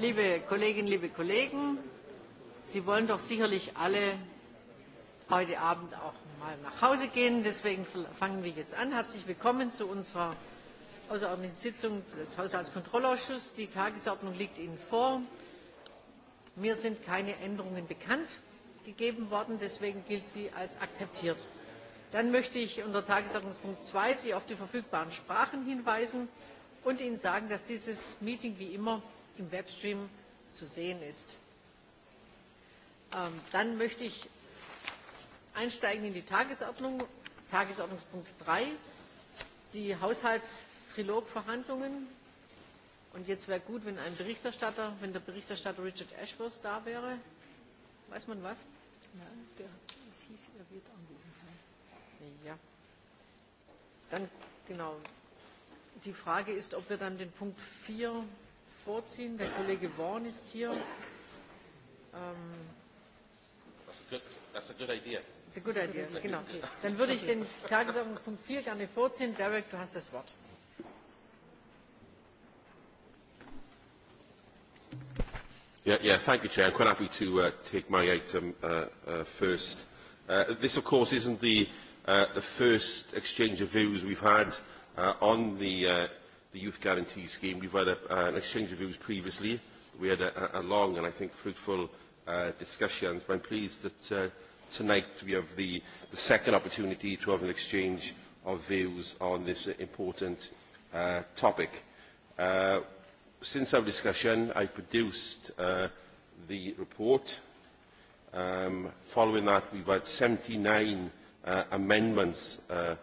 Liebe Kolleginnen, liebe Kollegen, Sie wollen doch sicherlich alle heute Abend auch mal nach Hause gehen. Deswegen fangen wir jetzt an. Herzlich willkommen zu unserer außerordentlichen Sitzung des Haushaltskontrollausschusses. Die Tagesordnung liegt Ihnen vor. Mir sind keine Änderungen bekannt gegeben worden. Deswegen gilt sie als akzeptiert. Dann möchte ich unter Tagesordnungspunkt 2 Sie auf die verfügbaren Sprachen hinweisen und Ihnen sagen, dass dieses Meeting wie immer im Webstream zu sehen ist. Ähm, dann möchte ich einsteigen in die Tagesordnung, Tagesordnungspunkt 3, die Haushaltstrilogverhandlungen. Und jetzt wäre gut, wenn ein Berichterstatter, wenn der Berichterstatter Richard Ashworth da wäre. Weiß man was? Nein, ja, der, es hieß, er wird anwesend sein. Ja. Dann genau. Die Frage ist, ob wir dann den Punkt 4 vorziehen. Der Kollege Vaughan ist hier. Ähm that's, a good, that's a good idea. That's a good that's idea, a good genau. Idea. Dann würde ich den Tagesordnungspunkt 4 gerne vorziehen. Derek, du hast das Wort. Yeah, yeah, thank you, Chair. I'm quite happy to uh, take my item uh, uh, first. Uh, this, of course, isn't the, uh, the first exchange of views we've had uh, on the uh, the youth guarantee scheme. We've had a, uh, an exchange of views previously. We had a, a long and I think fruitful uh, discussion. I'm pleased that uh, tonight we have the, the second opportunity to have an exchange of views on this important uh, topic. Uh, since our discussion, I produced uh, the report. Um, following that, we've had 79 uh, amendments uh,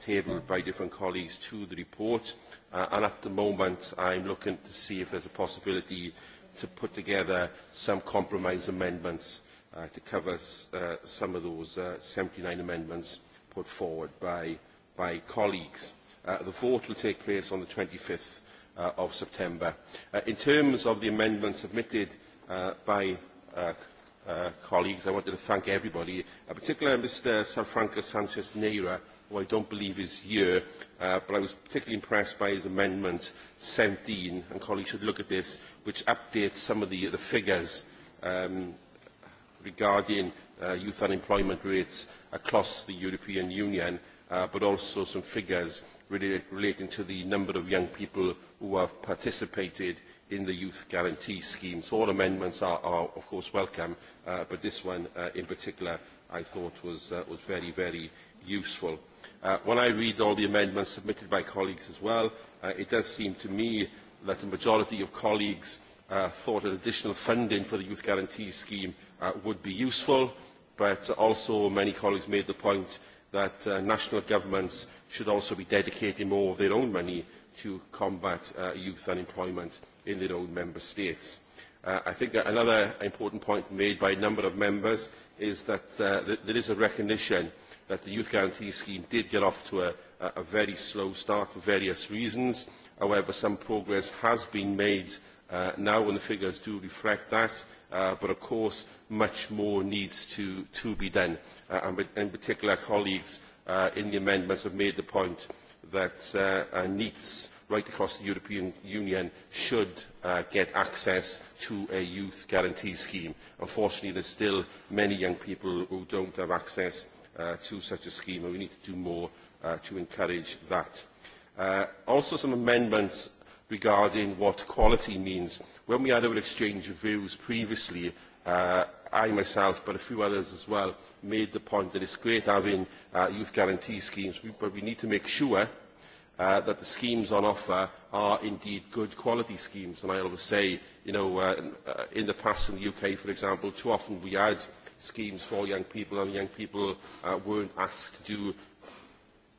tabled by different colleagues to the report. Uh, Uh, and at the moment, I'm looking to see if there's a possibility to put together some compromise amendments uh, to cover uh, some of those uh, 79 amendments put forward by, by colleagues. Uh, the vote will take place on the 25th uh, of September. Uh, in terms of the amendments submitted uh, by uh, uh, colleagues, I wanted to thank everybody, uh, particularly Mr. Sanfranca Sanchez-Neira, who I don't believe is here, uh, but I was particularly impressed by his amendment 17, and colleagues should look at this, which updates some of the, the figures um, regarding uh, youth unemployment rates across the European Union, uh, but also some figures related, relating to the number of young people who have participated in the youth guarantee scheme. So all amendments are, are of course, welcome, uh, but this one uh, in particular I thought was, uh, was very, very useful. Uh, when I read all the amendments submitted by colleagues as well, uh, it does seem to me that the majority of colleagues uh, thought that additional funding for the youth guarantee scheme uh, would be useful, but also many colleagues made the point that uh, national governments should also be dedicating more of their own money to combat uh, youth unemployment in their own member states. Uh, I think another important point made by a number of members is that uh, th there is a recognition uh, that the youth guarantee scheme did get off to a, a very slow start for various reasons. However, some progress has been made uh, now, and the figures do reflect that. Uh, but, of course, much more needs to, to be done. Uh, and in particular, colleagues uh, in the amendments have made the point that uh, uh, NEETs right across the European Union should uh, get access to a youth guarantee scheme. Unfortunately, there's still many young people who don't have access uh, uh, to such a scheme, and we need to do more uh, to encourage that. Uh, also, some amendments regarding what quality means. When we had our exchange of views previously, uh, I myself, but a few others as well, made the point that it's great having uh, youth guarantee schemes, but we need to make sure uh, that the schemes on offer are indeed good quality schemes. And I always say, you know, uh, uh in the past in the UK, for example, too often we had uh, schemes for young people and young people uh, weren't asked to do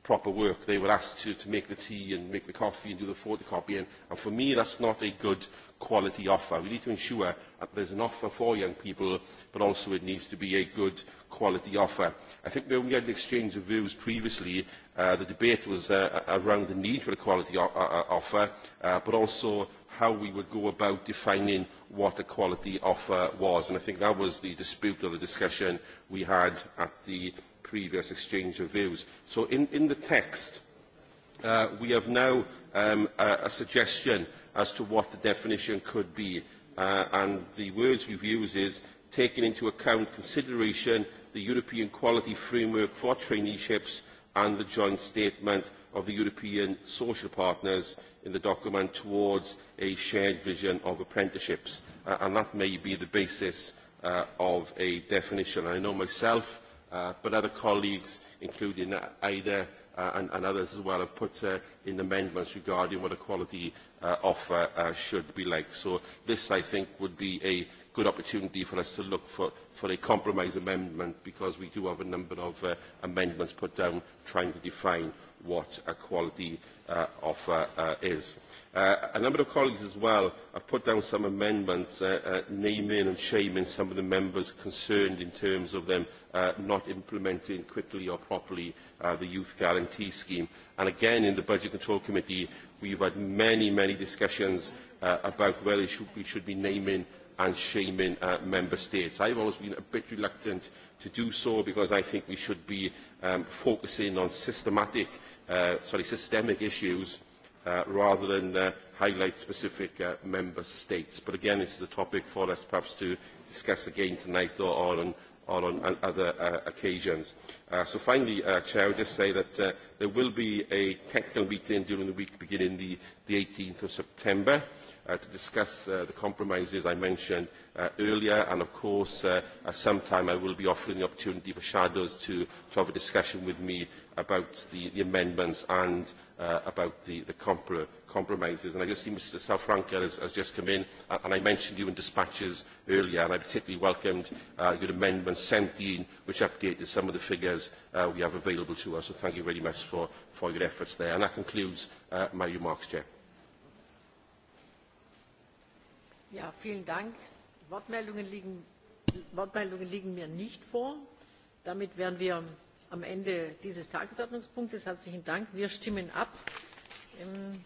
proper work. They were asked to, to make the tea and make the coffee and do the photocopy. And, and for me, that's not a good quality offer. We need to ensure that there's an offer for young people, but also it needs to be a good quality offer. I think when we had an exchange of views previously, uh, the debate was uh, around the need for a quality o- uh, offer, uh, but also how we would go about defining what a quality offer was. And I think that was the dispute or the discussion we had at the previous exchange of views. So in, in the text, uh, we have now um, a, a suggestion as to what the definition could be. Uh, and the words we've used is taking into account consideration the European quality framework for traineeships and the joint statement of the European social partners in the document towards a shared vision of apprenticeships. Uh, and that may be the basis uh, of a definition. And I know myself, uh, but other colleagues, including Ida uh, and, and others as well, have put uh, in amendments regarding what a quality uh, offer uh, should be like. So this, I think, would be a, good opportunity for us to look for, for a compromise amendment because we do have a number of uh, amendments put down trying to define what a quality uh, offer uh, is. Uh, a number of colleagues as well have put down some amendments uh, uh, naming and shaming some of the members concerned in terms of them uh, not implementing quickly or properly uh, the youth guarantee scheme. And again, in the Budget Control Committee, we've had many, many discussions uh, about whether should, we should be naming and shaming uh, member states. I've always been a bit reluctant to do so because I think we should be um, focusing on systematic, uh, sorry, systemic issues uh, rather than uh, highlight specific uh, member states. But again, it's the topic for us perhaps to discuss again tonight or on, or on, on uh, other uh, occasions. Uh, so finally, uh, Chair, I would just say that uh, there will be a technical meeting during the week beginning the, the 18th of September uh, to discuss uh, the compromises I mentioned uh, earlier and of course uh, at uh, some time I will be offering the opportunity for shadows to, to have a discussion with me about the, the amendments and uh, about the, the compr compromises. And I just see Mr Salfranca has, has just come in uh, and I mentioned you in dispatches earlier and I particularly welcomed uh, your amendment 17 which updated some of the figures uh, we have available to us. So thank you very much for, for your efforts there. And that concludes uh, my remarks, Chair. Ja, vielen Dank. Wortmeldungen liegen, Wortmeldungen liegen mir nicht vor. Damit wären wir am Ende dieses Tagesordnungspunktes. Herzlichen Dank. Wir stimmen ab. Im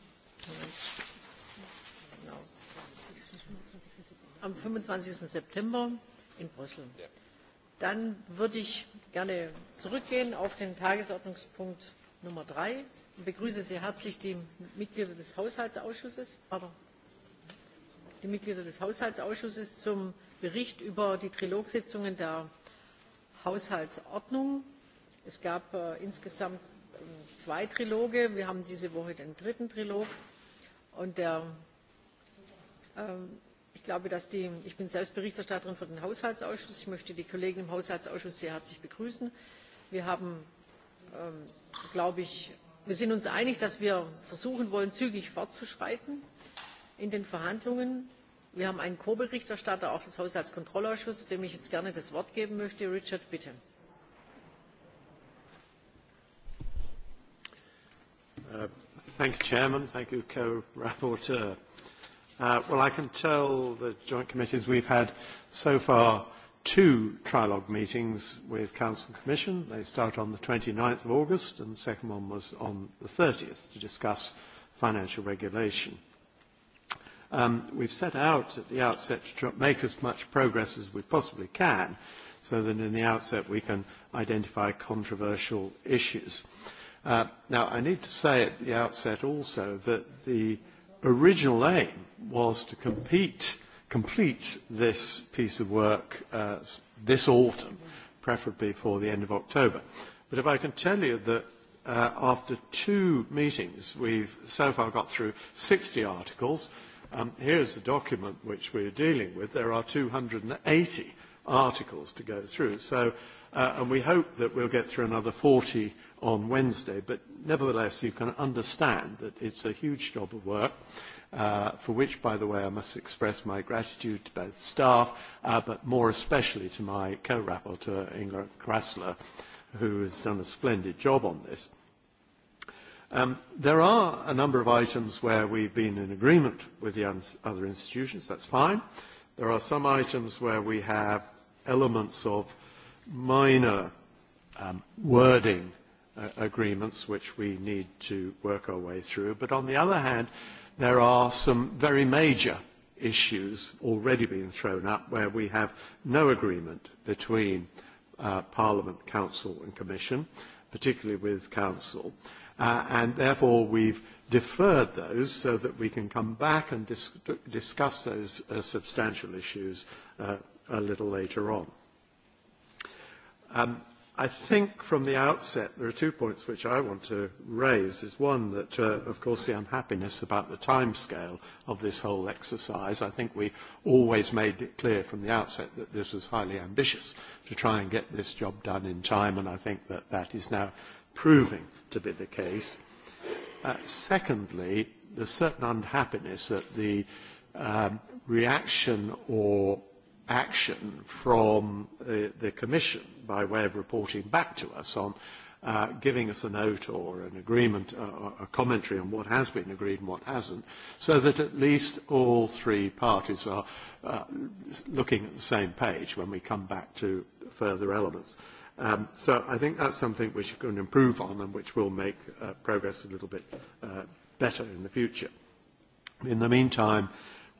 am 25. September in Brüssel. Ja. Dann würde ich gerne zurückgehen auf den Tagesordnungspunkt Nummer 3 und begrüße sehr herzlich die Mitglieder des Haushaltsausschusses. Pardon die mitglieder des haushaltsausschusses zum bericht über die trilogsitzungen der haushaltsordnung. es gab äh, insgesamt äh, zwei triloge wir haben diese woche den dritten trilog. Ähm, ich bin selbst berichterstatterin für den haushaltsausschuss und möchte die kollegen im haushaltsausschuss sehr herzlich begrüßen. Ähm, wir sind uns einig dass wir versuchen wollen zügig fortzuschreiten in den verhandlungen. wir haben einen ko berichterstatter auch des haushaltskontrollausschusses dem ich jetzt gerne das wort geben möchte richard bitten. Uh, thank you, chairman. thank you, co-rapporteur. Uh, well, i can tell the joint committees we've had so far two trilogue meetings with council and commission. they start on the 29th of august and the second one was on the 30th to discuss financial regulation. Um, we've set out at the outset to tr- make as much progress as we possibly can so that in the outset we can identify controversial issues. Uh, now, I need to say at the outset also that the original aim was to compete, complete this piece of work uh, this autumn, preferably before the end of October. But if I can tell you that uh, after two meetings, we've so far got through 60 articles um, here's the document which we're dealing with. There are 280 articles to go through. So, uh, and we hope that we'll get through another 40 on Wednesday. But nevertheless, you can understand that it's a huge job of work. Uh, for which, by the way, I must express my gratitude to both staff, uh, but more especially to my co-rapporteur, Ingrid Krasler, who has done a splendid job on this. Um, there are a number of items where we've been in agreement with the other institutions. That's fine. There are some items where we have elements of minor um, wording uh, agreements which we need to work our way through. But on the other hand, there are some very major issues already being thrown up where we have no agreement between uh, Parliament, Council and Commission, particularly with Council uh, and therefore we've deferred those so that we can come back and dis- discuss those uh, substantial issues uh, a little later on. Um, I think from the outset there are two points which I want to raise. Is one that, uh, of course, the unhappiness about the timescale of this whole exercise. I think we always made it clear from the outset that this was highly ambitious to try and get this job done in time, and I think that that is now proving to be the case. Uh, secondly, the certain unhappiness at the um, reaction or action from the, uh, the Commission by way of reporting back to us on uh, giving us a note or an agreement, uh, or a commentary on what has been agreed and what hasn't, so that at least all three parties are uh, looking at the same page when we come back to further elements. Uh, Um, so I think that's something which we can improve on and which will make uh, progress a little bit uh, better in the future. In the meantime,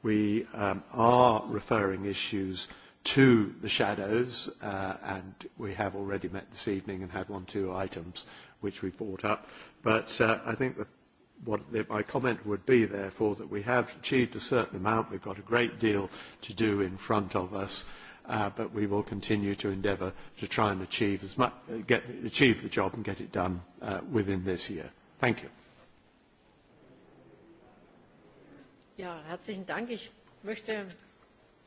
we um, are referring issues to the shadows, uh, and we have already met this evening and had one, two items which we brought up. But uh, I think the, what the, my comment would be, therefore, that we have achieved a certain amount. We've got a great deal to do in front of us uh, but we will continue to endeavour to try and achieve as much, uh, get, achieve the job and get it done uh, within this year. Thank you. Ja, herzlichen Dank. Ich möchte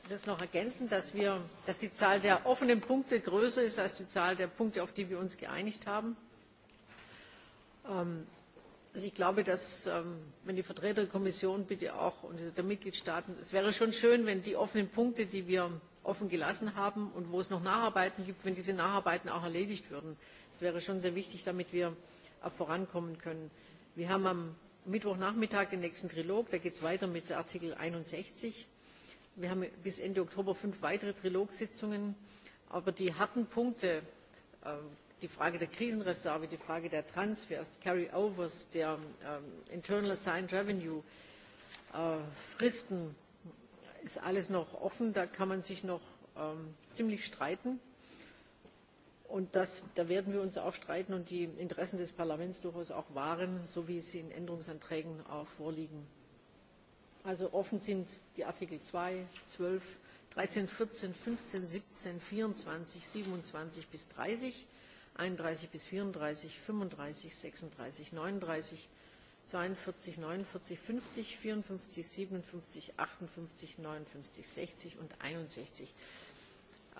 das noch ergänzen, dass, wir, dass die Zahl der offenen Punkte größer ist als die Zahl der Punkte, auf die wir uns geeinigt haben. Ähm, also ich glaube, dass ähm, wenn die Vertreter der Kommission bitte auch und der Mitgliedstaaten, es wäre schon schön, wenn die offenen Punkte, die wir offen gelassen haben und wo es noch Nacharbeiten gibt, wenn diese Nacharbeiten auch erledigt würden. Das wäre schon sehr wichtig, damit wir auch vorankommen können. Wir haben am Mittwochnachmittag den nächsten Trilog, da geht es weiter mit Artikel 61. Wir haben bis Ende Oktober fünf weitere Trilogsitzungen, aber die harten Punkte, ähm, die Frage der Krisenreserve, die Frage der Transfers, die Carryovers, der ähm, Internal Assigned Revenue, äh, Fristen, ist alles noch offen da kann man sich noch ähm, ziemlich streiten und das, da werden wir uns auch streiten und die Interessen des Parlaments durchaus auch wahren, so wie sie in Änderungsanträgen auch vorliegen. Also offen sind die Artikel 2, 12, 13, 14, 15, 17, 24, 27 bis 30, 31 bis 34, 35, 36, 39, zweiundvierzig neunundvierzig fünfzig vierundfünfzig siebenundfünfzig achtundfünfzig neunundfünfzig sechzig und einundsechzig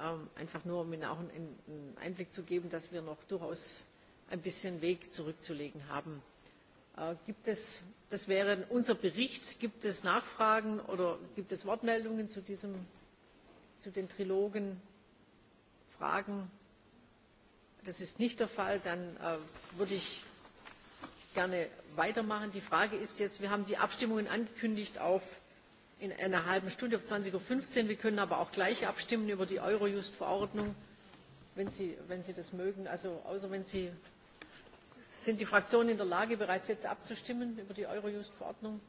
ähm, einfach nur um ihnen auch einen einblick zu geben dass wir noch durchaus ein bisschen weg zurückzulegen haben. Äh, gibt es, das wäre unser Bericht. Gibt es Nachfragen oder gibt es Wortmeldungen zu, diesem, zu den Trilogen? Fragen? Das ist nicht der Fall. Dann äh, würde ich gerne weitermachen. Die Frage ist jetzt, wir haben die Abstimmungen angekündigt auf in einer halben Stunde, auf 20.15 Uhr. Wir können aber auch gleich abstimmen über die Eurojust-Verordnung, wenn Sie, wenn Sie das mögen. Also außer wenn Sie, sind die Fraktionen in der Lage, bereits jetzt abzustimmen über die Eurojust-Verordnung?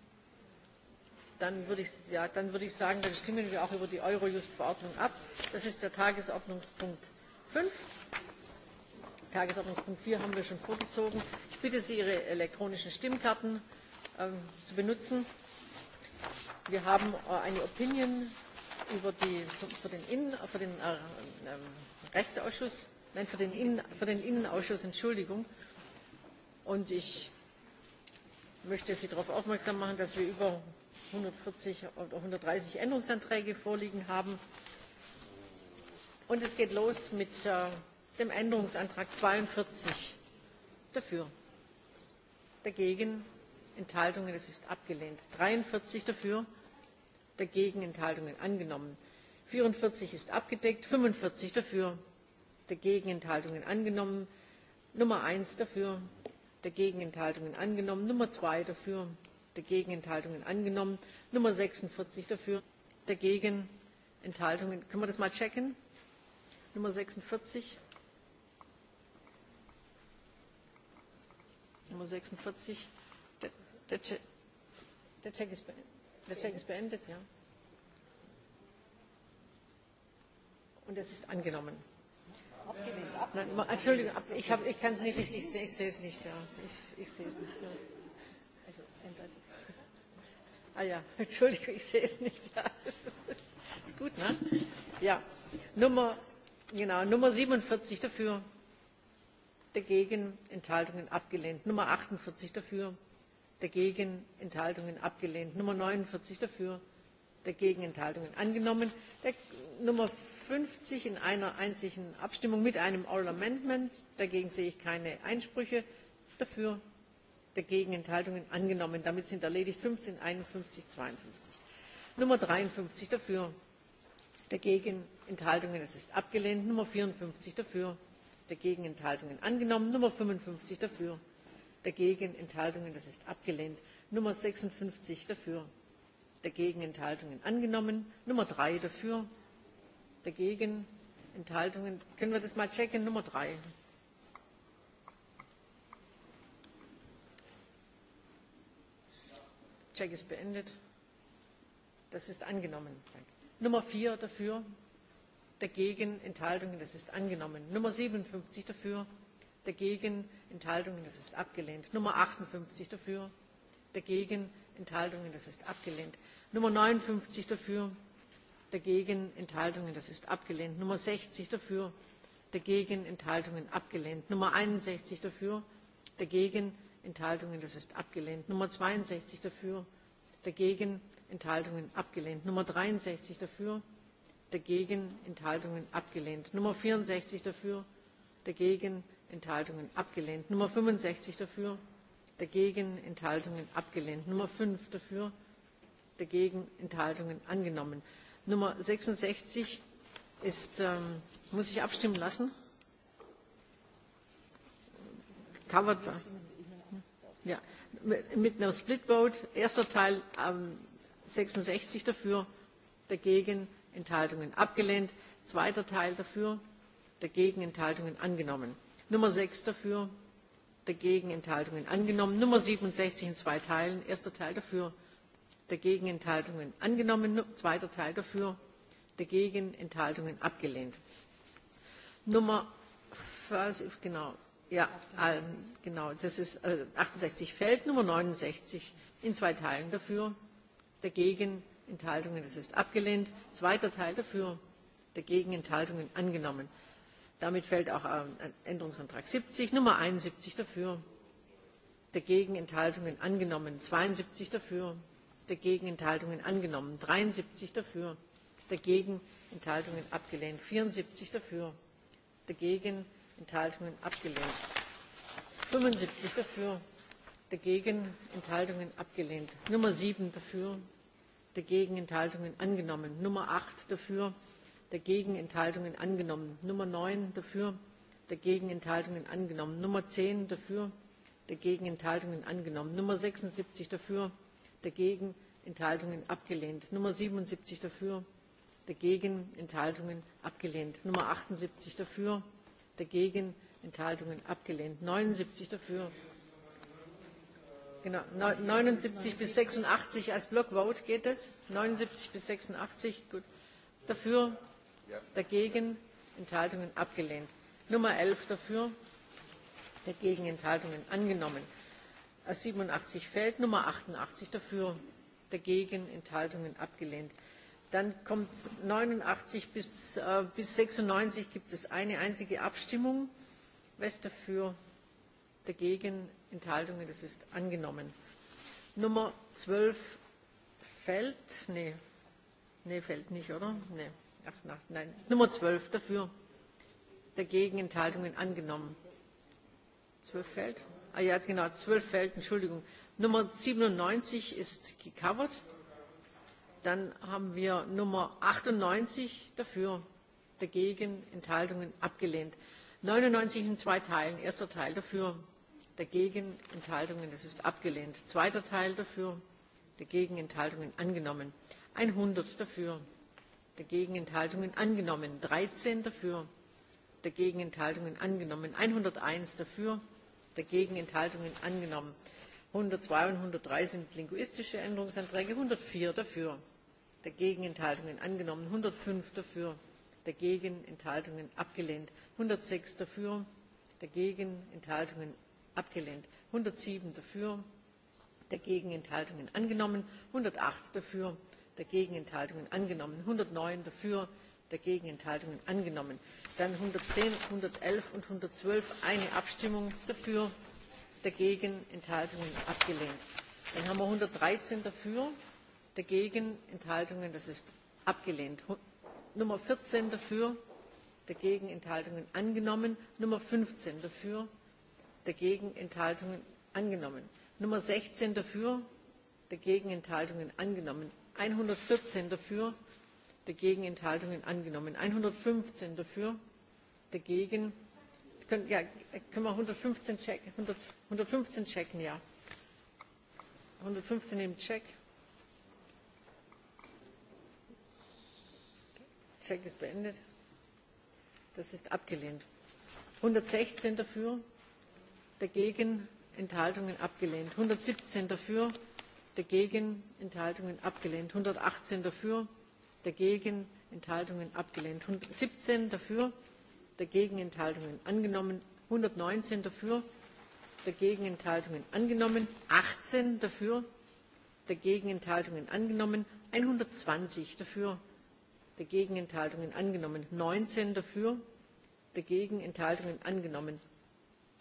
Dann würde, ich, ja, dann würde ich sagen, dann stimmen wir auch über die Eurojust-Verordnung ab. Das ist der Tagesordnungspunkt 5 tagesordnungspunkt vier haben wir schon vorgezogen. ich bitte sie ihre elektronischen stimmkarten ähm, zu benutzen. wir haben äh, eine opinion für den innenausschuss entschuldigung und ich möchte sie darauf aufmerksam machen dass wir über einhundertvierzig oder einhundertdreißig änderungsanträge vorliegen haben. es geht los mit äh, dem Änderungsantrag 42 dafür. Dagegen Enthaltungen, es ist abgelehnt. 43 dafür, dagegen Enthaltungen angenommen. 44 ist abgedeckt, 45 dafür, dagegen Enthaltungen angenommen. Nummer 1 dafür, dagegen Enthaltungen angenommen. Nummer 2 dafür, dagegen Enthaltungen angenommen. Nummer 46 dafür, dagegen Enthaltungen. Können wir das mal checken? Nummer 46. nummer 46. Der, der, der, Check, ist, der Check ist beendet, ja. Und es ist angenommen. Abgelehnt, abgelehnt. Nein, Entschuldigung, ich, ich kann es nicht richtig sehen. Ich sehe es nicht, ja. Ich, ich sehe es nicht, ja. Also, Ah ja, Entschuldigung, ich sehe es nicht. Ja. Ist gut, ne? Ja, Nummer, genau, Nummer 47 dafür dagegen enthaltungen abgelehnt nummer achtundvierzig dafür dagegen enthaltungen abgelehnt nummer neunundvierzig dafür dagegen enthaltungen angenommen nummer fünfzig in einer einzigen abstimmung mit einem oral amendment dagegen sehe ich keine einsprüche dafür dagegen enthaltungen angenommen damit sind erledigt fünfzehn einundfünfzig zweiundfünfzig nummer dreiundfünfzig dafür dagegen enthaltungen es ist abgelehnt nummer vierundfünfzig dafür dagegen enthaltungen angenommen; nummer fünfundfünfzig dafür dagegen enthaltungen das ist abgelehnt; nummer sechsundfünfzig dafür dagegen enthaltungen angenommen; nummer drei dafür dagegen enthaltungen können wir das mal checken nummer drei check ist beendet das ist angenommen; nummer vier dafür dagegen Enthaltungen, das ist angenommen. Nummer 57 dafür, dagegen Enthaltungen, das ist abgelehnt. Nummer 58 dafür, dagegen Enthaltungen, das ist abgelehnt. Nummer 59 dafür, dagegen Enthaltungen, das ist abgelehnt. Nummer 60 dafür, dagegen Enthaltungen, abgelehnt. Nummer 61 dafür, dagegen Enthaltungen, das ist abgelehnt. Nummer 62 dafür, dagegen Enthaltungen, abgelehnt. Nummer 63 dafür, dagegen, dagegen enthaltungen abgelehnt; nr. vierundsechzig dafür dagegen enthaltungen abgelehnt; nr. fünfundsechzig dafür dagegen enthaltungen abgelehnt; nr. fünf dafür dagegen enthaltungen angenommen; nr. sechsundsechzig ähm, muss ich abstimmen lassen ja, mit einer erster teil ähm, sechsundsechzig dafür dagegen enthaltungen abgelehnt; zwei teil dafür dagegen enthaltungen angenommen; nummer sechs dafür dagegen enthaltungen angenommen; nummer siebenundsechzig in zwei teilen erster teil dafür dagegen enthaltungen angenommen; zweiter teil dafür dagegen enthaltungen abgelehnt; nummer ja, ähm, äh, achtundsechzig fällt; nummer neunundsechzig in zwei teilen dafür dagegen enthaltungen es ist abgelehnt zweiter teil dafür dagegen enthaltungen angenommen damit fällt auch änderungsantrag siebzig nummer einundsiebzig dafür dagegen enthaltungen angenommen zweiundsiebzig dafür dagegen enthaltungen angenommen dreiundsiebzig dafür dagegen enthaltungen abgelehnt vierundsiebzig dafür dagegen enthaltungen abgelehnt fünfundsiebzig dafür dagegen enthaltungen abgelehnt sieben dafür dagegen enthaltungen angenommen; nr. acht dafür dagegen enthaltungen angenommen; nr. neun dafür dagegen enthaltungen angenommen; nr. zehn dafür dagegen enthaltungen angenommen; nr. sechsundsiebzig dafür dagegen enthaltungen abgelehnt; nr. siebenundsiebzig dafür dagegen enthaltungen abgelehnt; nr. achtundsiebzig dafür dagegen enthaltungen abgelehnt; nr. neunundsiebzig dafür Genau, 79 bis 86 als Blockvote geht es. 79 bis 86, gut. Dafür, ja. dagegen, Enthaltungen abgelehnt. Nummer 11 dafür, dagegen, Enthaltungen angenommen. 87 äh, fällt, Nummer 88 dafür, dagegen, Enthaltungen abgelehnt. Dann kommt 89 bis, äh, bis 96 gibt es eine einzige Abstimmung. Wer ist dafür, dagegen, enthaltungen das ist angenommen nummer zwölf fällt nee nee fällt nicht oder nee. Ach, nach, nein nummer zwölf dafür dagegen enthaltungen angenommen zwölf fällt ah ja genau zwölf fällt entschuldigung nummer 97 ist gecovert dann haben wir nummer 98 dafür dagegen enthaltungen abgelehnt 99 in zwei teilen erster teil dafür dagegen enthaltungen das ist abgelehnt zweiter teil dafür dagegen enthaltungen angenommen einhundert dafür dagegen enthaltungen angenommen dreizehn dafür dagegen enthaltungen angenommen einhunderteins dafür dagegen enthaltungen angenommen einhundertzwei und einhundertdrei sind linguistische änderungsanträge einhundertvier dafür dagegen enthaltungen angenommen einhundertfünf dafür dagegen enthaltungen abgelehnt einhundertsechs dafür dagegen enthaltungen abgelehnt; einhundertsieben dafür dagegen enthaltungen angenommen; einhundertacht dafür dagegen enthaltungen angenommen; einhundertneun dafür dagegen enthaltungen angenommen; dann einhundertzehn einhundertelf und einhundertzwölf eine abstimmung dafür dagegen enthaltungen abgelehnt; dann haben wir einhundertdreizehn dafür dagegen enthaltungen das ist abgelehnt; nummer vierzehn dafür dagegen enthaltungen angenommen; nummer fünfzehn dafür dagegen enthaltungen angenommen; nummer sechzehn dafür dagegen enthaltungen angenommen; einhundertvierzehn dafür dagegen enthaltungen angenommen; einhundertfünfzehn dafür dagegen können, ja, können wir 115 checken 100, 115 checken ja 115 im check Check ist beendet. Das ist abgelehnt. 116 dafür, dagegen enthaltungen abgelehnt einhundertsiebzehn dafür dagegen enthaltungen abgelehnt einhundertachtzehn dafür dagegen enthaltungen abgelehnt einhundertsiebzehn dafür dagegen enthaltungen angenommen einhundertneunzehn dafür dagegen enthaltungen angenommen achtzehn dafür dagegen enthaltungen angenommen einhundertzwanzig dafür dagegen enthaltungen angenommen neunzehn dafür dagegen enthaltungen angenommen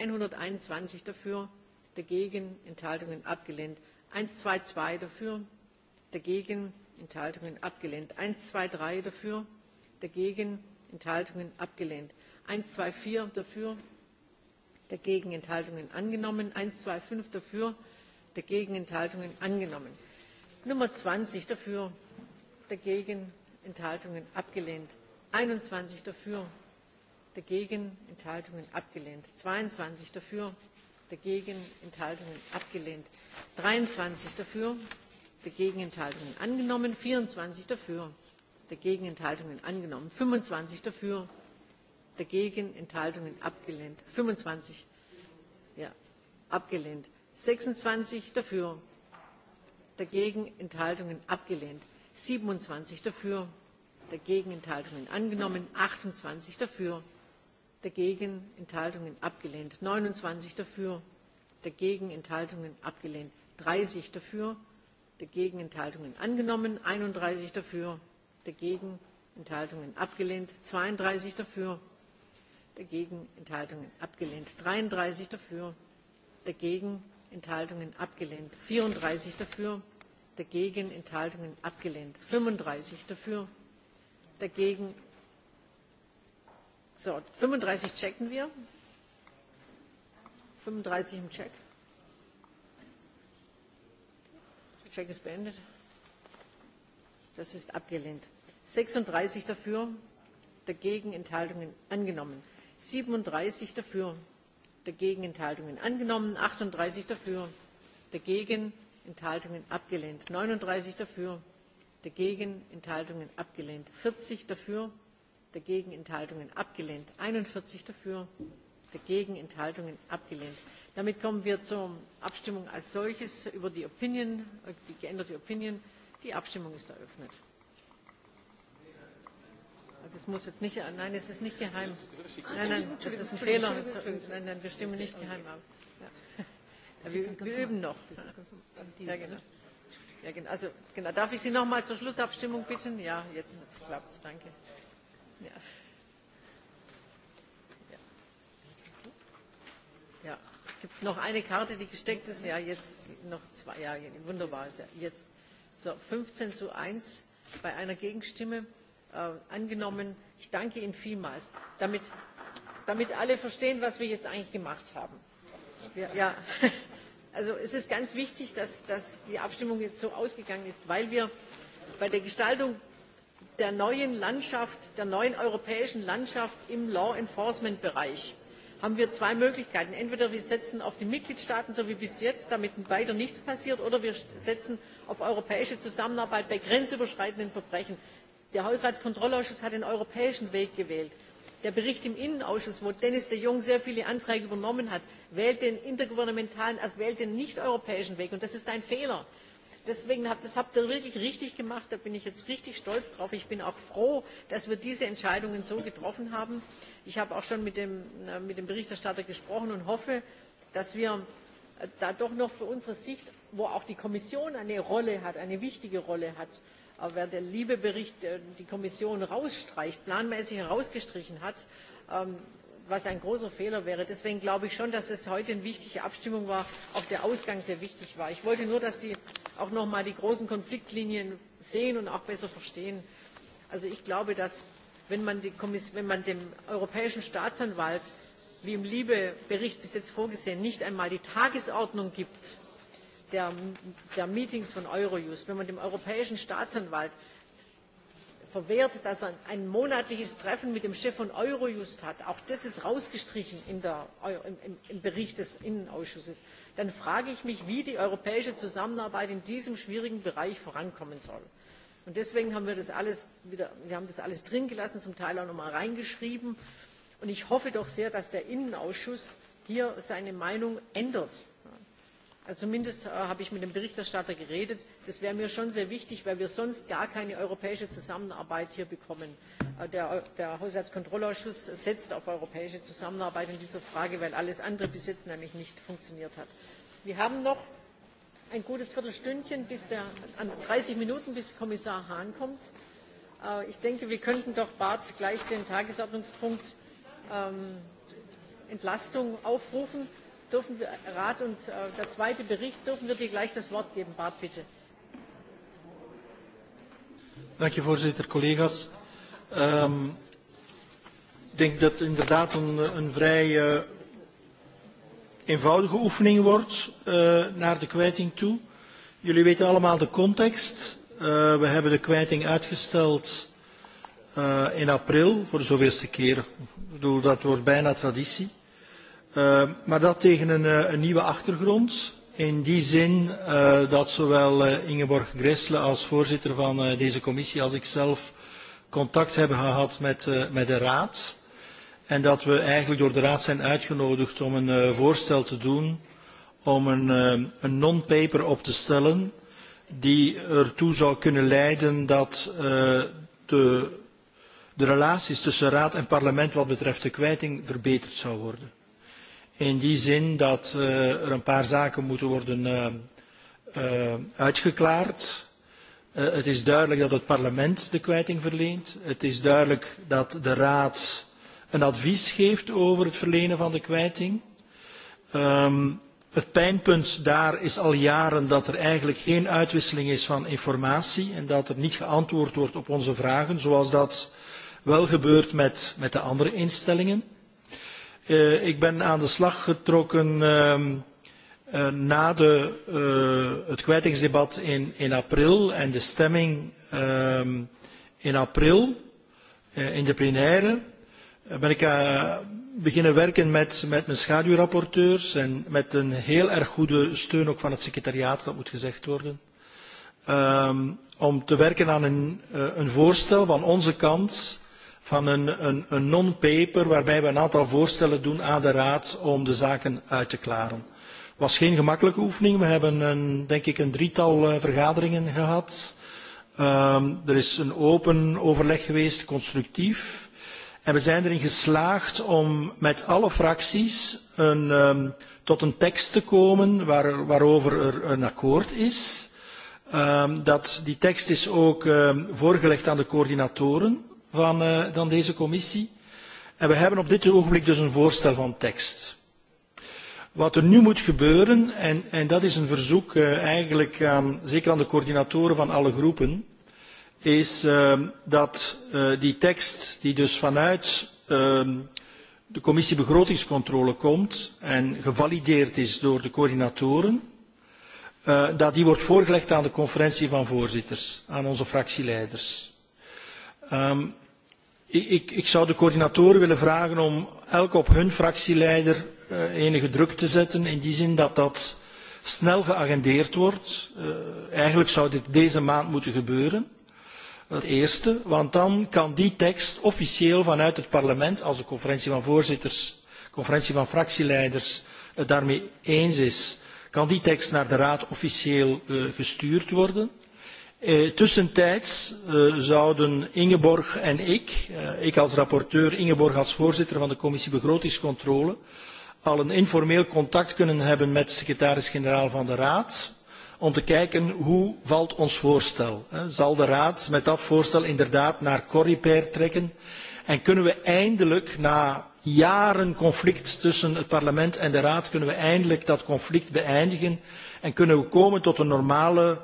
einhunderteinundzwanzig dafür dagegen enthaltungen abgelehnt einhundertzweiundzwanzig dafür dagegen enthaltungen abgelehnt einhundertdreiundzwanzig dafür dagegen enthaltungen abgelehnt einhundertvierundzwanzig dafür dagegen enthaltungen angenommen einhundertfünfundzwanzig dafür dagegen enthaltungen angenommen nummer zwanzig dafür dagegen enthaltungen abgelehnt einundzwanzig dafür dagegen enthaltungen abgelehnt zweiundzwanzig dafür dagegen enthaltungen abgelehnt dreiundzwanzig dafür dagegen enthaltungen angenommen vierundzwanzig dafür dagegen enthaltungen angenommen fünfundzwanzig dafür dagegen enthaltungen abgelehnt fünfundzwanzig ja, abgelehnt sechsundzwanzig dafür dagegen enthaltungen abgelehnt siebenundzwanzig dafür dagegen enthaltungen angenommen achtundzwanzig dafür dagegen Enthaltungen abgelehnt, 29 dafür, dagegen Enthaltungen abgelehnt, 30 dafür, dagegen Enthaltungen angenommen, 31 dafür, dagegen Enthaltungen abgelehnt, 32 dafür, dagegen Enthaltungen abgelehnt, 33 dafür, dagegen Enthaltungen abgelehnt, 34 dafür, dagegen Enthaltungen abgelehnt, 35 dafür, dagegen fünfunddreißig checken wir. fünfunddreißig im Check. Der Check ist beendet. Das ist abgelehnt. 36 dafür, dagegen Enthaltungen angenommen. 37 dafür, dagegen Enthaltungen angenommen. 38 dafür, dagegen Enthaltungen abgelehnt. 39 dafür, dagegen Enthaltungen abgelehnt. 40 dafür, dagegen enthaltungen abgelehnt einundvierzig dafür dagegen enthaltungen abgelehnt. damit kommen wir zur abstimmung als solches über die äh, geänderte opinion. die abstimmung ist eröffnet. nein es ist nicht geheim. das ist ein fehler. wir stimmen nicht geheim ab. Ja. Ja, wir üben noch. Ja, darf ich sie noch einmal zur schlussabstimmung bitten? ja jetzt klappt es. danke. Ja. Ja. ja, es gibt noch eine Karte, die gesteckt ist. Ja, jetzt noch zwei. Ja, wunderbar. Ja jetzt so 15 zu 1 bei einer Gegenstimme äh, angenommen. Ich danke Ihnen vielmals, damit, damit alle verstehen, was wir jetzt eigentlich gemacht haben. Ja, ja. also es ist ganz wichtig, dass, dass die Abstimmung jetzt so ausgegangen ist, weil wir bei der Gestaltung der neuen Landschaft, der neuen europäischen Landschaft im Law Enforcement Bereich haben wir zwei Möglichkeiten. Entweder wir setzen auf die Mitgliedstaaten, so wie bis jetzt, damit weiter nichts passiert, oder wir setzen auf europäische Zusammenarbeit bei grenzüberschreitenden Verbrechen. Der Haushaltskontrollausschuss hat den europäischen Weg gewählt. Der Bericht im Innenausschuss, wo Dennis de Jong sehr viele Anträge übernommen hat, wählt den intergouvernementalen, also wählt den nicht-europäischen Weg. Und das ist ein Fehler deswegen habt, das habt ihr wirklich richtig gemacht. Da bin ich jetzt richtig stolz drauf. Ich bin auch froh, dass wir diese Entscheidungen so getroffen haben. Ich habe auch schon mit dem, mit dem Berichterstatter gesprochen und hoffe, dass wir äh, da doch noch für unsere Sicht, wo auch die Kommission eine Rolle hat, eine wichtige Rolle hat, aber wer der liebe Bericht äh, die Kommission rausstreicht, planmäßig herausgestrichen hat, ähm, was ein großer Fehler wäre. Deswegen glaube ich schon, dass es heute eine wichtige Abstimmung war, auch der Ausgang sehr wichtig war. Ich wollte nur, dass Sie auch noch einmal die großen Konfliktlinien sehen und auch besser verstehen. Also ich glaube, dass wenn man, die Kommission, wenn man dem europäischen Staatsanwalt, wie im Liebe-Bericht bis jetzt vorgesehen, nicht einmal die Tagesordnung gibt der, der Meetings von Eurojust, wenn man dem europäischen Staatsanwalt verwehrt dass er ein monatliches treffen mit dem chef von eurojust hat auch das ist rausgestrichen im bericht des innenausschusses dann frage ich mich wie die europäische zusammenarbeit in diesem schwierigen bereich vorankommen soll. deswegen haben wir das alles wieder drin gelassen zum teil auch noch einmal hineingeschrieben. ich hoffe doch sehr dass der innenausschuss hier seine meinung ändert zumindest äh, habe ich mit dem berichterstatter geredet das wäre mir schon sehr wichtig weil wir sonst gar keine europäische zusammenarbeit bekommen. Äh, der haushaltskontrollausschuss setzt auf europäische zusammenarbeit in dieser frage weil alles andere bis jetzt nämlich nicht funktioniert hat. wir haben noch ein gutes viertelstündchen dreißig minuten bis kommissar hahn kommt. Äh, ich denke wir könnten doch bart gleich den tagesordnungspunkt ähm, entlastung aufrufen dürfen wir rat und äh, der zweite bericht dürfen wir dir gleich das wort geben bart bitte Danke, voorzitter collega's ähm, ik denk dat het inderdaad een, een vrij uh, eenvoudige oefening wordt uh, naar de kwijting toe jullie weten allemaal de context uh, we hebben de kwijting uitgesteld uh, in april voor de zoveelste keer ik bedoel, dat wordt bijna traditie Eh, maar dat tegen een, eh, een nieuwe achtergrond. In die zin uh, dat zowel uh, Ingeborg Gressle als voorzitter van uh, deze commissie als ik zelf contact hebben gehad met, uh, met de raad. En dat we eigenlijk door de raad zijn uitgenodigd om een uh, voorstel te doen om een, uh, een non-paper op te stellen die ertoe zou kunnen leiden dat uh, de, de relaties tussen raad en parlement wat betreft de kwijting verbeterd zou worden in die zin dat uh, er een paar zaken moeten worden uh, uh, uitgeklaard. Uh, het is duidelijk dat het parlement de kwijting verleent. Het is duidelijk dat de raad een advies geeft over het verlenen van de kwijting. Um, het pijnpunt daar is al jaren dat er eigenlijk geen uitwisseling is van informatie en dat er niet geantwoord wordt op onze vragen, zoals dat wel gebeurt met, met de andere instellingen. Uh, ik ben aan de slag getrokken uh, uh, na de, uh, het kwijtingsdebat in, in april en de stemming uh, in april uh, in de plenaire. Uh, ben ik uh, beginnen werken met, met mijn schaduwrapporteurs en met een heel erg goede steun ook van het secretariaat, dat moet gezegd worden. Um, om te werken aan een, uh, een voorstel van onze kant uh, van een, een, een non-paper waarbij we een aantal voorstellen doen aan de Raad om de zaken uit te klaren. Het was geen gemakkelijke oefening. We hebben een, denk ik een drietal uh, vergaderingen gehad. Um, er is een open overleg geweest, constructief. En we zijn erin geslaagd om met alle fracties een, um, tot een tekst te komen waar, waarover er een akkoord is. Um, dat, die tekst is ook um, voorgelegd aan de coördinatoren van, uh, dan deze commissie. En we hebben op dit ogenblik dus een voorstel van tekst. Wat er nu moet gebeuren, en, en dat is een verzoek uh, eigenlijk aan, zeker aan de coördinatoren van alle groepen, is uh, dat uh, die tekst die dus vanuit uh, de commissie begrotingscontrole komt en gevalideerd is door de coördinatoren, uh, dat die wordt voorgelegd aan de conferentie van voorzitters, aan onze fractieleiders. Um, ik, ik, ik zou de coördinatoren willen vragen om elk op hun fractieleider uh, enige druk te zetten, in die zin dat dat snel geagendeerd wordt. Uh, eigenlijk zou dit deze maand moeten gebeuren. Het eerste, want dan kan die tekst officieel vanuit het parlement, als de conferentie van voorzitters, conferentie van fractieleiders het daarmee eens is, kan die tekst naar de raad officieel uh, gestuurd worden. Eh, tussentijds eh, zouden ingeborg en ik eh, ik als rapporteur ingeborg als voorzitter van de commissie begrotingscontrole al een informeel contact kunnen hebben met de secretaris generaal van de raad om te kijken hoe valt ons voorstel zal de raad met dat voorstel inderdaad naar Corriper trekken en kunnen we eindelijk na jaren conflict tussen het parlement en de raad kunnen we eindelijk dat conflict beëindigen en kunnen we komen tot een normale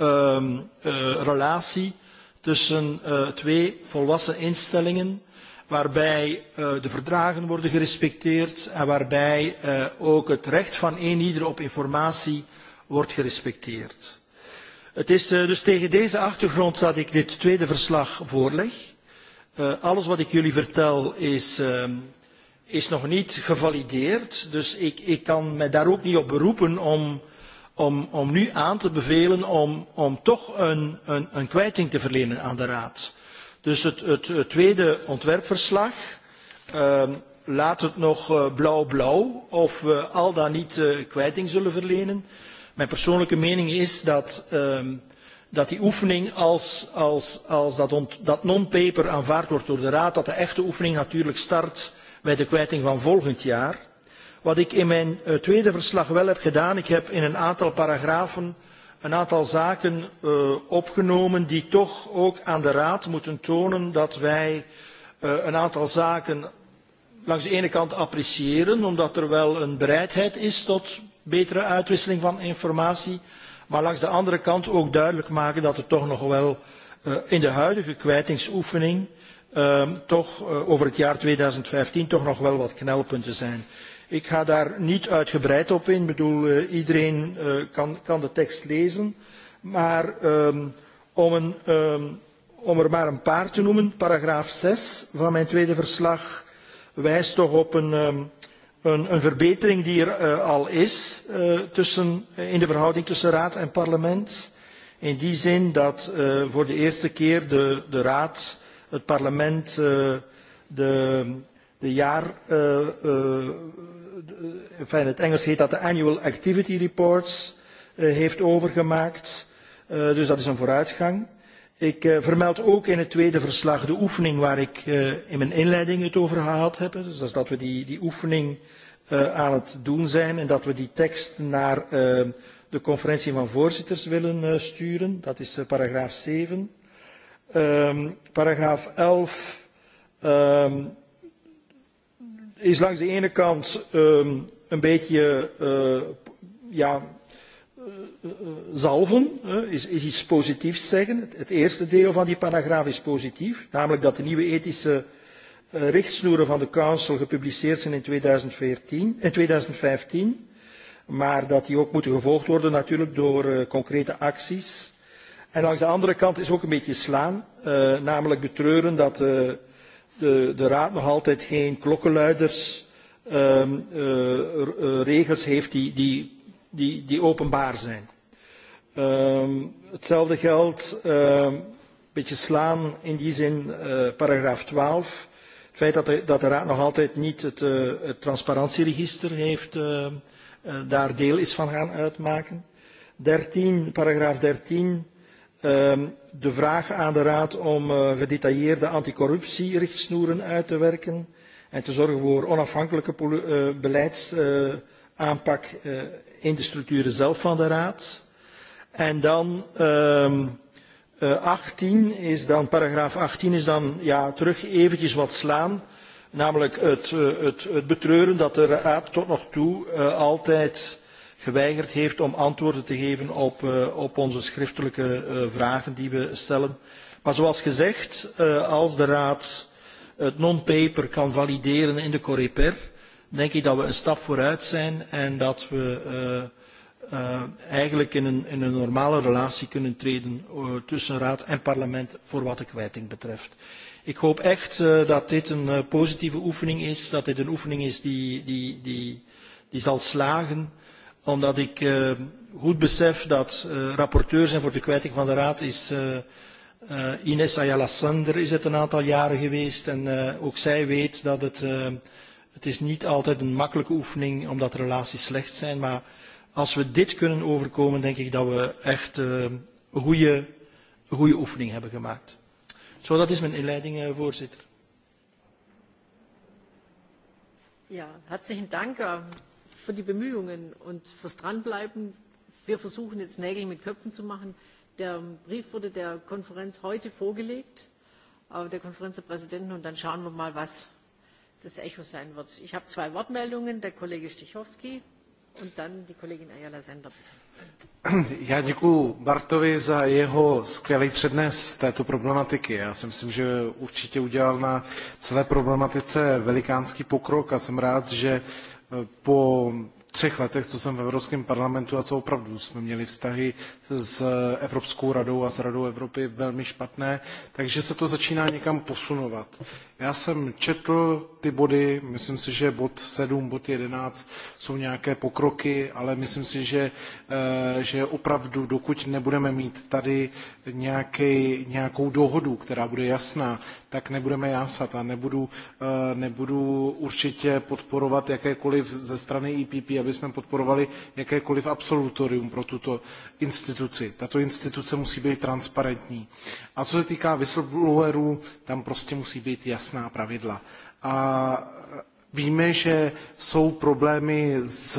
um, uh, relatie tussen uh, twee volwassen instellingen, waarbij uh, de verdragen worden gerespecteerd en waarbij uh, ook het recht van een ieder op informatie wordt gerespecteerd. Het is uh, dus tegen deze achtergrond dat ik dit tweede verslag voorleg. Uh, alles wat ik jullie vertel is, uh, is nog niet gevalideerd, dus ik, ik kan me daar ook niet op beroepen om uh, om, om nu aan te bevelen om, om toch een, een, een kwijting te verlenen aan de Raad. Dus het, het, het tweede ontwerpverslag uh, laat het nog eh, blauw-blauw of we al dan niet uh, kwijting zullen verlenen. Mijn persoonlijke mening is dat, uh, dat die oefening als, als, als dat, dat non-paper aanvaard wordt door de Raad, dat de echte oefening natuurlijk start bij de kwijting van volgend jaar wat ik in mijn eh, tweede verslag wel heb gedaan. Ik heb in een aantal paragrafen een aantal zaken uh, opgenomen die toch ook aan de Raad moeten tonen dat wij uh, een aantal zaken langs de ene kant appreciëren, omdat er wel een bereidheid is tot betere uitwisseling van informatie, maar langs de andere kant ook duidelijk maken dat er toch nog wel uh, in de huidige kwijtingsoefening uh, toch uh, over het jaar 2015 toch nog wel wat knelpunten zijn ik ga daar niet uitgebreid op in eh, iedereen eh, kan de tekst lezen maar ehm, ehm, om er maar een paar te noemen paragraaf zes van mijn tweede verslag wijst toch op een ehm, verbetering die er eh, al is in de verhouding tussen raad en parlement in die zin dat voor de eerste keer de raad het parlement de enfin, eh, eh, in het Engels heet dat de Annual Activity Reports, uh, heeft overgemaakt. Uh, dus dat is een vooruitgang. Ik uh, vermeld ook in het tweede verslag de oefening waar ik uh, in mijn inleiding het over gehad heb. Dus dat, is dat we die, die oefening uh, aan het doen zijn en dat we die tekst naar uh, de conferentie van voorzitters willen uh, sturen. Dat is uh, paragraaf 7. Um, ehm, paragraaf 11. Um, ehm, is langs de ene kant um, een beetje uh, ja, uh, zalven, uh, is, is iets positiefs zeggen. Het, het eerste deel van die paragraaf is positief, namelijk dat de nieuwe ethische richtsnoeren van de Council gepubliceerd zijn in 2014, eh, 2015, maar dat die ook moeten gevolgd worden natuurlijk door uh, concrete acties. En langs de andere kant is ook een beetje slaan, uh, namelijk betreuren dat uh, de, de Raad nog altijd geen klokkenluidersregels ehm, eh, eh, um, uh, uh, heeft die, die, die, die openbaar zijn. Um, hetzelfde geldt, ehm, een um, beetje slaan in die zin, uh, paragraaf 12. Het feit dat de, dat de Raad nog altijd niet het, uh, het transparantieregister heeft, uh, uh, daar deel is van gaan uitmaken. 13, paragraaf 13. Ehm, de vraag aan de raad om eh, gedetailleerde anticorruptierichtsnoeren uit te werken en te zorgen voor onafhankelijke eh, beleidsaanpak eh, in de structuren zelf van de raad. En dan um, ehm, 18 is dan, paragraaf 18 is dan ja, terug eventjes wat slaan, namelijk het, het, het betreuren dat de raad tot nog toe uh, altijd uh, geweigerd heeft om antwoorden te geven op, uh, op onze schriftelijke uh, vragen die we stellen. Maar zoals gezegd, uh, als de Raad het non-paper kan valideren in de Coreper, denk ik dat we een stap vooruit zijn en dat we uh, uh, eigenlijk in een, in een normale relatie kunnen treden uh, tussen Raad en Parlement voor wat de kwijting betreft. Ik hoop echt uh, dat dit een uh, positieve oefening is, dat dit een oefening is die, die, die, die zal slagen omdat ik eh, goed besef dat eh, rapporteur zijn voor de kwijting van de raad is eh, Ines Ayala Sander is het een aantal jaren geweest en ook zij weet dat het, het is niet altijd een makkelijke oefening is omdat relaties slecht zijn. Maar als we dit kunnen overkomen denk ik dat we echt een goede, een goede oefening hebben gemaakt. Zo dat is mijn inleiding voorzitter. Ja, herzlichen dank. Ehm, für die bemühungen und fürs dranbleiben. wir versuchen jetzt nägel mit köpfen zu machen. der brief wurde der konferenz heute vorgelegt äh, der konferenz der präsidenten und dann schauen wir mal was das echo sein wird. ich habe zwei wortmeldungen der kollege stichovski und dann die kollegin ayala sender. Já děkuji Bartovi za jeho skvělý přednes této problematiky. Já si myslím, že určitě udělal na celé problematice velikánský pokrok a jsem rád, že uh, po třech letech, co jsem v Evropském parlamentu a co opravdu jsme měli vztahy s Evropskou radou a s Radou Evropy velmi špatné, takže se to začíná někam posunovat. Já jsem četl ty body, myslím si, že bod 7, bod 11 jsou nějaké pokroky, ale myslím si, že, eh, že opravdu, dokud nebudeme mít tady nějaký, nějakou dohodu, která bude jasná, tak nebudeme jásat a nebudu, eh, nebudu určitě podporovat jakékoliv ze strany EPP, aby jsme podporovali jakékoliv absolutorium pro tuto instituci. Tato instituce musí být transparentní. A co se týká whistleblowerů, tam prostě musí být jasná jasná pravidla. A Víme, že jsou problémy s,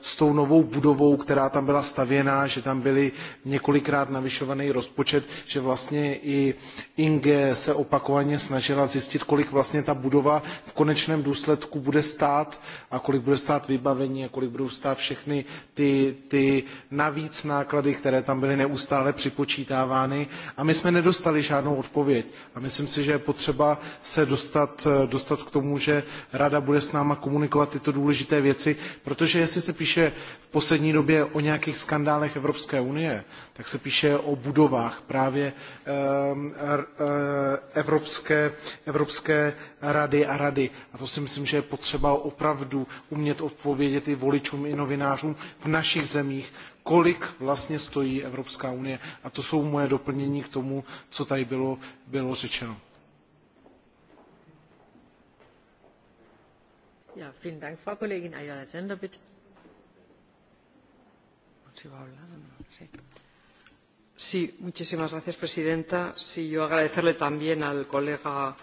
s tou novou budovou, která tam byla stavěná, že tam byly několikrát navyšovaný rozpočet, že vlastně i Inge se opakovaně snažila zjistit, kolik vlastně ta budova v konečném důsledku bude stát a kolik bude stát vybavení a kolik budou stát všechny ty, ty navíc náklady, které tam byly neustále připočítávány. A my jsme nedostali žádnou odpověď. A myslím si, že je potřeba se dostat, dostat k tomu, že rada bude bude s náma komunikovat tyto důležité věci, protože jestli se píše v poslední době o nějakých skandálech Evropské unie, tak se píše o budovách právě ehm, eh, Evropské, Evropské rady a rady. A to si myslím, že je potřeba opravdu umět odpovědět i voličům, i novinářům v našich zemích, kolik vlastně stojí Evropská unie. A to jsou moje doplnění k tomu, co tady bylo, bylo řečeno. Ja, señora ¿no? presidenta quiero agradecerle también al colega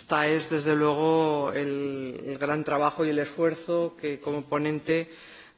staes desde luego el gran trabajo y el esfuerzo que como ponente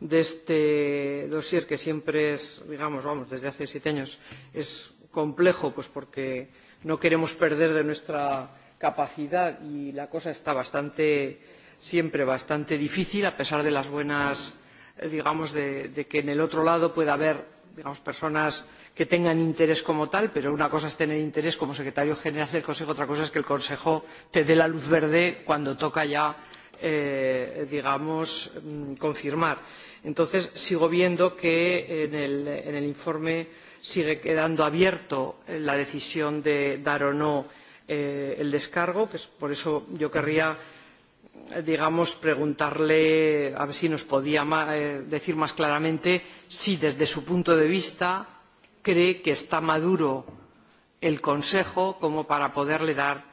de este dosier que siempre es digamos vamos desde hace siete años es complejo pues porque no queremos perder de nuestra capacidad y la cosa está bastante siempre bastante difícil, a pesar de las buenas, eh, digamos, de, de que en el otro lado pueda haber, digamos, personas que tengan interés como tal, pero una cosa es tener interés como secretario general del Consejo, otra cosa es que el Consejo te dé la luz verde cuando toca ya, eh, digamos, mm, confirmar. Entonces, sigo viendo que en el, en el informe sigue quedando abierto eh, la decisión de dar o no eh, el descargo, que es, por eso yo querría Eh, digamos preguntarle a ver si nos podía eh, decir más claramente si desde su punto de vista cree que está maduro el consejo como para poderle dar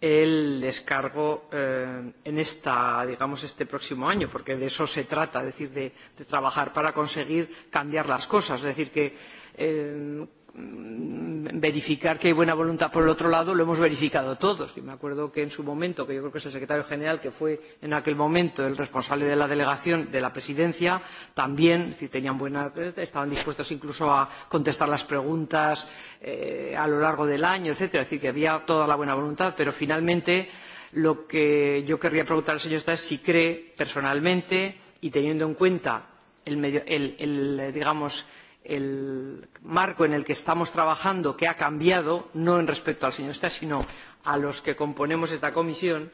el descargo eh, en esta digamos este próximo año porque de eso se trata es decir de, de trabajar para conseguir cambiar las cosas es decir que eh, Mm, verificar que hay buena voluntad por el otro lado lo hemos verificado todos. Yo me acuerdo que en su momento, que yo creo que es el secretario general, que fue en aquel momento el responsable de la delegación de la presidencia, también es decir, tenían buena, estaban dispuestos incluso a contestar las preguntas eh, a lo largo del año, etc. Es decir, que había toda la buena voluntad, pero finalmente lo que yo querría preguntar al señor está es si cree personalmente y teniendo en cuenta el, medio, el, el digamos, el marco en el que estamos trabajando que ha cambiado no respecto al señor staes sino respecto a los que componemos esta comisión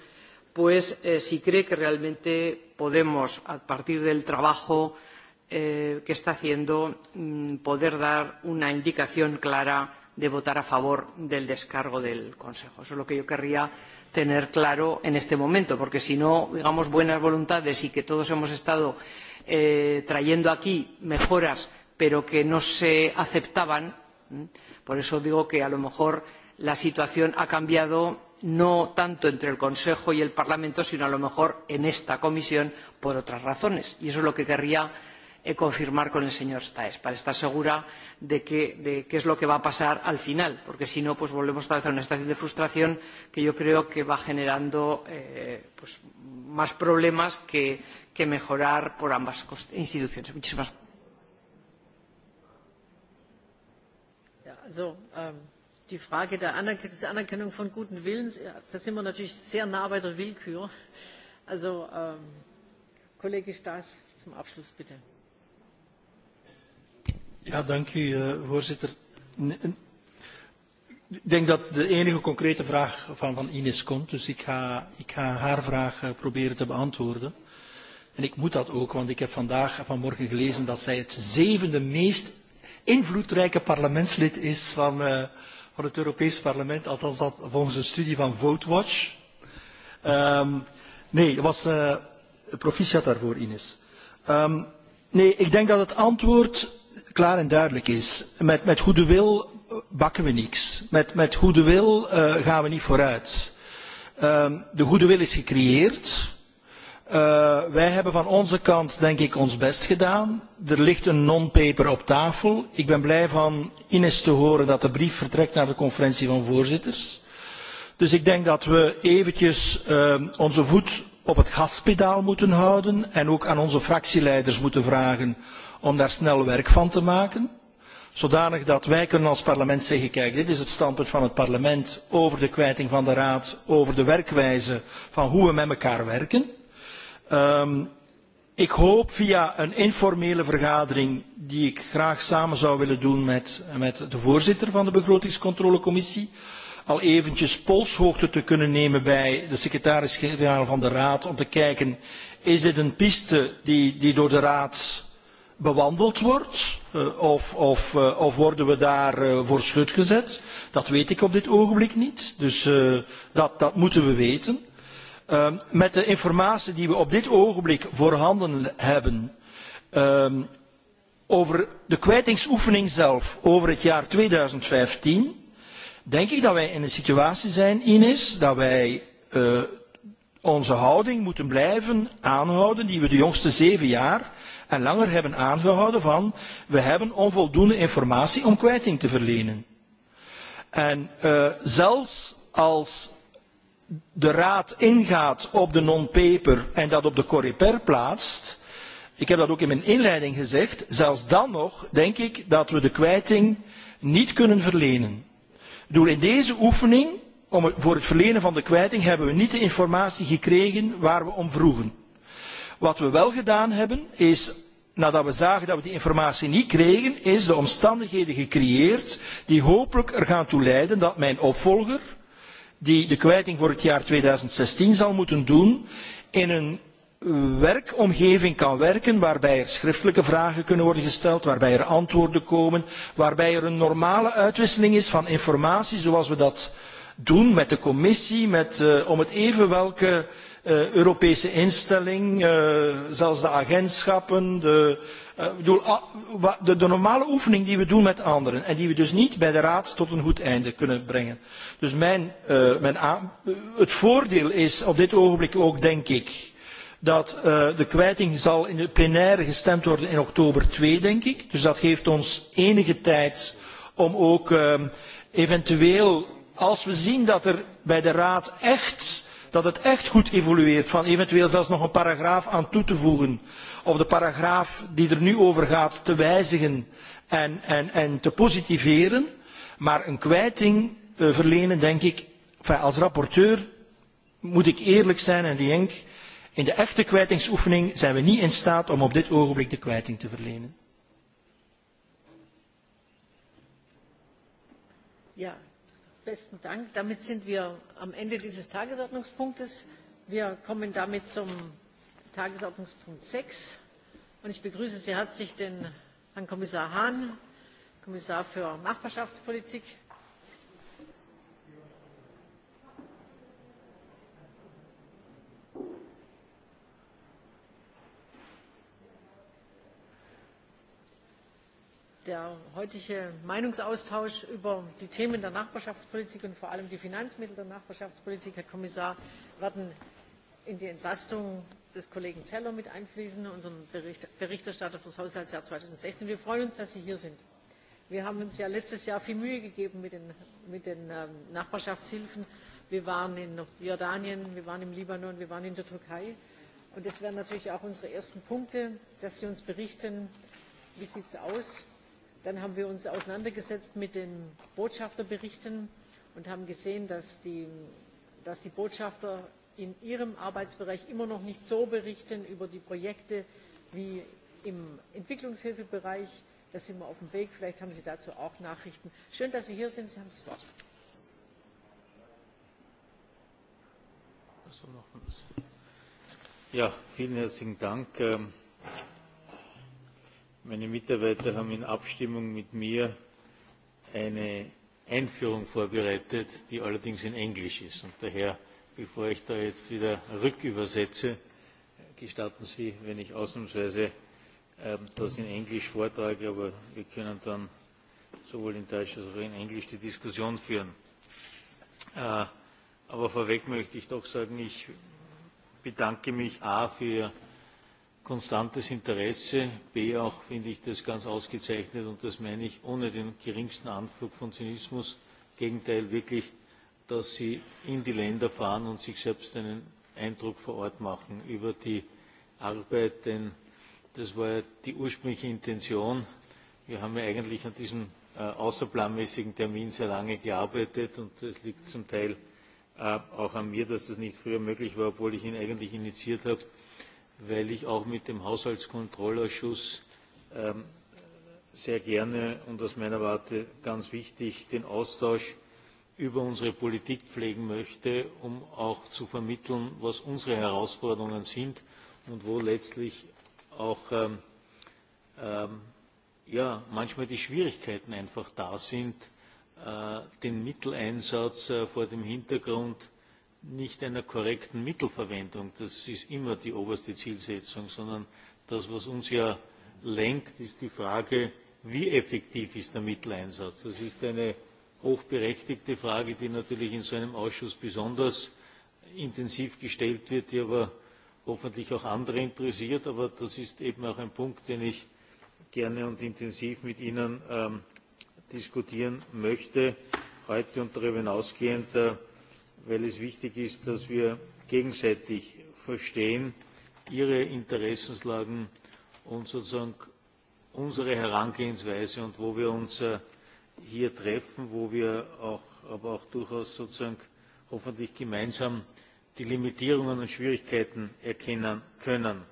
eh, si cree que realmente podemos a partir del trabajo eh, que está haciendo mm, poder dar una indicación clara de votar a favor del descargo del consejo. eso es lo que yo querría tener claro en este momento porque si no digamos buenas voluntades y que todos hemos estado eh, trayendo aquí mejoras pero que no se aceptaban por eso digo que a lo mejor la situación ha cambiado no tanto entre el consejo y el parlamento sino a lo mejor en esta comisión por otras razones y eso es lo que querría eh, confirmar con el señor staes para estar segura de qué es lo que va a pasar al final porque si no volvemos otra vez a una situación de frustración que yo creo que va generando eh, más problemas que mejorar por ambas instituciones. muchísimas also ähm, die Frage der Anerkennung, des Anerkennung von guten Willens, ja, da sind wir natürlich sehr nah bei der Willkür. Also ähm, Kollege Staes, zum Abschluss bitte. Ja, dank u, eh, voorzitter. Ik denk dat de enige concrete vraag van, van Ines komt, dus ik ga, ik ga haar vraag eh, proberen te beantwoorden. En ik moet dat ook, want ik heb vandaag vanmorgen gelezen dat zij het zevende meest invloedrijke parlementslid is van, uh, van het Europees parlement, althans dat volgens een studie van VoteWatch. Um, nee, dat was uh, proficiat daarvoor, Ines. Um, nee, ik denk dat het antwoord klaar en duidelijk is. Met, met goede wil eh, bakken we niks. Met, met goede wil uh, gaan we niet vooruit. Um, de goede wil is gecreëerd. Eh, wij hebben van onze kant denk ik ons best gedaan. er ligt een non paper op tafel. ik ben blij van ines te horen dat de brief vertrekt naar de conferentie van voorzitters. dus ik denk dat we eventjes uh, onze voet op het gaspedaal moeten houden en ook aan onze fractieleiders moeten vragen om daar snel werk van te maken. Zodanig dat wij kunnen als parlement zeggen, kijk, dit is het standpunt van het parlement over de kwijting van de raad, over de werkwijze van hoe we met elkaar werken. Um, ik hoop via een informele vergadering die ik graag samen zou willen doen met, met de voorzitter van de begrotingscontrolecommissie al eventjes polshoogte te kunnen nemen bij de secretaris-generaal van de Raad om te kijken is dit een piste die, die door de Raad bewandeld wordt uh, of, of, uh, of worden we daar uh, voor schut gezet? Dat weet ik op dit ogenblik niet, dus uh, dat, dat moeten we weten. Ehm, met de informatie die we op dit ogenblik voorhanden hebben ehm, over de kwijtingsoefening zelf over het jaar 2015, denk ik dat wij in een situatie zijn, Ines, dat wij uh, onze houding moeten blijven aanhouden die we de jongste zeven jaar en langer hebben aangehouden van we hebben onvoldoende informatie om kwijting te verlenen. En uh, zelfs als de raad ingaat op de non paper en dat op de coreper plaatst ik heb dat ook in mijn inleiding gezegd zelfs dan nog denk ik dat we de kwijting niet kunnen verlenen. in deze oefening om het, voor het verlenen van de kwijting hebben we niet de informatie gekregen waar we om vroegen. Wat we wel gedaan hebben is nadat we zagen dat we die informatie niet kregen is de omstandigheden gecreëerd die hopelijk er gaan toe leiden dat mijn opvolger die de kwijting voor het jaar 2016 zal moeten doen, in een eh, werkomgeving kan werken waarbij er schriftelijke vragen kunnen worden gesteld, waarbij er antwoorden komen, waarbij er een normale uitwisseling is van informatie zoals we dat doen met de commissie, met, uh, om het even welke uh, Europese instelling, uh, zelfs de agentschappen, de, uh, Uh, bedoel, uh, de, de normale oefening die we doen met anderen en die we dus niet bij de raad tot een goed einde kunnen brengen. Dus mijn, uh, mijn aan, uh, het voordeel is op dit ogenblik ook denk ik dat uh, de kwijting zal in de plenaire gestemd worden in oktober 2 denk ik. Dus dat geeft ons enige tijd om ook uh, eventueel als we zien dat er bij de raad echt dat het echt goed evolueert van eventueel zelfs nog een paragraaf aan toe te voegen of de paragraaf die er nu over gaat te wijzigen en, en, en te positiveren. Maar een kwijting uh, verlenen, denk ik, enfin, als rapporteur moet ik eerlijk zijn en denk, in de echte kwijtingsoefening zijn we niet in staat om op dit ogenblik de kwijting te verlenen. Ja, besten Dank. Damit sind wir am Ende dieses Tagesordnungspunktes. Wir kommen damit zum tagesordnungspunkt sechs und ich begrüße sehr herzlich den herrn kommissar hahn kommissar für nachbarschaftspolitik Der heutige Meinungsaustausch über die Themen der Nachbarschaftspolitik und vor allem die Finanzmittel der Nachbarschaftspolitik, Herr Kommissar, werden in die Entlastung des Kollegen Zeller mit einfließen, unserem Bericht, Berichterstatter für das Haushaltsjahr 2016. Wir freuen uns, dass Sie hier sind. Wir haben uns ja letztes Jahr viel Mühe gegeben mit den, mit den ähm, Nachbarschaftshilfen. Wir waren in Jordanien, wir waren im Libanon, wir waren in der Türkei. Und das wären natürlich auch unsere ersten Punkte, dass Sie uns berichten, wie sieht es aus. Dann haben wir uns auseinandergesetzt mit den Botschafterberichten und haben gesehen, dass die, dass die Botschafter in ihrem arbeitsbereich immer noch nicht so berichten über die projekte wie im entwicklungshilfebereich. da sind wir auf dem weg vielleicht haben sie dazu auch nachrichten. schön dass sie hier sind. sie haben das wort. Ja, vielen herzlichen Dank. Ähm, meine Mitarbeiter haben in Abstimmung mit mir eine Einführung vorbereitet, die allerdings in Englisch ist. Und daher bevor ich da jetzt wieder rückübersetze gestatten sie wenn ich ausnahmsweise ähm, das in englisch vortrage aber wir können dann sowohl in deutsch als auch in englisch die diskussion führen. Äh, aber vorweg möchte ich doch sagen ich bedanke mich a für ihr konstantes interesse b auch finde ich das ganz ausgezeichnet und das meine ich ohne den geringsten anflug von zynismus im gegenteil wirklich dass Sie in die Länder fahren und sich selbst einen Eindruck vor Ort machen über die Arbeit, denn das war ja die ursprüngliche Intention. Wir haben ja eigentlich an diesem äh, außerplanmäßigen Termin sehr lange gearbeitet und es liegt zum Teil äh, auch an mir, dass das nicht früher möglich war, obwohl ich ihn eigentlich initiiert habe, weil ich auch mit dem Haushaltskontrollausschuss ähm, sehr gerne und aus meiner Warte ganz wichtig den Austausch über unsere Politik pflegen möchte, um auch zu vermitteln, was unsere Herausforderungen sind und wo letztlich auch ähm, ähm, ja, manchmal die Schwierigkeiten einfach da sind, äh, den Mitteleinsatz äh, vor dem Hintergrund nicht einer korrekten Mittelverwendung, das ist immer die oberste Zielsetzung, sondern das, was uns ja lenkt, ist die Frage, wie effektiv ist der Mitteleinsatz. Das ist eine äh, hochberechtigte Frage, die natürlich in so einem Ausschuss besonders intensiv gestellt wird, die aber hoffentlich auch andere interessiert. Aber das ist eben auch ein Punkt, den ich gerne und intensiv mit Ihnen ähm, diskutieren möchte, heute und darüber hinausgehend, äh, weil es wichtig ist, dass wir gegenseitig verstehen, Ihre Interessenslagen und sozusagen unsere Herangehensweise und wo wir uns äh, hier treffen wo wir aber auch durchaus hoffentlich gemeinsam die limitierungen und schwierigkeiten erkennen können.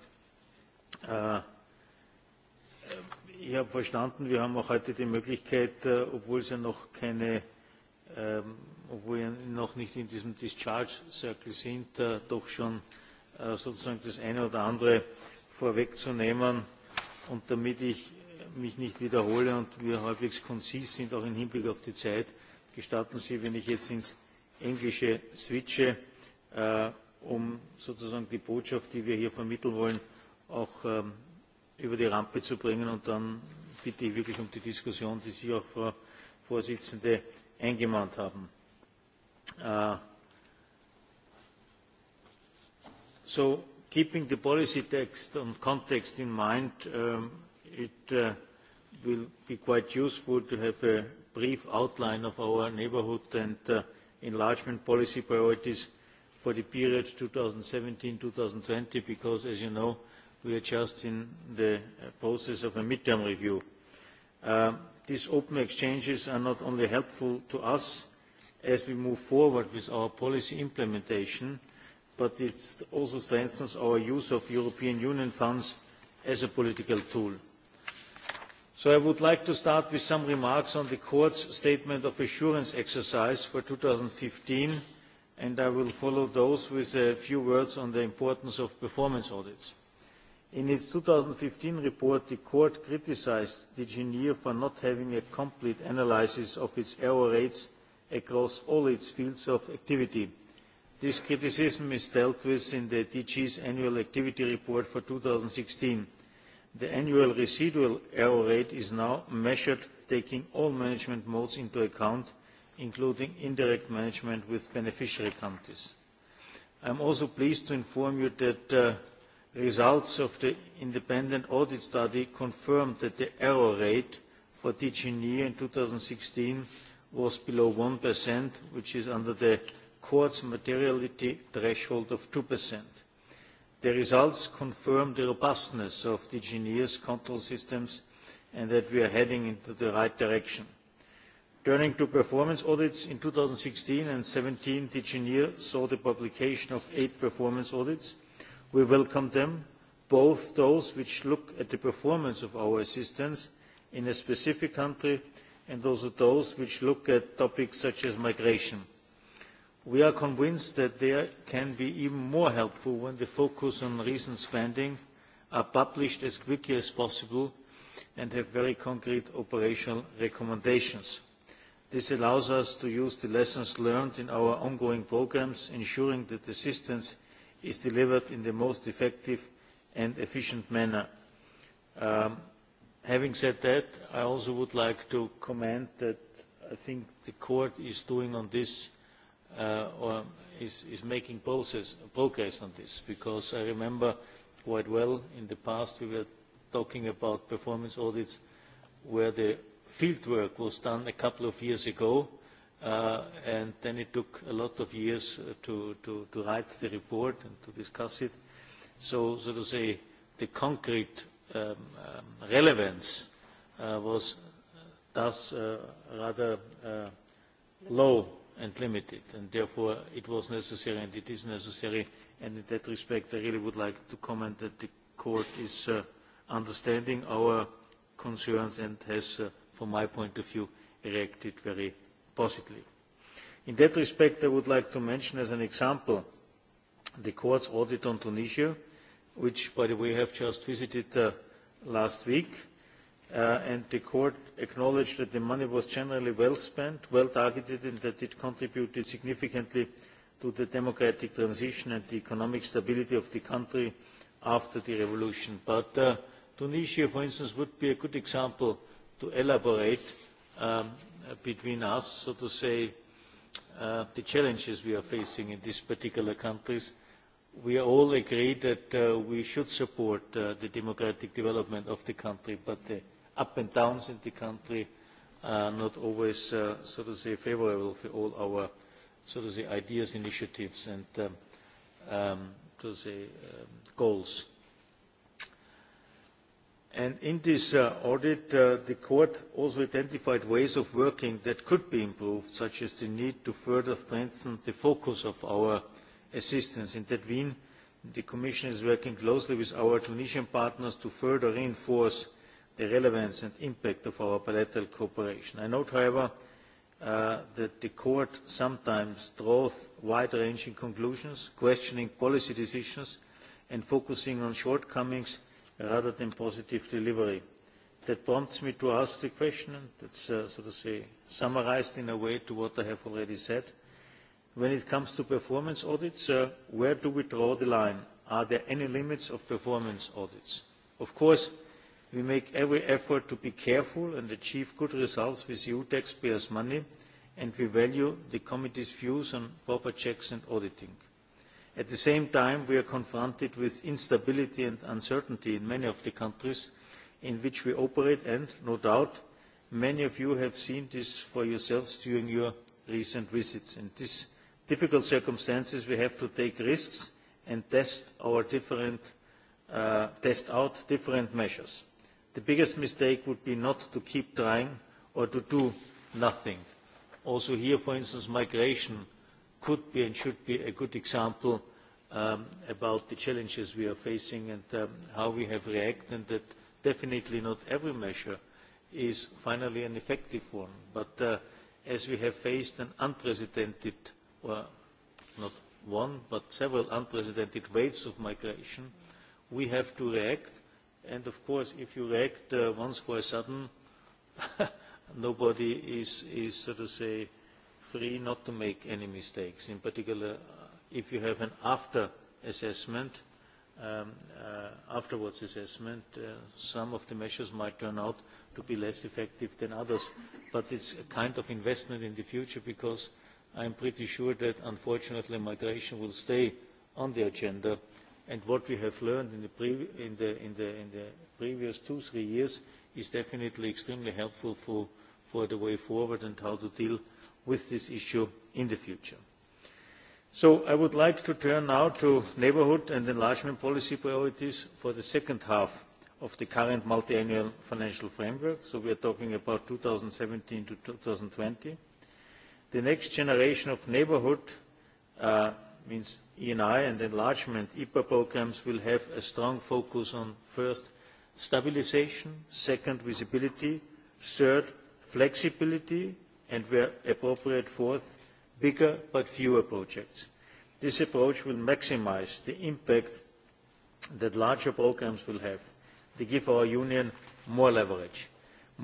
Äh, ich habe verstanden wir haben auch heute die möglichkeit äh, obwohl sie ja noch keine ähm, obwohl wir ja noch nicht in diesem discharge circle sind äh, doch schon sozusagen das eine oder andere vorwegzunehmen und damit ich mich nicht wiederhole und wir halbwegs konzis sind, auch im Hinblick auf die Zeit. Gestatten Sie, wenn ich jetzt ins Englische switche, äh, um sozusagen die Botschaft, die wir hier vermitteln wollen, auch ähm, über die Rampe zu bringen. Und dann bitte ich wirklich um die Diskussion, die Sie auch, Frau Vorsitzende, eingemahnt haben. Äh, so, keeping the policy text and context in mind, um, it uh, will be quite useful to have a brief outline of our neighbourhood and uh, enlargement policy priorities for the period 2017-2020, because, as you know, we are just in the uh, process of a midterm review. Uh, these open exchanges are not only helpful to us as we move forward with our policy implementation, but it also strengthens our use of European Union funds as a political tool i would like to start with some remarks on the court's statement of assurance exercise for two thousand and fifteen and i will follow those with a few words on the importance of performance audits. in its two thousand and fifteen report the court criticised the engineer for not having a complete analysis of its error rates across all its fields of activity. this criticism is dealt with in the dg's annual activity report for two thousand and sixteen the annual residual error rate is now measured taking all management modes into account including indirect management with beneficiary countries. I am also pleased to inform you that the uh, results of the independent audit study confirmed that the error rate for DG NIR in 2016 was below 1%, which is under the court's materiality threshold of 2%. The results confirm the robustness of DigiNears control systems and that we are heading into the right direction. Turning to performance audits, in 2016 and 17, DigiNear saw the publication of eight performance audits. We welcome them, both those which look at the performance of our assistance in a specific country and also those which look at topics such as migration we are convinced that they can be even more helpful when the focus on recent spending are published as quickly as possible and have very concrete operational recommendations. This allows us to use the lessons learned in our ongoing programmes, ensuring that assistance is delivered in the most effective and efficient manner. Um, having said that, I also would like to comment that I think the court is doing on this uh, Uh, is making progress on this because i remember quite well in the past we were talking about performance audits where the field work was done a couple of years ago uh, and then it took a lot of years uh, to, to, to write the report and to discuss it. So, so to say, the concrete um, um, relevance uh, was thus uh, rather uh, low and limited. Therefore, it was necessary and it is necessary. And in that respect, I really would like to comment that the court is uh, understanding our concerns and has, uh, from my point of view, reacted very positively. In that respect, I would like to mention as an example the court's audit on Tunisia, which, by the way, I have just visited uh, last week. Uh, and the court acknowledged that the money was generally well spent well targeted and that it contributed significantly to the democratic transition and the economic stability of the country after the revolution. but uh, tunisia, for instance, would be a good example to elaborate um, between us, so to say, uh, the challenges we are facing in these particular countries. we all agree that uh, we should support uh, the democratic development of the country, but the up and downs in the country are uh, not always, uh, so to say, favorable for all our, so to say, ideas, initiatives, and, um, um, so to say, um, goals. And in this uh, audit, uh, the court also identified ways of working that could be improved, such as the need to further strengthen the focus of our assistance. In that vein, the Commission is working closely with our Tunisian partners to further reinforce the relevance and impact of our bilateral cooperation. i note however uh, that the court sometimes draws wide ranging conclusions questioning policy decisions and focusing on shortcomings rather than positive delivery. that prompts me to ask the question that is uh, so to say summarised in a way to what i have already said when it comes to performance audits uh, where do we draw the line are there any limits of performance audits of course we make every effort to be careful and achieve good results with eu taxpayers' money and we value the committee's views on proper checks and auditing. at the same time we are confronted with instability and uncertainty in many of the countries in which we operate and no doubt many of you have seen this for yourselves during your recent visits. in these difficult circumstances we have to take risks and test, our different, uh, test out different measures the biggest mistake would be not to keep trying or to do nothing. also here, for instance, migration could be and should be a good example um, about the challenges we are facing and um, how we have reacted and that definitely not every measure is finally an effective one. but uh, as we have faced an unprecedented, well, not one, but several unprecedented waves of migration, we have to react and of course if you act uh, once for a sudden nobody is, is so to say free not to make any mistakes in particular uh, if you have an after assessment um, uh, afterwards assessment uh, some of the measures might turn out to be less effective than others but it's a kind of investment in the future because I'm pretty sure that unfortunately migration will stay on the agenda uh, and what we have learned in the, pre in the, in the, in the previous two, three years is definitely extremely helpful for, for the way forward and how to deal with this issue in the future. So I would like to turn now to neighbourhood and enlargement policy priorities for the second half of the current multiannual financial framework. So we are talking about 2017 to 2020. The next generation of neighbourhood uh, means eni and enlargement ipa e programmes will have a strong focus on first stabilisation second visibility third flexibility and where appropriate fourth bigger but fewer projects. this approach will maximise the impact that larger programmes will have to give our union more leverage.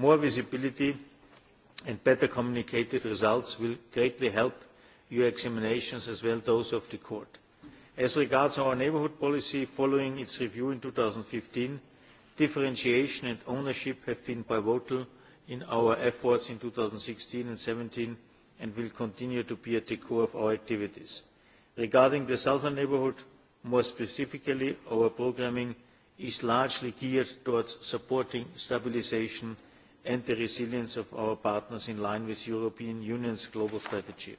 more visibility and better communicated results will greatly help your examinations as well as those of the court. As regards our neighbourhood policy, following its review in 2015, differentiation and ownership have been pivotal in our efforts in 2016 and 17 and will continue to be at the core of our activities. Regarding the southern neighbourhood, more specifically, our programming is largely geared towards supporting stabilisation and the resilience of our partners in line with European Union's global strategy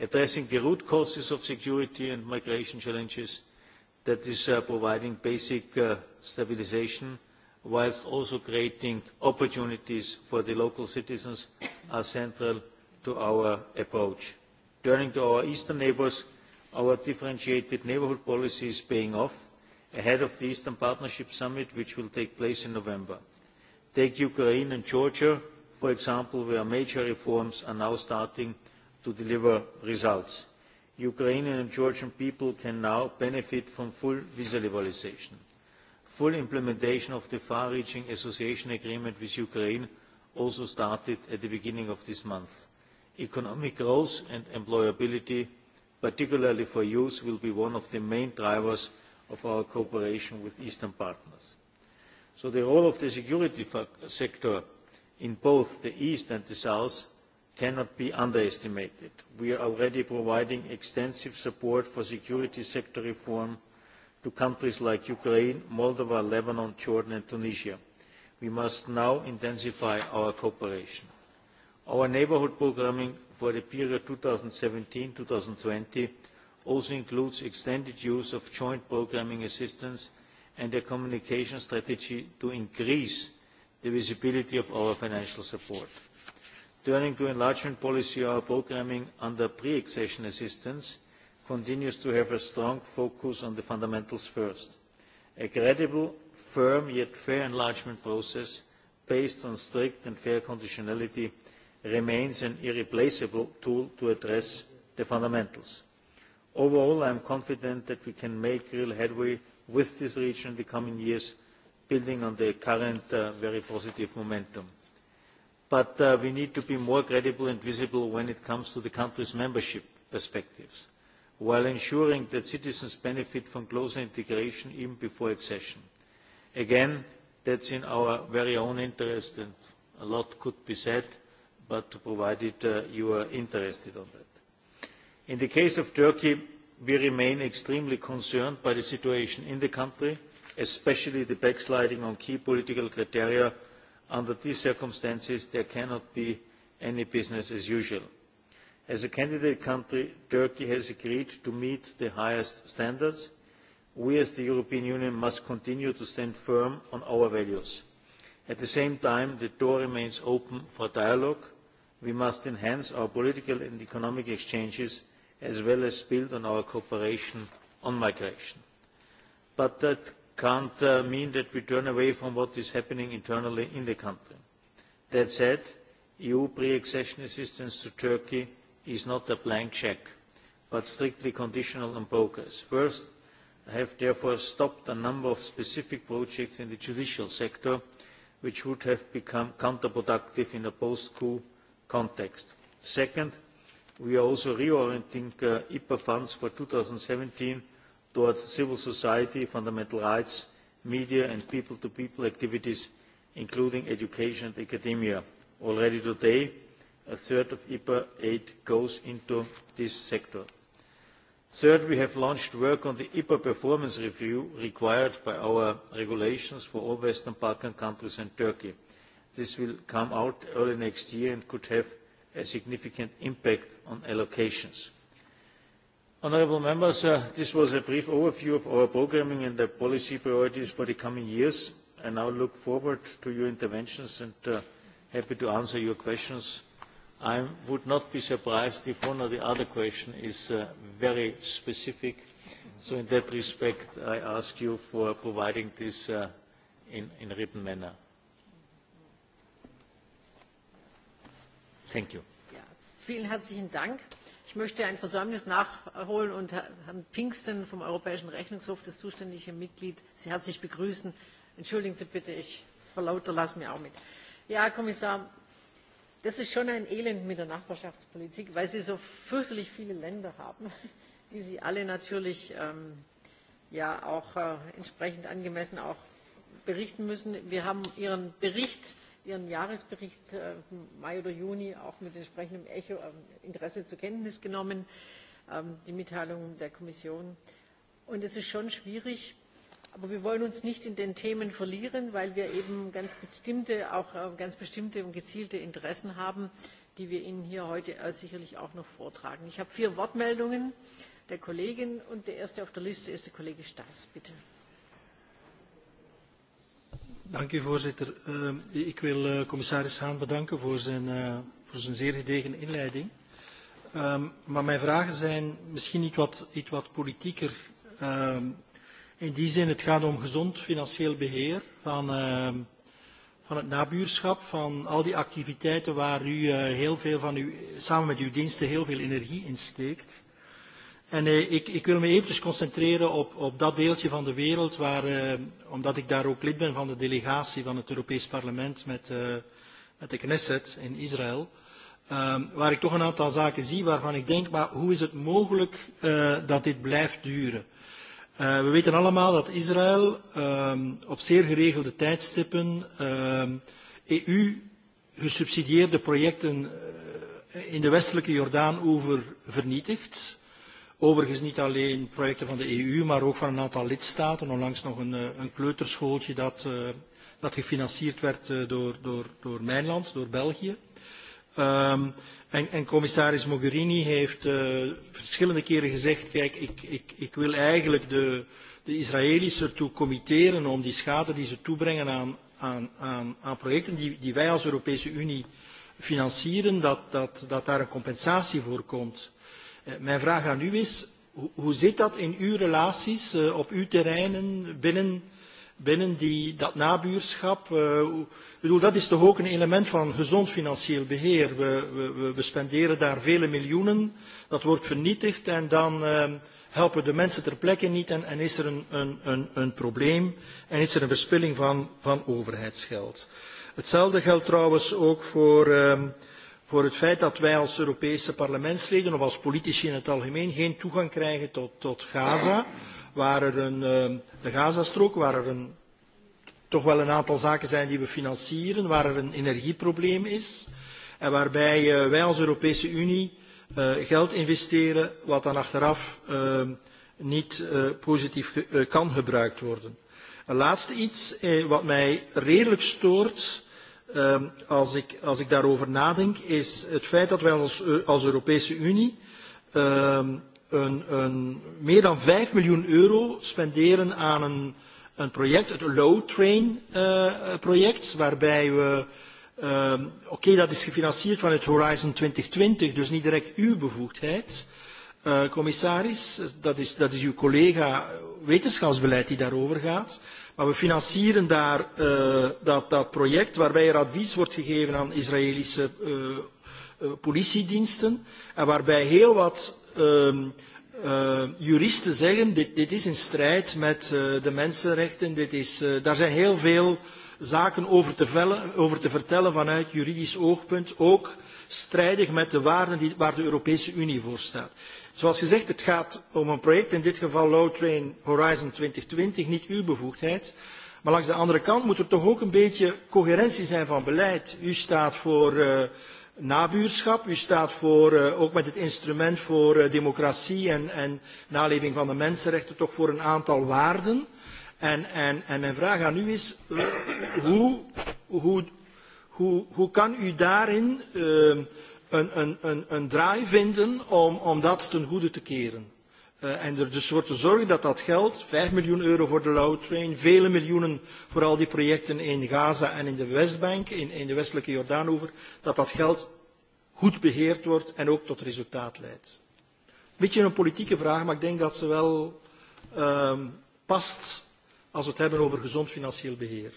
addressing the root causes of security and migration challenges that is uh, providing basic uh, stabilisation whilst also creating opportunities for the local citizens are central to our approach. Turning to our eastern neighbours, our differentiated neighbourhood policy is paying off ahead of the Eastern Partnership Summit, which will take place in November. Take Ukraine and Georgia, for example, where major reforms are now starting to deliver results. Ukrainian and Georgian people can now benefit from full visa liberalisation. Full implementation of the far-reaching association agreement with Ukraine also started at the beginning of this month. Economic growth and employability, particularly for youth, will be one of the main drivers of our cooperation with Eastern partners. So the role of the security sector in both the East and the South cannot be underestimated. we are already providing extensive support for security sector reform to countries like ukraine moldova lebanon jordan and tunisia. we must now intensify our cooperation. our neighbourhood programming for the period two thousand and seventeen two thousand and twenty also includes extended use of joint programming assistance and a communication strategy to increase the visibility of our financial support. Turning to enlargement policy, our programming under pre-accession assistance continues to have a strong focus on the fundamentals first. A credible, firm, yet fair enlargement process based on strict and fair conditionality remains an irreplaceable tool to address the fundamentals. Overall, I am confident that we can make real headway with this region in the coming years, building on the current uh, very positive momentum but uh, we need to be more credible and visible when it comes to the country's membership perspectives, while ensuring that citizens benefit from closer integration even before accession. Again, that's in our very own interest, and a lot could be said, but provided uh, you are interested on that. In the case of Turkey, we remain extremely concerned by the situation in the country, especially the backsliding on key political criteria under these circumstances there cannot be any business as usual. As a candidate country, Turkey has agreed to meet the highest standards. We as the European Union must continue to stand firm on our values. At the same time, the door remains open for dialogue. We must enhance our political and economic exchanges as well as build on our cooperation on migration. But that can't uh, mean that we turn away from what is happening internally in the country. That said, EU pre-accession assistance to Turkey is not a blank check, but strictly conditional on progress. First, I have therefore stopped a number of specific projects in the judicial sector, which would have become counterproductive in a post-coup context. Second, we are also reorienting uh, IPA e funds for 2017 towards civil society fundamental rights media and people to people activities including education and academia. already today a third of ipa aid goes into this sector. third we have launched work on the ipa performance review required by our regulations for all western balkan countries and turkey. this will come out early next year and could have a significant impact on allocations. Honorable members, uh, this was a brief overview of our programming and the policy priorities for the coming years. I now look forward to your interventions and uh, happy to answer your questions. I would not be surprised if one or the other question is uh, very specific. So in that respect, I ask you for providing this uh, in, in written manner. Thank you. Ja, vielen herzlichen Dank ich möchte ein versäumnis nachholen und herrn pinkston vom europäischen rechnungshof das zuständige mitglied sehr herzlich begrüßen. entschuldigen sie bitte ich verlauterlasse mich auch mit. Ja, herr kommissar das ist schon ein elend mit der nachbarschaftspolitik weil sie so fürchterlich viele länder haben die sie alle natürlich ähm, ja, auch äh, entsprechend angemessen berichten müssen. wir haben ihren bericht Ihren Jahresbericht im äh, Mai oder Juni auch mit entsprechendem Echo ähm, Interesse zur Kenntnis genommen, ähm, die Mitteilung der Kommission. Und es ist schon schwierig, aber wir wollen uns nicht in den Themen verlieren, weil wir eben ganz bestimmte, auch äh, ganz bestimmte und gezielte Interessen haben, die wir Ihnen hier heute äh, sicherlich auch noch vortragen. Ich habe vier Wortmeldungen der Kollegin und der erste auf der Liste ist der Kollege Staes. Bitte. Dank u voorzitter. Uh, ik wil uh, commissaris Haan bedanken voor zijn, uh, voor zijn zeer gedegen inleiding. Um, maar mijn vragen zijn misschien iets wat, iets wat politieker. Um, in die zin, het gaat om gezond financieel beheer van, uh, van het nabuurschap, van al die activiteiten waar u uh, heel veel van uw, samen met uw diensten heel veel energie in steekt. En eh, ik, ik wil me eventjes concentreren op, op dat deeltje van de wereld waar, eh, omdat ik daar ook lid ben van de delegatie van het Europees Parlement met, eh, met de Knesset in Israël, eh, waar ik toch een aantal zaken zie waarvan ik denk, maar hoe is het mogelijk eh, dat dit blijft duren? Eh, we weten allemaal dat Israël eh, op zeer geregelde tijdstippen eh, EU-gesubsidieerde projecten eh, in de westelijke Jordaan-oever vernietigt. Overigens niet alleen projecten van de EU, maar ook van een aantal lidstaten. Onlangs nog een, eh, een kleuterschooltje dat, uh, dat gefinancierd werd eh, door, door, door mijn land, door België. Um, en, en commissaris Mogherini heeft uh, verschillende keren gezegd, kijk, ik, ik, ik wil eigenlijk de, de Israëli's ertoe committeren om die schade die ze toebrengen aan, aan, aan, aan projecten die, die wij als Europese Unie financieren, dat, dat, dat daar een compensatie voor komt. Eh, mijn vraag aan u is, hoe zit dat in uw relaties eh, op uw terreinen binnen, binnen die, dat nabuurschap? Eh, ik bedoel, dat is toch ook een element van gezond financieel beheer. We, we, we spenderen daar vele miljoenen, dat wordt vernietigd en dan ehm, helpen de mensen ter plekke niet en, en is er een, een, een, een probleem en is er een verspilling van, van overheidsgeld. Hetzelfde geldt trouwens ook voor uh, voor het feit dat wij als Europese parlementsleden of als politici in het algemeen geen toegang krijgen tot, tot Gaza, waar er een, eh, de Gazastrook, waar er een, toch wel een aantal zaken zijn die we financieren, waar er een energieprobleem is en waarbij eh, wij als Europese Unie eh, geld investeren wat dan achteraf niet positief kan gebruikt worden. Een laatste iets wat mij redelijk stoort um, als, ik, als ik daarover nadenk, is het feit dat wij als, als Europese Unie um, een, een meer dan 5 miljoen euro spenderen aan een, een project, het Low Train uh, project, waarbij we, um, oké okay, dat is gefinancierd vanuit Horizon 2020, dus niet direct uw bevoegdheid, uh, commissaris, dat is, dat is uw collega wetenschapsbeleid die daarover gaat, Maar we financieren daar uh, dat, dat project waarbij er advies wordt gegeven aan Israëlische uh, uh, politiediensten en waarbij heel wat uh, uh, juristen zeggen dit, dit is in strijd met uh, de mensenrechten, dit is, uh, daar zijn heel veel uh, zaken over te, vellen, over te vertellen vanuit juridisch oogpunt, ook strijdig met de waarden die, waar de Europese Unie voor staat. Zoals gezegd, het gaat om een project, in dit geval Low Train Horizon 2020, niet uw bevoegdheid. Maar langs de andere kant moet er toch ook een beetje coherentie zijn van beleid. U staat voor uh, nabuurschap, u staat voor, uh, ook met het instrument voor uh, democratie en, en naleving van de mensenrechten, toch voor een aantal waarden. En, en, en mijn vraag aan u is, uh, hoe, hoe, hoe, hoe kan u daarin uh, een, een, een, een draai vinden om, om dat ten goede te keren? Uh, en er dus voor te zorgen dat dat geld, 5 miljoen euro voor de Low Train, vele miljoenen voor al die projecten in Gaza en in de Westbank, in, in de westelijke Jordaanover, dat dat geld goed beheerd wordt en ook tot resultaat leidt. Een beetje een politieke vraag, maar ik denk dat ze wel uh, past als we het hebben over gezond financieel beheer.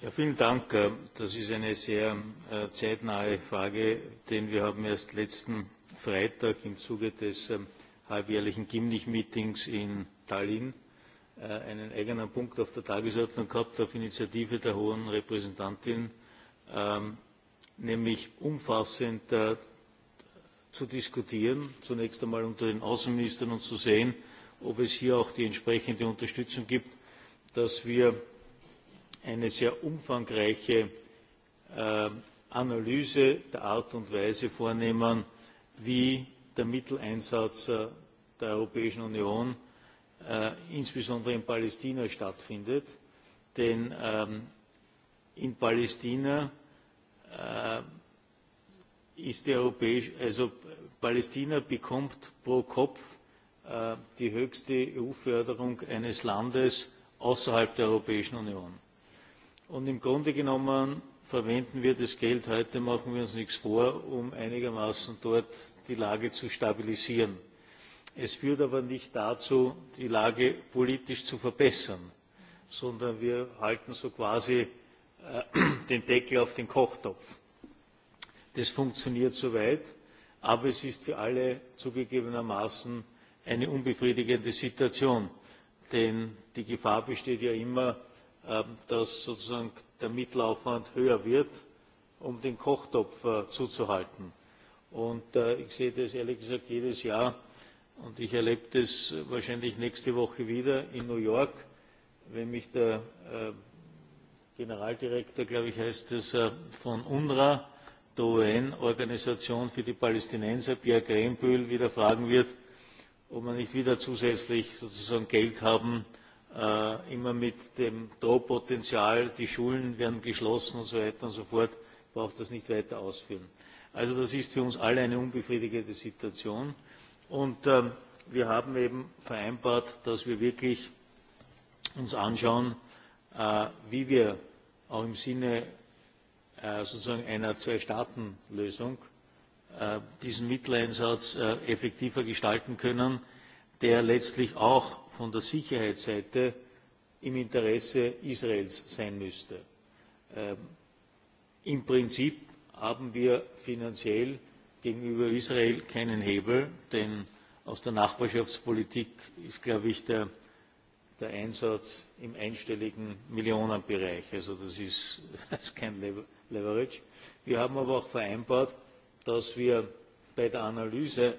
Ja, vielen Dank. Äh, das ist eine sehr äh, zeitnahe Frage, denn wir haben erst letzten Freitag im Zuge des ähm, halbjährlichen GIMNIC-Meetings in Tallinn äh, einen eigenen Punkt auf der Tagesordnung gehabt, auf Initiative der Hohen Repräsentantin ähm, nämlich umfassend äh, zu diskutieren, zunächst einmal unter den Außenministern und um zu sehen, ob es hier auch die entsprechende Unterstützung gibt, dass wir eine sehr umfangreiche äh, Analyse der Art und Weise vornehmen, wie der Mitteleinsatz äh, der Europäischen Union äh, insbesondere in Palästina stattfindet. Denn ähm, in Palästina äh, Äh, ist die europäische, also Palästina bekommt pro Kopf äh, die höchste EU-Förderung eines Landes außerhalb der Europäischen Union. Und im Grunde genommen verwenden wir das Geld heute, machen wir uns nichts vor, um einigermaßen dort die Lage zu stabilisieren. Es führt aber nicht dazu, die Lage politisch zu verbessern, sondern wir halten so quasi äh, Äh, den deckel auf den kochtopf. das funktioniert soweit. aber es ist für alle zugegebenermaßen eine unbefriedigende situation. denn die gefahr besteht ja immer ähm, dass sozusagen der mittelaufwand höher wird um den kochtopf äh, zuzuhalten. Und äh, ich sehe das ehrlich gesagt jedes Jahr und ich erlebe das wahrscheinlich nächste Woche wieder in New York, wenn mich der Generaldirektor, glaube ich, heißt es, äh, von UNRWA, der UN-Organisation für die Palästinenser, Pierre Grenbühl, wieder fragen wird, ob wir nicht wieder zusätzlich sozusagen Geld haben, äh, immer mit dem Drohpotenzial, die Schulen werden geschlossen und so weiter und so fort, braucht das nicht weiter ausführen. Also das ist für uns alle eine unbefriedigende Situation. Und ähm, wir haben eben vereinbart, dass wir wirklich uns anschauen, äh, wie wir auch im Sinne äh, sozusagen einer Zwei-Staaten-Lösung äh, diesen Mitteleinsatz äh, effektiver gestalten können, der letztlich auch von der Sicherheitsseite im Interesse Israels sein müsste. Ähm, Im Prinzip haben wir finanziell gegenüber Israel keinen Hebel, denn aus der Nachbarschaftspolitik ist, glaube ich, der der Einsatz im einstelligen Millionenbereich. Also das ist, das ist kein Leverage. Wir haben aber auch vereinbart, dass wir bei der Analyse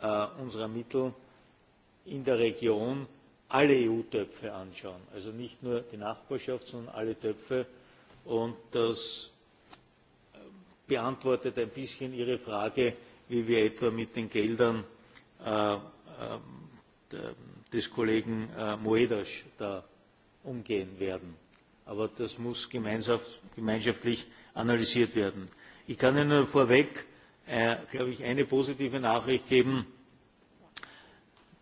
äh, unserer Mittel in der Region alle EU-Töpfe anschauen. Also nicht nur die Nachbarschaft, sondern alle Töpfe. Und das äh, beantwortet ein bisschen Ihre Frage, wie wir etwa mit den Geldern äh, äh, des Kollegen äh, Moedas da umgehen werden. Aber das muss gemeinschaftlich analysiert werden. Ich kann Ihnen vorweg, äh, glaube ich, eine positive Nachricht geben.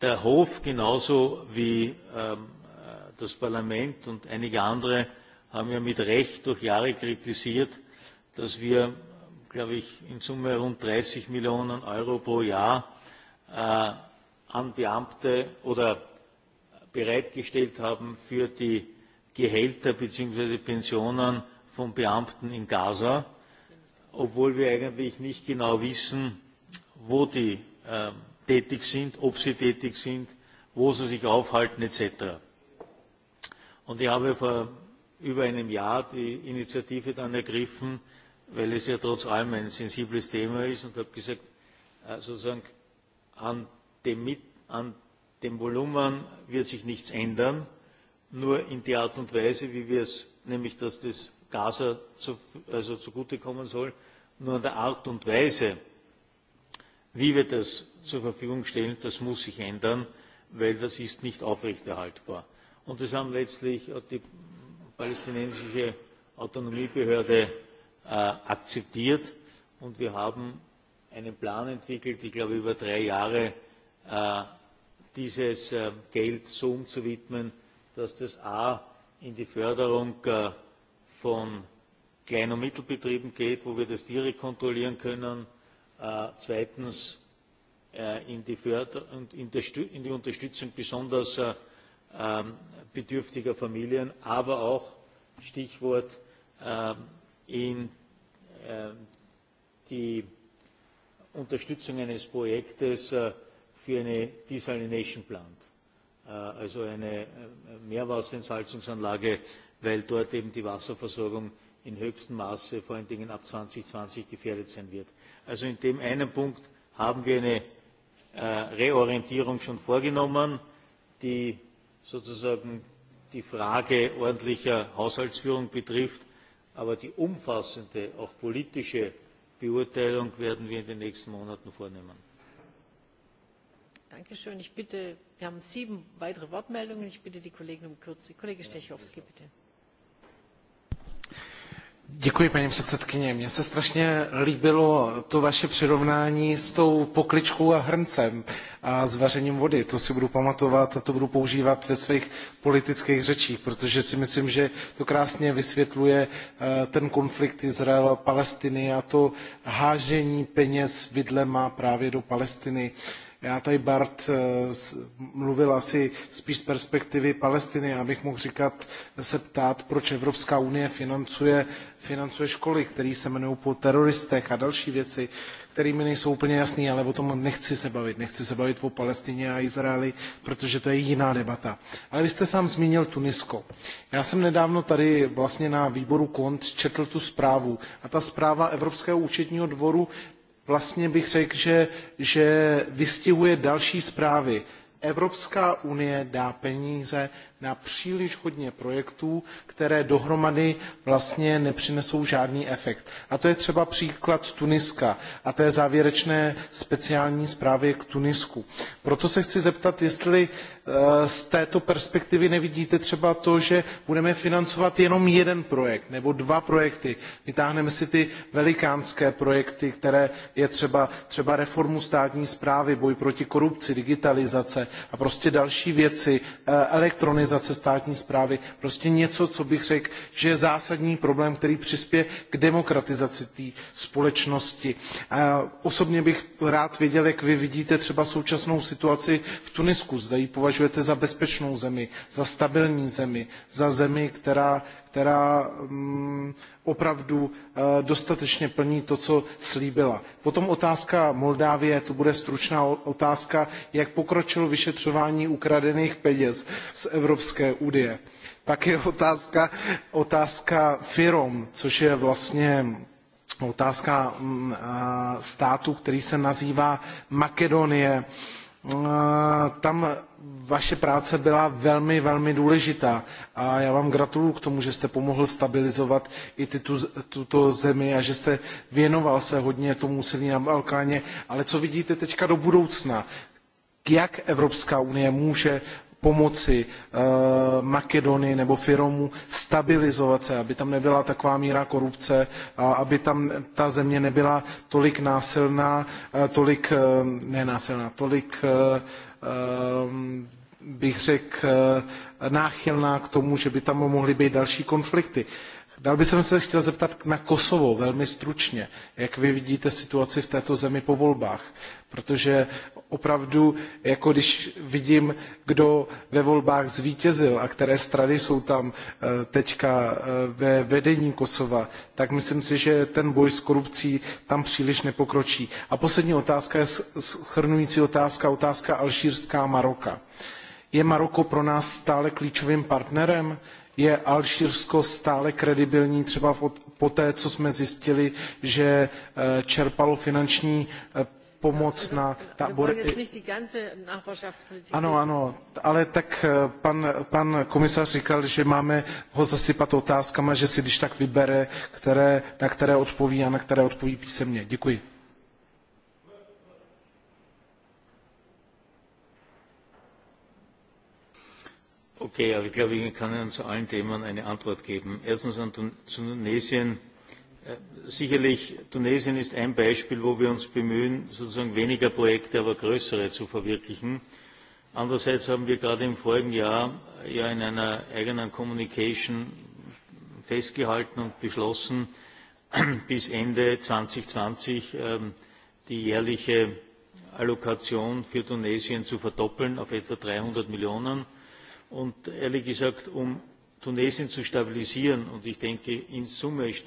Der Hof genauso wie ähm, äh, das Parlament und einige andere haben ja mit Recht durch Jahre kritisiert, dass wir, glaube ich, in Summe rund 30 Millionen Euro pro Jahr äh, an Beamte oder äh, bereitgestellt haben für die Gehälter bzw. Pensionen von Beamten in Gaza, obwohl wir eigentlich nicht genau wissen, wo die äh, tätig sind, ob sie tätig sind, wo sie sich aufhalten etc. Und ich habe vor über einem Jahr die Initiative dann ergriffen, weil es ja trotz allem ein sensibles Thema ist und habe gesagt, äh, sozusagen an an dem Volumen wird sich nichts ändern, nur in der Art und Weise, wie wir es, nämlich dass das Gaza zu, also zugutekommen soll, nur an der Art und Weise, wie wir das zur Verfügung stellen, das muss sich ändern, weil das ist nicht aufrechterhaltbar. Und das haben letztlich die palästinensische Autonomiebehörde äh, akzeptiert und wir haben einen Plan entwickelt, ich glaube über drei Jahre, Äh, dieses äh, geld so umzuwidmen dass es a in die förderung äh, von klein und mittelbetrieben geht wo wir das direkt kontrollieren können zweitens in die, Förder und in der in die unterstützung besonders ähm, bedürftiger familien aber auch stichwort ähm, in ähm, die unterstützung eines projektes für eine Desalination Plant, äh, also eine äh, Meerwasserentsalzungsanlage, weil dort eben die Wasserversorgung in höchstem Maße vor allen Dingen ab 2020 gefährdet sein wird. Also in dem einen Punkt haben wir eine äh, Reorientierung schon vorgenommen, die sozusagen die Frage ordentlicher Haushaltsführung betrifft, aber die umfassende, auch politische Beurteilung werden wir in den nächsten Monaten vornehmen ich bitte wir haben sieben weitere wortmeldungen ich bitte die kollegen um kürze. kollege zdechovský bitte. paní předsedající mně se strašně líbilo to vaše přirovnání s tou pokličkou a hrncem a s vařením vody. to si budu pamatovat a to budu používat ve svých politických řečích protože si myslím že to krásně vysvětluje eh, ten konflikt izrael palestiny a to hážení peněz vidlema právě do palestiny. Já tady Bart eh, mluvil asi spíš z perspektivy Palestiny, abych mohl říkat, se ptát, proč Evropská unie financuje, financuje školy, které se jmenují po teroristech a další věci, které mi nejsou úplně jasné, ale o tom nechci se bavit. Nechci se bavit o Palestině a Izraeli, protože to je jiná debata. Ale vy jste sám zmínil Tunisko. Já jsem nedávno tady vlastně na výboru KONT četl tu zprávu a ta zpráva Evropského účetního dvoru vlastně bych řekl, že, že vystihuje další zprávy. Evropská unie dá peníze na příliš hodně projektů, které dohromady vlastně nepřinesou žádný efekt. A to je třeba příklad Tuniska a té závěrečné speciální zprávy k Tunisku. Proto se chci zeptat, jestli eh, z této perspektivy nevidíte třeba to, že budeme financovat jenom jeden projekt nebo dva projekty. Vytáhneme si ty velikánské projekty, které je třeba, třeba reformu státní zprávy, boj proti korupci, digitalizace a prostě další věci, eh, elektronizace reorganizace státní zprávy, prostě něco, co bych řekl, že je zásadní problém, který přispěje k demokratizaci té společnosti. A osobně bych rád věděl, jak vy vidíte třeba současnou situaci v Tunisku. Zda ji považujete za bezpečnou zemi, za stabilní zemi, za zemi, která, která mm, opravdu e, dostatečně plní to, co slíbila. Potom otázka Moldávie, to bude stručná otázka, jak pokročilo vyšetřování ukradených peněz z Evropské unie. Pak je otázka, otázka firom, což je vlastně mm, otázka mm, a, státu, který se nazývá Makedonie. E, Eh, tam vaše práce byla velmi, velmi důležitá a já vám gratuluju k tomu, že jste pomohl stabilizovat i ty tu, tuto zemi a že jste věnoval se hodně tomu úsilí na Balkáně. Ale co vidíte teďka do budoucna? Jak Evropská unie může pomoci uh, Makedonii nebo Firomu stabilizovat se, aby tam nebyla taková míra korupce a aby tam ta země nebyla tolik násilná, uh, tolik, uh, eh, nenásilná, tolik, uh, um, bych řekl, uh, náchylná k tomu, že by tam mohly být další konflikty. Uh, Dal bych se chtěl zeptat na Kosovo velmi stručně, jak vy vidíte situaci v této zemi po volbách, protože opravdu, jako když vidím, kdo ve volbách zvítězil a které strany jsou tam eh, teďka eh, ve vedení Kosova, tak myslím si, že ten boj s korupcí tam příliš nepokročí. A poslední otázka je schrnující otázka, otázka alžírská Maroka. Je Maroko pro nás stále klíčovým partnerem? je Alžírsko stále kredibilní třeba po té, co jsme zjistili, že eh, čerpalo finanční eh, pomoc na tábor. Ano, ano, ale tak eh, pan, pan komisař říkal, že máme ho zasypat otázkama, že si když tak vybere, které, na které odpoví a na které odpoví písemně. Děkuji. Okay, aber ich glaube, ich kann Ihnen zu allen Themen eine Antwort geben. Erstens an Tunesien. Äh, sicherlich, Tunesien ist ein Beispiel, wo wir uns bemühen, sozusagen weniger Projekte, aber größere zu verwirklichen. Andererseits haben wir gerade im vorigen Jahr ja in einer eigenen Communication festgehalten und beschlossen, bis Ende 2020 ähm, die jährliche Allokation für Tunesien zu verdoppeln auf etwa 300 Millionen Euro und ehrlich gesagt um tunesien zu stabilisieren und ich denke in summe ist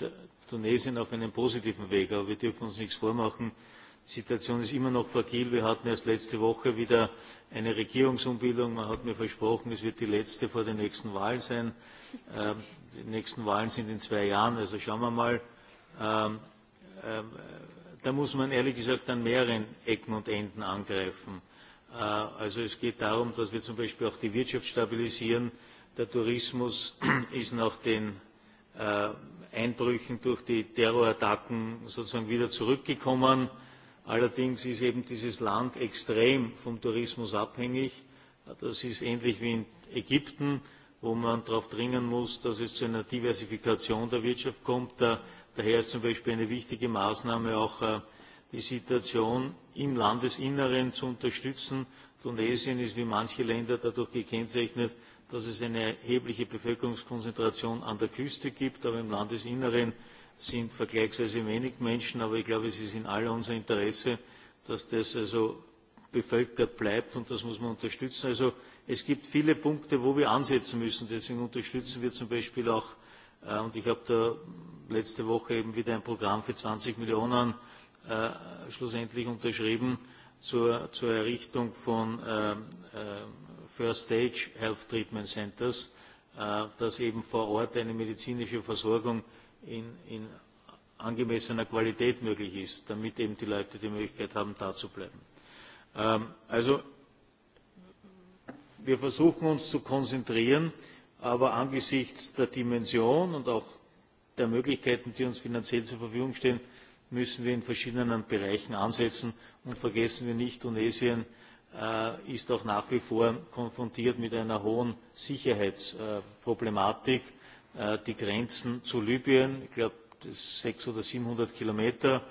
tunesien auf einem positiven weg aber wir dürfen uns nichts vormachen die situation ist immer noch fragil. wir hatten erst letzte woche wieder eine regierungsumbildung man hat mir versprochen es wird die letzte vor der nächsten wahl sein. Ähm, die nächsten wahlen sind in zwei jahren also schauen wir mal. Ähm, ähm, äh, da muss man ehrlich gesagt an mehreren ecken und enden angreifen. Äh, also es geht darum, dass wir zum Beispiel auch die Wirtschaft stabilisieren. Der Tourismus ist nach den äh, Einbrüchen durch die Terrorattacken sozusagen wieder zurückgekommen. Allerdings ist eben dieses Land extrem vom Tourismus abhängig. Das ist ähnlich wie in Ägypten, wo man darauf dringen muss, dass es zu einer Diversifikation der Wirtschaft kommt. Daher ist zum Beispiel eine wichtige Maßnahme auch äh, die Situation im Landesinneren zu unterstützen. Tunesien ist wie manche Länder dadurch gekennzeichnet, dass es eine erhebliche Bevölkerungskonzentration an der Küste gibt, aber im Landesinneren sind vergleichsweise wenig Menschen, aber ich glaube, es ist in all unser Interesse, dass das also bevölkert bleibt und das muss man unterstützen. Also es gibt viele Punkte, wo wir ansetzen müssen. Deswegen unterstützen wir zum Beispiel auch, äh, und ich habe da letzte Woche eben wieder ein Programm für 20 Millionen äh, Äh, schlussendlich unterschrieben zur, zur Errichtung von ähm, äh, First Stage Health Treatment Centers, äh, dass eben vor Ort eine medizinische Versorgung in, in angemessener Qualität möglich ist, damit eben die Leute die Möglichkeit haben, da zu bleiben. Ähm, also wir versuchen uns zu konzentrieren, aber angesichts der Dimension und auch der Möglichkeiten, die uns finanziell zur Verfügung stehen, müssen wir in verschiedenen bereichen ansetzen und vergessen wir nicht tunesien äh, ist auch nach wie vor konfrontiert mit einer hohen sicherheitsproblematik äh, die grenzen zu libyen ich glaube das sechs oder siebenhundert kilometer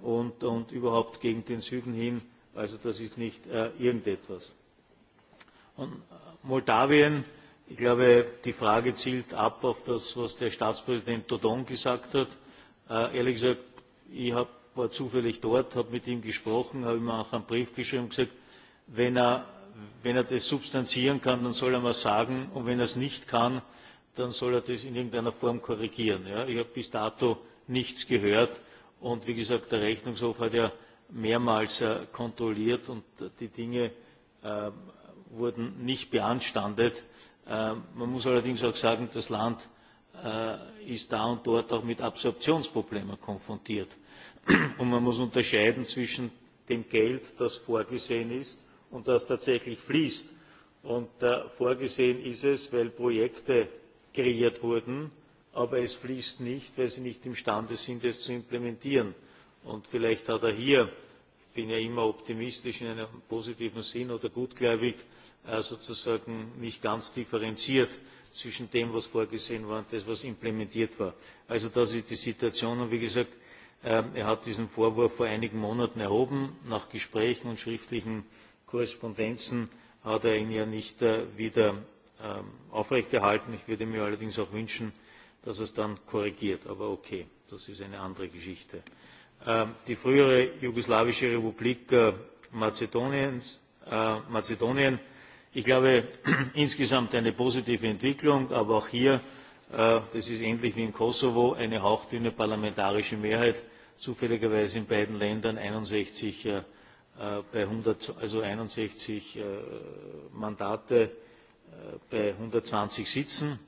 und, und überhaupt gegen den süden hin also das ist nicht äh, irgendetwas. Und moldawien ich glaube die frage zielt ab auf das was der staatspräsident dodon gesagt hat ehrlich gesagt ich war zufällig dort habe mit ihm gesprochen habe ihm auch einen brief geschrieben und gesagt wenn er, wenn er das substanzieren kann dann soll er mal sagen und wenn er es nicht kann dann soll er das in irgendeiner form korrigieren. Ja, ich habe bis dato nichts gehört und wie gesagt der rechnungshof hat ja mehrmals äh, kontrolliert und die dinge äh, wurden nicht beanstandet. Äh, man muss allerdings auch sagen das land Äh, ist da und dort auch mit Absorptionsproblemen konfrontiert. Und man muss unterscheiden zwischen dem Geld, das vorgesehen ist und das tatsächlich fließt. Und äh, vorgesehen ist es, weil Projekte kreiert wurden, aber es fließt nicht, weil sie nicht imstande sind, es zu implementieren. Und vielleicht hat er hier, ich bin ja immer optimistisch in einem positiven Sinn oder gutgläubig, äh, sozusagen nicht ganz differenziert zwischen dem was vorgesehen war und dem was implementiert war. also das ist die situation. wie gesagt ähm, er hat diesen vorwurf vor einigen monaten erhoben. nach gesprächen und schriftlichen korrespondenzen hat er ihn ja nicht äh, wieder ähm, aufrechterhalten. ich würde mir allerdings auch wünschen dass er es dann korrigiert. aber okay das ist eine andere geschichte. Ähm, die frühere jugoslawische republik äh, äh, mazedonien ich glaube insgesamt eine positive entwicklung aber auch hier äh, das ist ähnlich wie im kosovo eine hauchdünne parlamentarische mehrheit zufälligerweise in beiden ländern einundsechzig äh, äh, bei einhundert also einundsechzig mandate bei einhundertzwanzig sitzen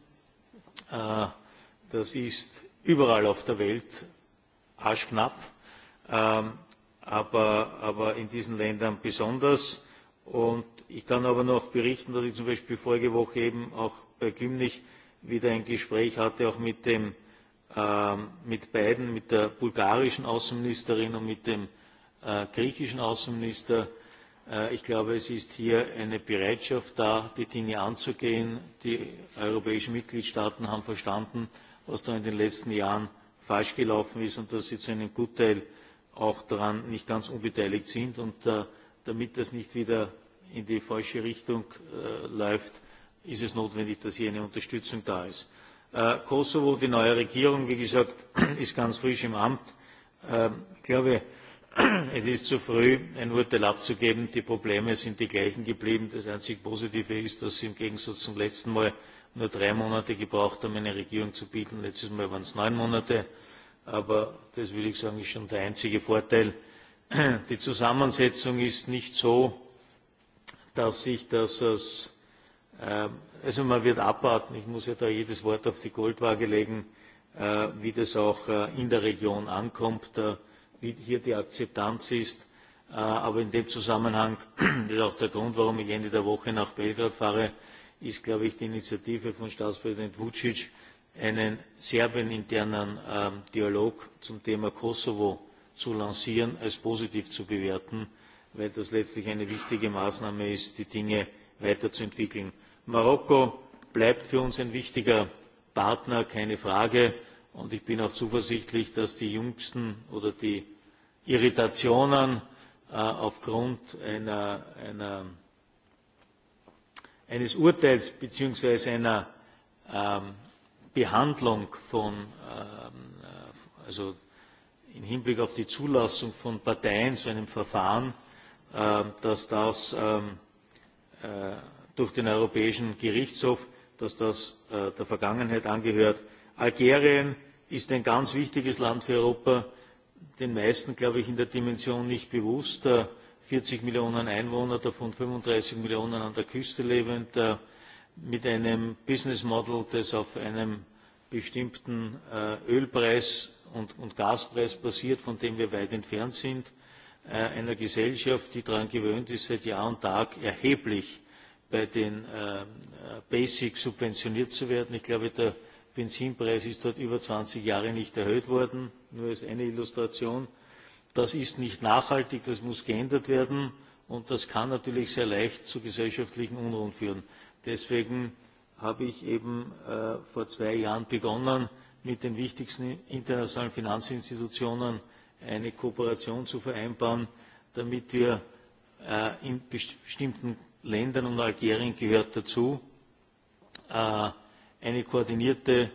das ist überall auf der welt arschknapp ähm, aber in diesen ländern besonders. Und ich kann aber noch berichten, dass ich zum Beispiel vorige Woche eben auch bei Gymnich wieder ein Gespräch hatte, auch mit dem ähm, mit beiden, mit der bulgarischen Außenministerin und mit dem äh, griechischen Außenminister. Äh, ich glaube, es ist hier eine Bereitschaft da, die Dinge anzugehen. Die europäischen Mitgliedstaaten haben verstanden, was da in den letzten Jahren falsch gelaufen ist und dass sie zu einem Gutteil auch daran nicht ganz unbeteiligt sind. Und äh, damit das nicht wieder in die falsche Richtung äh, läuft, ist es notwendig, dass hier eine Unterstützung da ist. Äh, Kosovo, die neue Regierung, wie gesagt, ist ganz frisch im Amt. Ähm, ich glaube, es ist zu früh, ein Urteil abzugeben. Die Probleme sind die gleichen geblieben. Das einzige Positive ist, dass Sie im Gegensatz zum letzten Mal nur drei Monate gebraucht haben, eine Regierung zu bilden. Letztes Mal waren es neun Monate. Aber das, würde ich sagen, ist schon der einzige Vorteil die Zusammensetzung ist nicht so, dass ich das als, äh, also man wird abwarten, ich muss ja da jedes Wort auf die Goldwaage legen, äh, wie das auch äh, in der Region ankommt, wie hier die Akzeptanz ist. Aber in dem Zusammenhang ist auch der Grund, warum ich Ende der Woche nach Belgrad fahre, ist, glaube ich, die Initiative von Staatspräsident Vucic, einen serbeninternen ähm, Dialog zum Thema Kosovo zu lancieren als positiv zu bewerten, weil das letztlich eine wichtige Maßnahme ist, die Dinge weiterzuentwickeln. Marokko bleibt für uns ein wichtiger Partner, keine Frage. Und ich bin auch zuversichtlich, dass die jüngsten oder die Irritationen äh, aufgrund einer, einer, eines Urteils bzw. einer ähm, Behandlung von ähm, äh, also im Hinblick auf die Zulassung von Parteien zu einem Verfahren, ähm, dass das ähm, äh, durch den Europäischen Gerichtshof, dass das äh, der Vergangenheit angehört. Algerien ist ein ganz wichtiges Land für Europa, den meisten, glaube ich, in der Dimension nicht bewusst. 40 äh, Millionen Einwohner, davon 35 Millionen an der Küste lebend, mit einem Business Model, das auf einem bestimmten Ölpreis und, und Gaspreis passiert, von dem wir weit entfernt sind, äh, einer Gesellschaft, die daran gewöhnt ist, seit Jahr und Tag erheblich bei den äh, äh Basics subventioniert zu werden. Ich glaube, der Benzinpreis ist dort über 20 Jahre nicht erhöht worden, nur als eine Illustration. Das ist nicht nachhaltig, das muss geändert werden und das kann natürlich sehr leicht zu gesellschaftlichen Unruhen führen. Deswegen habe ich eben äh, vor zwei Jahren begonnen, äh, mit den wichtigsten internationalen Finanzinstitutionen eine Kooperation zu vereinbaren, damit wir äh, in bestimmten Ländern und Algerien gehört dazu äh, eine koordinierte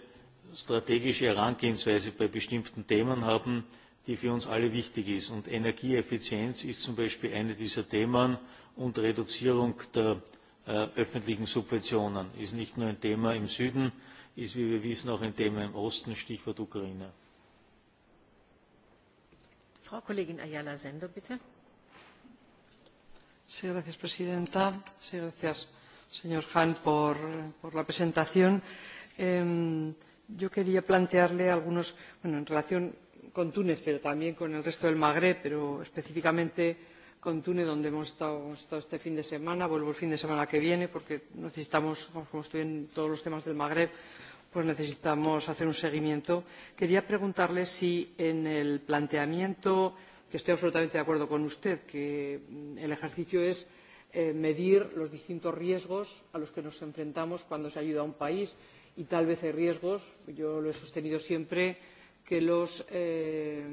strategische Herangehensweise bei bestimmten Themen haben, die für uns alle wichtig ist. Und Energieeffizienz ist zum Beispiel eine dieser Themen und Reduzierung der äh, öffentlichen Subventionen ist nicht nur ein Thema im Süden, äh, ist, wie wir wissen, auch ein Thema im Osten, Stichwort Ukraine. Frau Kollegin Ayala Sender, bitte. Sí, gracias, Presidenta. Sí, gracias, señor Hahn, por, por la presentación. Eh, yo quería plantearle algunos, bueno, en relación con Túnez, pero también con el resto del Magreb, pero específicamente eh, con Túnez, donde hemos estado, hemos estado este fin de semana. Vuelvo el fin de semana que viene, porque necesitamos, como estoy en todos los temas del Magreb, pues necesitamos hacer un seguimiento. Quería preguntarle si en el planteamiento, que estoy absolutamente de acuerdo con usted, que mm, el ejercicio es eh, medir los distintos riesgos a los que nos enfrentamos cuando se ayuda a un país, y tal vez hay riesgos, yo lo he sostenido siempre, que los, eh,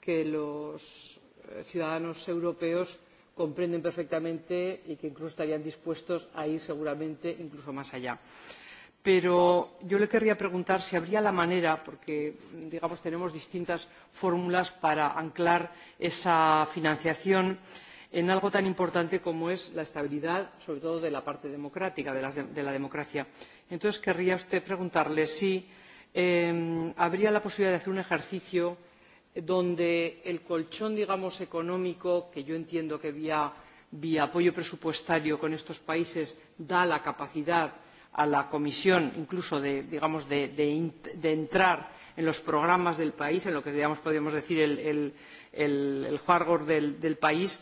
que los ciudadanos europeos comprenden perfectamente y que incluso estarían dispuestos a ir seguramente incluso más allá. Pero yo le querría preguntar si habría la manera, porque digamos tenemos distintas fórmulas para anclar esa financiación en algo tan importante como es la estabilidad, sobre todo de la parte democrática, de la, de la democracia. Entonces querría usted preguntarle si eh, habría la posibilidad de hacer un ejercicio donde el colchón digamos, económico, que yo entiendo que vía, vía apoyo presupuestario con estos países da la capacidad a la Comisión incluso de, digamos, de, de, de entrar en los programas del país, en lo que digamos, podríamos decir el, el, el, el hardware del, del país,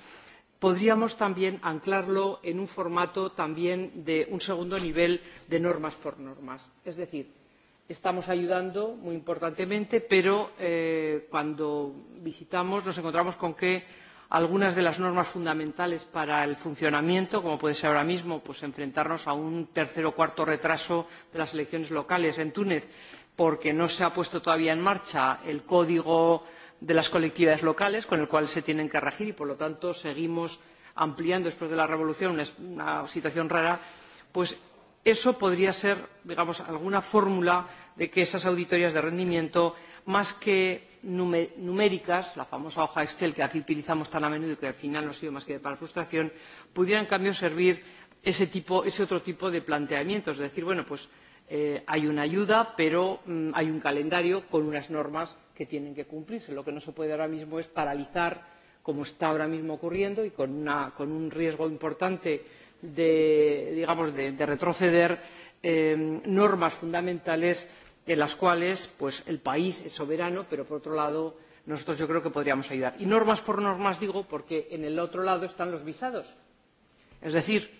podríamos también anclarlo en un formato también de un segundo nivel de normas por normas. Es decir, estamos ayudando muy importantemente, pero eh, cuando visitamos nos encontramos con que algunas de las normas fundamentales para el funcionamiento, como puede ser ahora mismo, pues enfrentarnos a un tercer o cuarto retraso de las elecciones locales en Túnez, porque no se ha puesto todavía en marcha el código de las colectividades locales con el cual se tienen que regir y, por lo tanto, seguimos ampliando después de la revolución una, una situación rara, pues eso podría ser, digamos, alguna fórmula de que esas auditorías de rendimiento más que numéricas la famosa hoja excel que aquí utilizamos tan a menudo y que al final no sirve más que para frustración pudieran en cambio servir ese, tipo, ese otro tipo de planteamientos de decir bueno pues eh, hay una ayuda pero mmm, hay un calendario con unas normas que tienen que cumplirse lo que no se puede ahora mismo es paralizar como está ahora mismo ocurriendo y con, una, con un riesgo importante de, digamos, de, de retroceder Eh, normas fundamentales en las cuales el país es soberano pero por otro lado nosotros yo creo que podríamos ayudar. y normas por normas digo porque en el otro lado están los visados es decir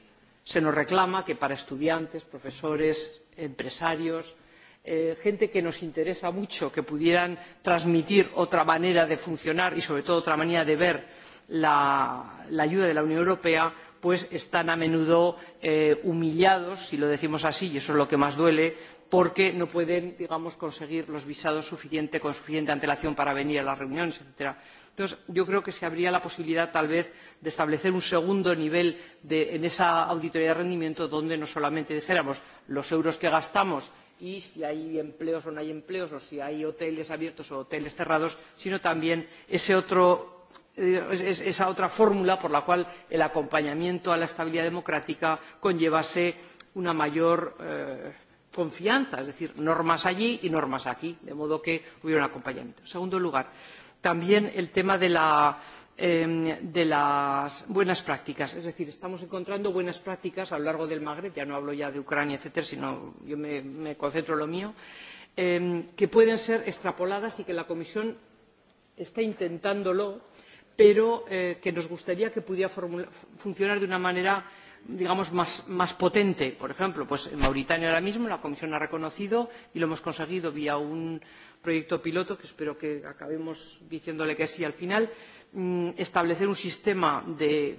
se nos reclama que para estudiantes profesores empresarios eh, gente que nos interesa mucho que pudieran transmitir otra manera de funcionar y sobre todo otra manera de ver la ayuda de la unión europea pues están a menudo eh, humillados si lo decimos así y eso es lo que más duele porque no pueden digamos, conseguir los visados suficiente, con suficiente antelación para venir a las reuniones, etc. Entonces, yo creo que se habría la posibilidad, tal vez, de establecer un segundo nivel de, en esa auditoría de rendimiento donde no solamente dijéramos los euros que gastamos y si hay empleos o no hay empleos, o si hay hoteles abiertos o hoteles cerrados, sino también ese otro esa otra fórmula por la cual el acompañamiento a la estabilidad democrática conllevase una mayor eh, confianza es decir normas allí y normas aquí de modo que hubiera un acompañamiento. en segundo lugar también el tema de la de las buenas prácticas. Es decir, estamos encontrando buenas prácticas a lo largo del Magreb, ya no hablo ya de Ucrania, etcétera, sino yo me, me concentro en lo mío, eh, que pueden ser extrapoladas y que la Comisión está intentándolo eh, pero eh, que nos gustaría que pudiera funcionar de una manera digamos más potente por ejemplo en mauritania ahora mismo la comisión ha reconocido y lo hemos conseguido vía un proyecto piloto que espero que acabemos diciéndole que sí al final mm, establecer un sistema de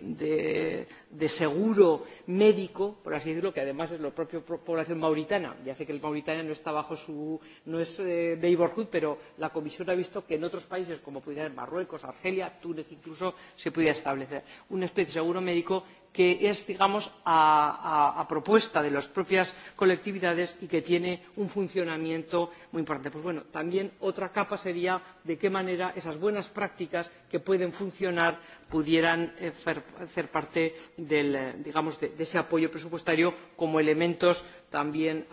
de seguro médico por así decirlo que además es la propia población mauritana ya sé que mauritania no, no es eh, neighbourhood pero la comisión ha visto que en otros países como puede ser marruecos argelia túnez incluso se puede establecer una especie de seguro médico que es digamos a, a, a propuesta de las propias colectividades y que tiene un funcionamiento muy importante. Pues bueno, también otra capa sería de qué manera esas buenas prácticas que pueden funcionar pudieran ser eh, parte eh, de ese apoyo presupuestario como elementos también.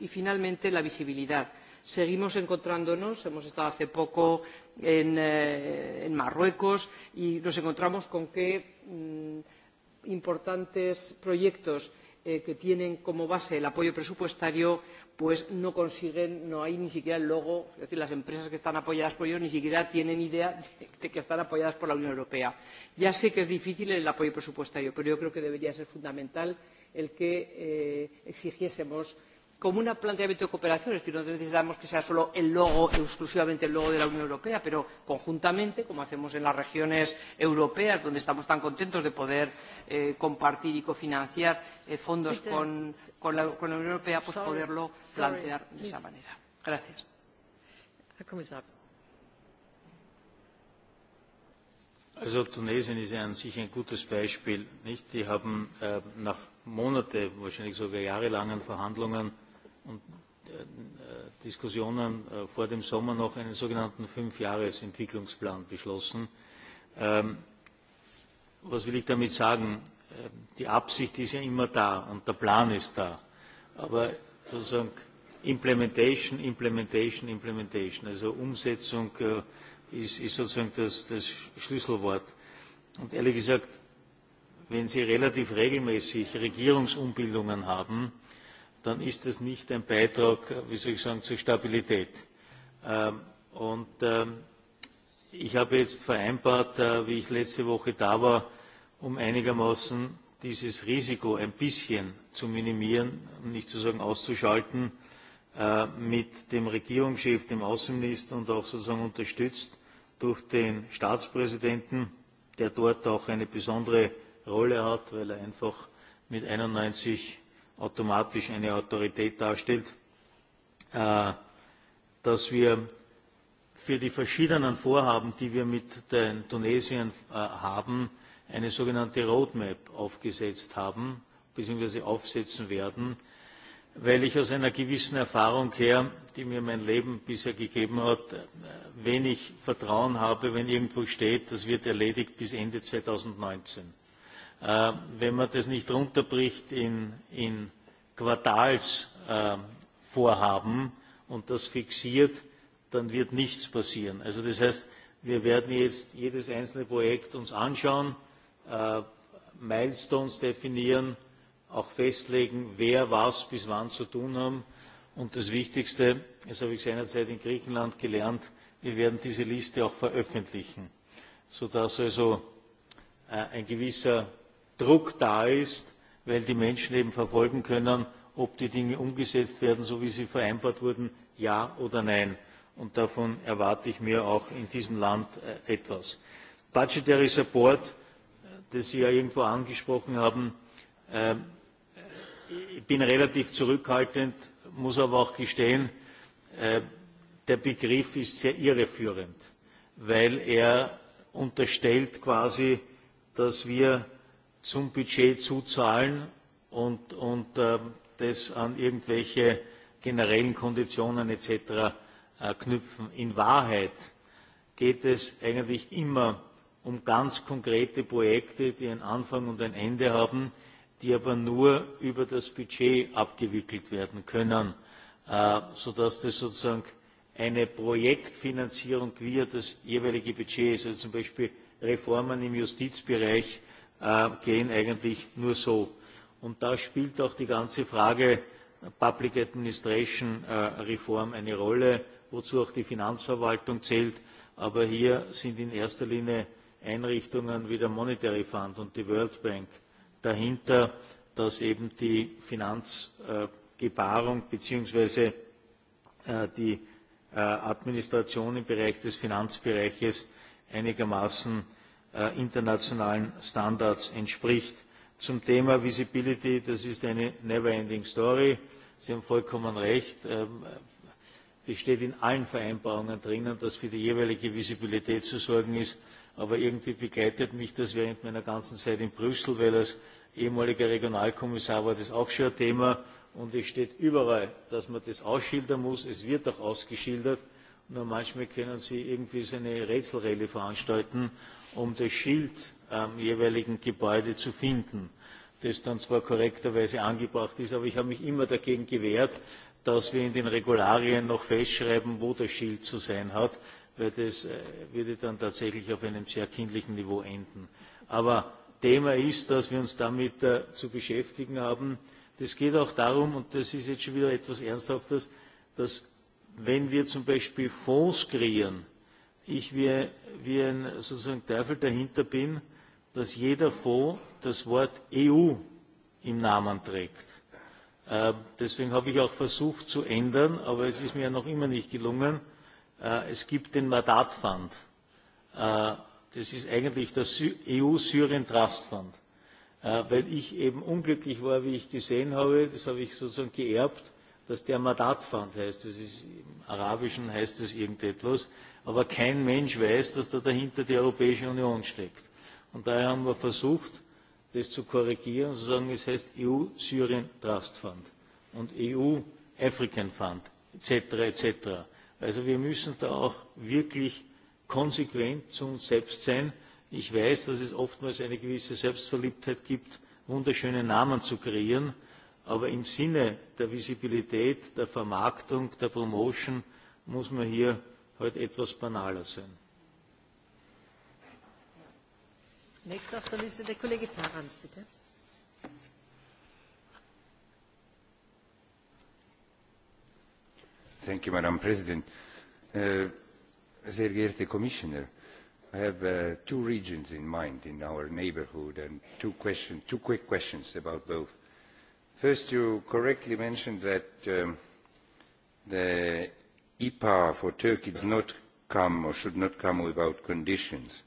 y finalmente la visibilidad seguimos encontrándonos hemos estado hace poco en eh, marruecos y nos encontramos con que mm, importantes proyectos que tienen como base el apoyo presupuestario pues no consiguen, no hay ni siquiera el logo, es decir, las empresas que están apoyadas por ellos ni siquiera tienen idea de que están apoyadas por la Unión Europea. Ya sé que es difícil el apoyo presupuestario, pero yo creo que debería ser fundamental el que eh, exigiésemos como un planteamiento de cooperación es decir no necesitamos que sea solo el logo exclusivamente el logo de la unión europea pero conjuntamente como hacemos en las regiones europeas donde estamos tan contentos de poder eh, compartir y cofinanciar eh, fondos con, con, la, con la unión europea pues poderlo plantear de esa manera gracias Also Tunesien ist ja an sich ein gutes Beispiel. Nicht? Die haben äh, nach Monate, wahrscheinlich sogar jahrelangen Verhandlungen und äh, Diskussionen äh, vor dem Sommer noch einen sogenannten Fünfjahresentwicklungsplan beschlossen. Ähm, was will ich damit sagen? Ähm, die Absicht ist ja immer da und der Plan ist da. Aber sozusagen Implementation, Implementation, Implementation, also Umsetzung äh, ist, ist sozusagen das, das Schlüsselwort. Und ehrlich gesagt, wenn Sie relativ regelmäßig Regierungsumbildungen haben, äh, dann ist das nicht ein Beitrag wie soll ich sagen, zur Stabilität. Ähm, und ähm, ich habe jetzt vereinbart, äh, wie ich letzte Woche da war, um einigermaßen dieses Risiko ein bisschen zu minimieren, um nicht zu sagen auszuschalten, äh, mit dem Regierungschef, dem Außenminister und auch sozusagen unterstützt durch den Staatspräsidenten, der dort auch eine besondere Rolle hat, weil er einfach mit 91 automatisch eine Autorität darstellt, äh, dass wir für die verschiedenen Vorhaben, die wir mit den Tunesien äh, haben, eine sogenannte Roadmap aufgesetzt haben bzw. aufsetzen werden, weil ich aus einer gewissen Erfahrung her, die mir mein Leben bisher gegeben hat, äh, wenig Vertrauen habe, wenn irgendwo steht, das wird erledigt bis Ende 2019. Äh, wenn man das nicht herunterbricht in quartalsvorhaben äh, und das fixiert dann wird nichts passieren. das heißt wir werden uns jetzt jedes einzelne projekt anschauen äh, milestones definieren auch festlegen wer was bis wann zu tun hat. Und das Wichtigste, das habe ich seinerzeit in Griechenland gelernt, wir werden diese Liste auch veröffentlichen, sodass also ein gewisser Druck da ist, weil die Menschen eben verfolgen können, ob die Dinge umgesetzt werden, so wie sie vereinbart wurden, ja oder nein. Und davon erwarte ich mir auch in diesem Land äh, etwas. Budgetary Support, äh, das Sie ja irgendwo angesprochen haben, ähm, äh, ich bin relativ zurückhaltend, muss aber auch gestehen, der Begriff ist sehr irreführend, weil er unterstellt quasi, dass wir zum Budget zuzahlen und, und äh, das an irgendwelche generellen Konditionen etc. Äh, knüpfen. In Wahrheit geht es eigentlich immer um ganz konkrete Projekte, die einen Anfang und ein Ende haben, die aber nur über das Budget abgewickelt werden können, äh, sodass das sozusagen eine Projektfinanzierung via ja das jeweilige Budget ist, also zum Beispiel Reformen im Justizbereich Äh, gehen eigentlich nur so. Und da spielt auch die ganze Frage äh, Public Administration äh, Reform eine Rolle, wozu auch die Finanzverwaltung zählt. Aber hier sind in erster Linie Einrichtungen wie der Monetary Fund und die World Bank dahinter, dass eben die Finanzgebarung bzw. die Administration im Bereich des Finanzbereiches einigermaßen Äh, internationalen standards entspricht. zum thema visibility das ist eine never ending story. sie haben vollkommen recht ähm, es steht in allen vereinbarungen drin dass für die jeweilige visibilität zu sorgen ist. aber irgendwie begleitet mich das während meiner ganzen zeit in brüssel weil als ehemaliger regionalkommissar war das auch schon ein thema. Und es steht überall, dass man das ausschildern muss. Es wird auch ausgeschildert. Nur manchmal können Sie irgendwie so eine Rätselrallye veranstalten um das schild am jeweiligen gebäude zu finden das dann zwar korrekterweise angebracht ist aber ich habe mich immer dagegen gewehrt dass wir in den regularien noch festschreiben wo das schild zu sein hat weil das äh, würde dann tatsächlich auf einem sehr kindlichen niveau enden. aber thema ist dass wir uns damit äh, zu beschäftigen haben. es geht auch darum und das ist jetzt schon wieder etwas ernsthaftes dass wenn wir zum beispiel fonds kreieren ich wie, wie ein sozusagen Teufel dahinter bin, dass jeder Fonds das Wort EU im Namen trägt. Äh, deswegen habe ich auch versucht zu ändern, aber es ist mir ja noch immer nicht gelungen. Äh, es gibt den Madat Fund. Äh, das ist eigentlich das EU-Syrien-Trust-Fund. Äh, weil ich eben unglücklich war, wie ich gesehen habe, das habe ich sozusagen geerbt, dass der Madat-Fund heißt. Das ist Arabischen heißt es irgendetwas, aber kein Mensch weiß, dass da dahinter die Europäische Union steckt. Und daher haben wir versucht, das zu korrigieren, zu sagen, es heißt EU-Syrien Trust Fund und EU-African Fund etc. etc. Also wir müssen da auch wirklich konsequent zu uns selbst sein. Ich weiß, dass es oftmals eine gewisse Selbstverliebtheit gibt, wunderschöne Namen zu kreieren. Aber im Sinne der Visibilität, der Vermarktung, der Promotion muss man hier halt etwas banaler sein. Nächster auf der Liste der Kollege Tarant, bitte. Thank you, Madam President. Uh, sehr geehrte Commissioner, I have uh, two regions in mind in our neighborhood and two, question, two quick questions about both first you correctly mentioned that um, the ipa e for turkey does not come or should not come without conditions.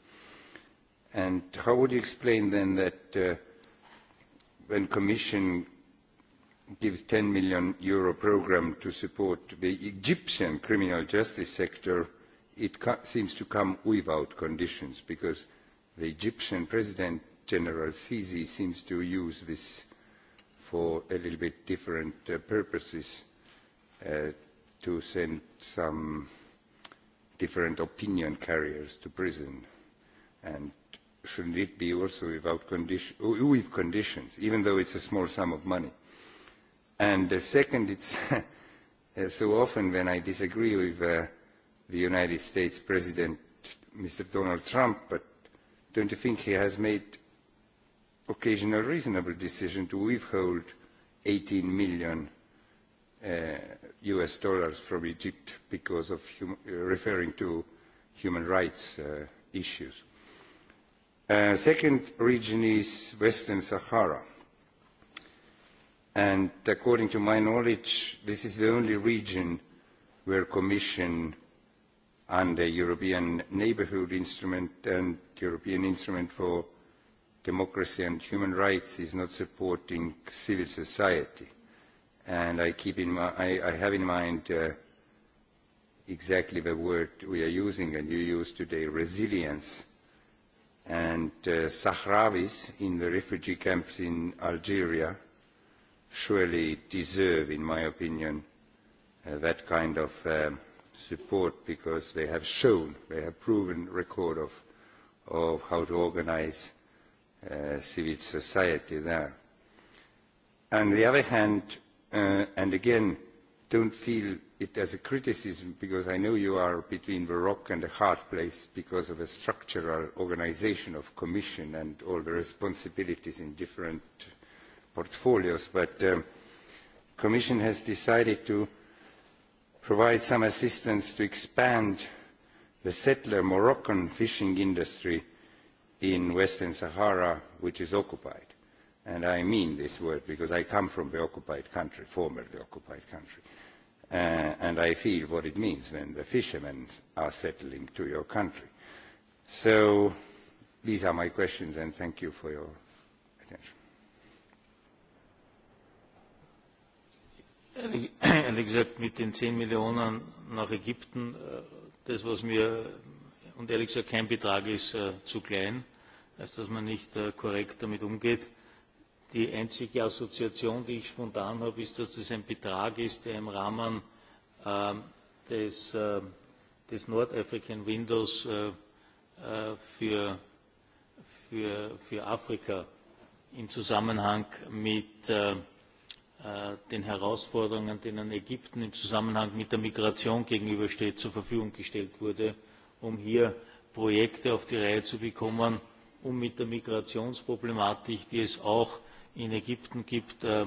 and how would you explain then that uh, when commission gives 10 million euro program to support the egyptian criminal justice sector, it co- seems to come without conditions because the egyptian president, general sisi, seems to use this for a little bit different uh, purposes uh, to send some different opinion carriers to prison. And shouldn't it be also without condition, oh, with conditions, even though it's a small sum of money? And uh, second, it's uh, so often when I disagree with uh, the United States President, Mr. Donald Trump, but don't you think he has made occasional reasonable decision to withhold 18 million uh, US dollars from Egypt because of hum uh, referring to human rights uh, issues. Uh, second region is Western Sahara. And according to my knowledge, this is the only region where Commission under European Neighbourhood Instrument and European Instrument for democracy and human rights is not supporting civil society. And I, keep in I, I have in mind uh, exactly the word we are using and you use today, resilience. And uh, Sahrawis in the refugee camps in Algeria surely deserve, in my opinion, uh, that kind of um, support because they have shown, they have proven record of, of how to organize uh, Uh, civil society there. On the other hand, uh, and again, don't feel it as a criticism because I know you are between the rock and the hard place because of a structural organization of commission and all the responsibilities in different portfolios, but the um, commission has decided to provide some assistance to expand the settler Moroccan fishing industry uh, in Western Sahara which is occupied. And I mean this word because I come from the occupied country, formerly occupied country. Uh, and I feel what it means when the fishermen are settling to your country. So these are my questions and thank you for your attention. Ein gesagt mit den 10 Millionen nach Ägypten, äh, das was mir, und ehrlich gesagt kein Betrag ist äh, zu klein als dass man nicht äh, korrekt damit umgeht. Die einzige Assoziation, die ich spontan habe, ist, dass das ein Betrag ist, der im Rahmen äh, des, äh, des North African Windows äh, äh, für, für, für Afrika im Zusammenhang mit äh, äh, den Herausforderungen, denen Ägypten im Zusammenhang mit der Migration gegenübersteht, zur Verfügung gestellt wurde, um hier Projekte auf die Reihe zu bekommen um mit der Migrationsproblematik, die es auch in Ägypten gibt, äh,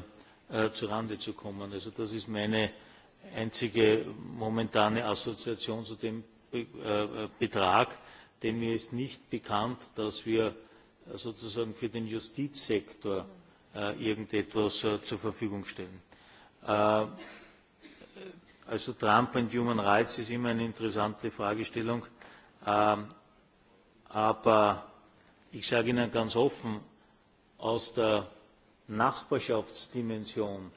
äh, zu Rande zu kommen. Also das ist meine einzige momentane Assoziation zu dem äh, Betrag, denn mir ist nicht bekannt, dass wir sozusagen für den Justizsektor irgendetwas zur Verfügung stellen. Also Trump and Human Rights ist immer eine interessante Fragestellung, ähm, aber Ich sage Ihnen ganz offen, aus der Nachbarschaftsdimension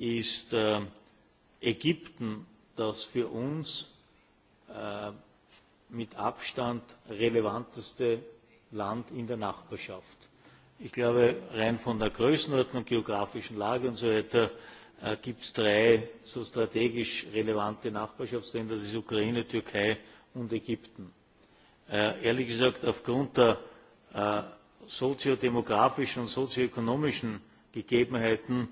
ist äh, Ägypten das für uns äh, mit Abstand relevanteste Land in der Nachbarschaft. Ich glaube, rein von der Größenordnung, geografischen Lage und so weiter äh, gibt es drei so strategisch relevante Nachbarschaftsländer, das ist Ukraine, Türkei und Ägypten. Ehrlich gesagt, aufgrund der Äh, soziodemografischen und sozioökonomischen Gegebenheiten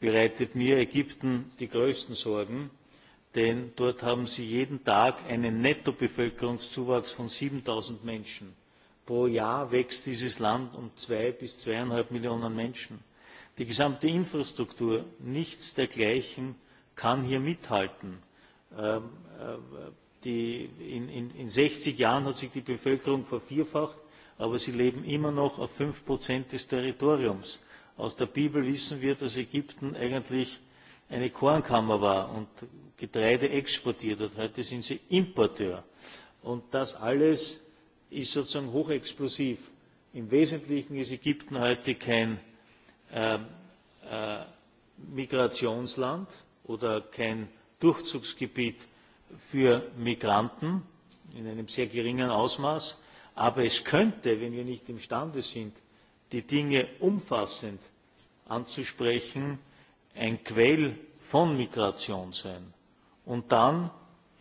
bereitet mir Ägypten die größten Sorgen, denn dort haben sie jeden Tag einen Nettobevölkerungszuwachs von 7000 Menschen. Pro Jahr wächst dieses Land um zwei bis zweieinhalb Millionen Menschen. Die gesamte Infrastruktur, nichts dergleichen, kann hier mithalten. Ähm, äh, die, in, in, in 60 Jahren hat sich die Bevölkerung vervierfacht aber sie leben immer noch auf fünf prozent des territoriums. aus der bibel wissen wir dass ägypten eigentlich eine kornkammer war und getreide exportiert hat. heute sind sie importeur. und das alles ist sozusagen hochexplosiv. im wesentlichen ist ägypten heute kein äh, äh, migrationsland oder kein durchzugsgebiet für migranten in einem sehr geringen ausmaß aber es könnte wenn wir nicht imstande sind die dinge umfassend anzusprechen ein quell von migration sein und dann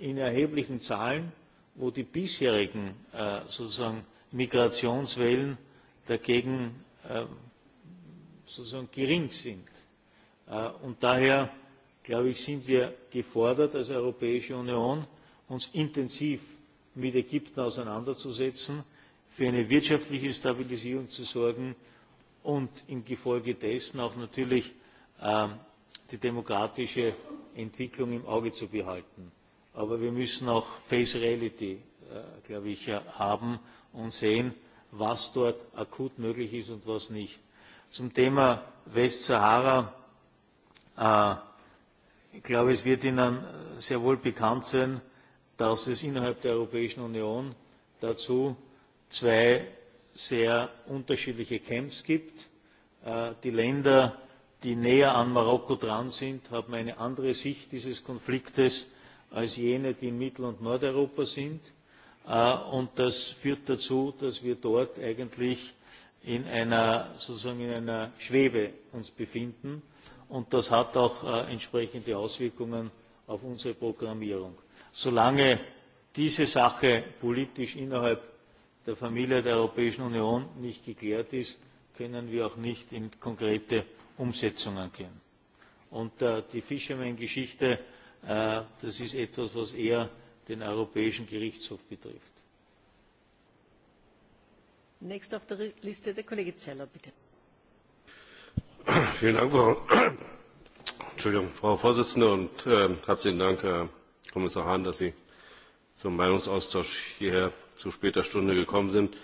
in erheblichen zahlen wo die bisherigen äh, sozusagen migrationswellen dagegen äh, sozusagen gering sind. Äh, und daher glaube ich sind wir gefordert als europäische union uns intensiv mit Ägypten auseinanderzusetzen, für eine wirtschaftliche Stabilisierung zu sorgen und im Gefolge dessen auch natürlich ähm, die demokratische Entwicklung im Auge zu behalten. Aber wir müssen auch Face Reality, äh, glaube ich, äh, haben und sehen, was dort akut möglich ist und was nicht. Zum Thema Westsahara, äh, ich glaube, es wird Ihnen äh, sehr wohl bekannt sein, dass es innerhalb der Europäischen Union dazu zwei sehr unterschiedliche Camps gibt. Äh, die Länder, die näher an Marokko dran sind, haben eine andere Sicht dieses Konfliktes als jene, die in Mittel- und Nordeuropa sind. Äh, und das führt dazu, dass wir dort eigentlich in einer, sozusagen in einer Schwebe uns befinden. Und das hat auch äh, entsprechende Auswirkungen auf unsere Programmierung solange diese Sache politisch innerhalb der Familie der Europäischen Union nicht geklärt ist, können wir auch nicht in konkrete Umsetzungen gehen. Und äh, die Fisherman-Geschichte, äh, das ist etwas, was eher den Europäischen Gerichtshof betrifft. Nächster auf der Liste der Kollege Zeller, bitte. Vielen Dank, Frau, Entschuldigung, Frau Vorsitzende, und äh, herzlichen Dank, Herr äh, Kommissar Hahn, dass Sie zum Meinungsaustausch hierher zu später Stunde gekommen sind.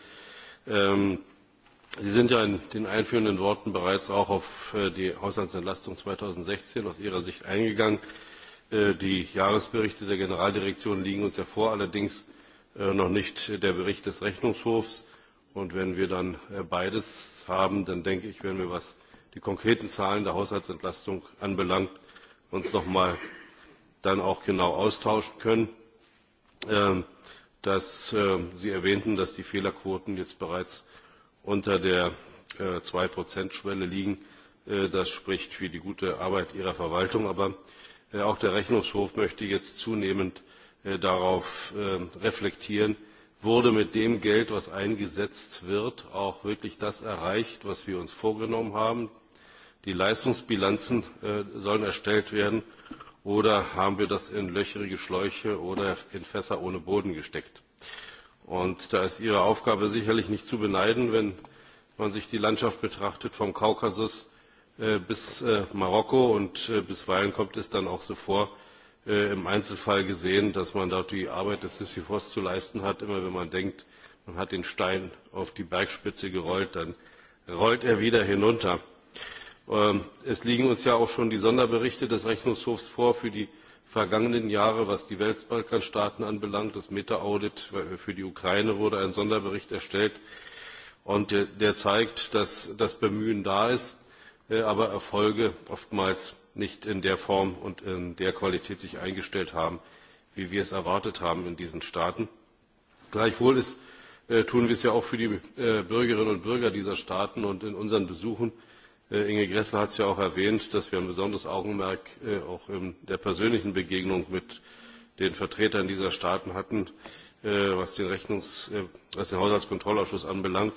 Ähm, Sie sind ja in den einführenden Worten bereits auch auf äh, die Haushaltsentlastung 2016 aus Ihrer Sicht eingegangen. Äh, die Jahresberichte der Generaldirektion liegen uns ja vor, allerdings äh, noch nicht der Bericht des Rechnungshofs. Und wenn wir dann beides haben, dann denke ich, werden wir, was die konkreten Zahlen der Haushaltsentlastung anbelangt, uns nochmal dann auch genau austauschen können. Ähm, dass ähm, Sie erwähnten, dass die Fehlerquoten jetzt bereits unter der 2%-Schwelle äh, liegen, äh, das spricht für die gute Arbeit Ihrer Verwaltung. Aber äh, auch der Rechnungshof möchte jetzt zunehmend darauf ähm, reflektieren, wurde mit dem Geld, was eingesetzt wird, auch wirklich das erreicht, was wir uns vorgenommen haben. Die Leistungsbilanzen sollen erstellt werden oder haben wir das in löcherige Schläuche oder in Fässer ohne Boden gesteckt? Und da ist Ihre Aufgabe sicherlich nicht zu beneiden, wenn man sich die Landschaft betrachtet vom Kaukasus äh, bis äh, Marokko und äh, bisweilen kommt es dann auch so vor, im Einzelfall gesehen, dass man dort die Arbeit des Sisyphos zu leisten hat. Immer wenn man denkt, man hat den Stein auf die Bergspitze gerollt, dann rollt er wieder hinunter. Ähm, es liegen uns ja auch schon die sonderberichte des rechnungshofs vor für die vergangenen jahre was die westbalkanstaaten anbelangt das meta audit äh, für die ukraine wurde ein sonderbericht erstellt und äh, der zeigt dass das bemühen da ist äh, aber erfolge oftmals nicht in der form und in der qualität sich eingestellt haben wie wir es erwartet haben in diesen staaten. gleichwohl tun wir es ja auch für die bürgerinnen und bürger dieser staaten und in unseren besuchen Äh, inge grässle hat es ja auch erwähnt dass wir ein besonderes augenmerk äh, auch in der persönlichen begegnung mit den vertretern dieser staaten hatten äh, was den, Rechnungs-, was den haushaltskontrollausschuss anbelangt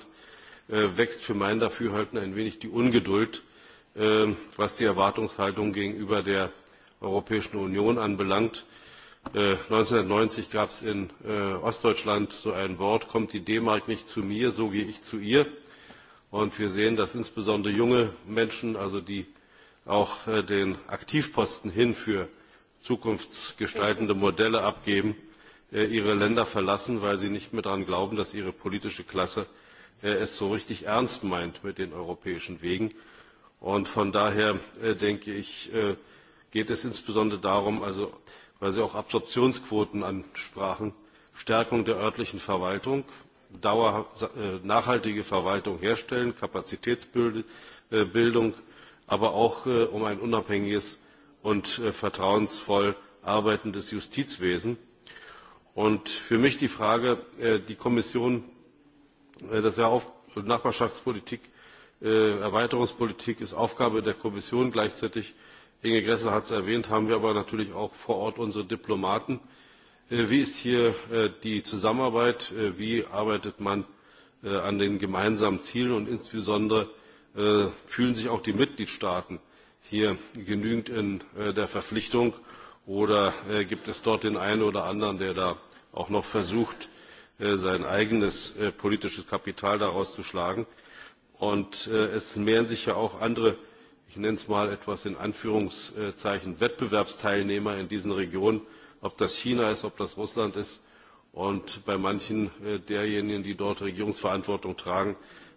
wächst für mein dafürhalten ein wenig die ungeduld was die erwartungshaltung gegenüber der europäischen union anbelangt. 1990 gab es in ostdeutschland so ein wort kommt die d mark nicht zu mir so gehe ich zu ihr und wir sehen, dass insbesondere junge Menschen, also die auch äh, den Aktivposten hin für zukunftsgestaltende Modelle abgeben, äh, ihre Länder verlassen, weil sie nicht mehr daran glauben, dass ihre politische Klasse äh, es so richtig ernst meint mit den europäischen Wegen. Und von daher denke ich, geht es insbesondere darum, also weil Sie auch Absorptionsquoten ansprachen, Stärkung der örtlichen Verwaltung. Äh, nachhaltige Verwaltung herstellen, Kapazitätsbildung, äh, aber auch äh, um ein unabhängiges und vertrauensvoll arbeitendes Justizwesen. Und für mich die Frage, die Kommission, das ja auf Nachbarschaftspolitik, Erweiterungspolitik ist Aufgabe der Kommission gleichzeitig. Inge Gressel hat es erwähnt, haben wir aber natürlich auch vor Ort unsere Diplomaten, Äh, wie ist hier äh, die Zusammenarbeit? Äh, wie arbeitet man an den gemeinsamen Zielen? Und insbesondere fühlen sich auch die Mitgliedstaaten hier genügend in der Verpflichtung? Oder gibt es dort den einen oder anderen, der da auch noch versucht, sein eigenes politisches Kapital daraus zu schlagen? Und es mehren sich ja auch andere, ich nenne es mal etwas in Anführungszeichen, Wettbewerbsteilnehmer in diesen Regionen ob das China ist, ob das Russland ist. Und bei manchen äh, derjenigen, die dort Regierungsverantwortung tragen,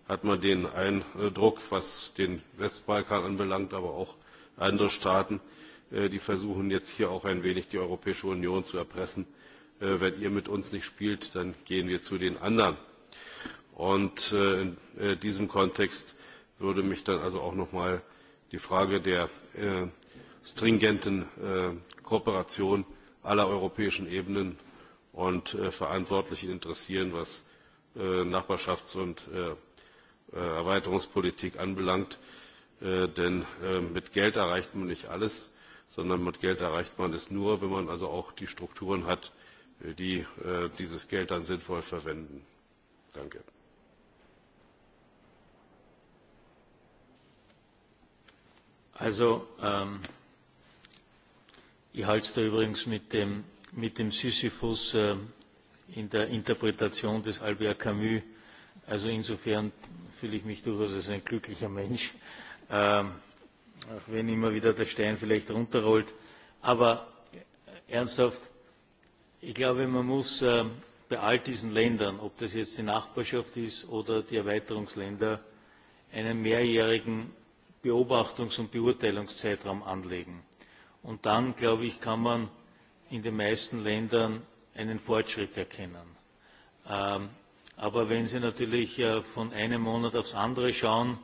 hat man den Eindruck, was den Westbalkan anbelangt, aber auch andere Staaten, äh, die versuchen jetzt hier auch ein wenig die Europäische Union zu erpressen. Äh, wenn ihr mit uns nicht spielt, dann gehen wir zu den anderen. Und in diesem Kontext würde mich dann also auch nochmal die Frage der stringenten Kooperation aller europäischen Ebenen und äh, Verantwortlichen interessieren, was äh, Nachbarschafts- und äh, äh, Erweiterungspolitik anbelangt. Äh, denn äh, mit Geld erreicht man nicht alles, sondern mit Geld erreicht man es nur, wenn man also auch die Strukturen hat, die äh, dieses Geld dann sinnvoll verwenden. Danke. Also ähm, Ich halte es da übrigens mit dem, mit dem Sisyphus äh, in der Interpretation des Albert Camus. Also insofern fühle ich mich durchaus als ein glücklicher Mensch, ähm, auch wenn immer wieder der Stein vielleicht runterrollt. Aber äh, ernsthaft, ich glaube, man muss äh, bei all diesen Ländern, ob das jetzt die Nachbarschaft ist oder die Erweiterungsländer, einen mehrjährigen Beobachtungs- und Beurteilungszeitraum anlegen und dann kann man in den meisten ländern einen fortschritt erkennen. Ähm, aber wenn sie natürlich äh, von einem monat aufs andere schauen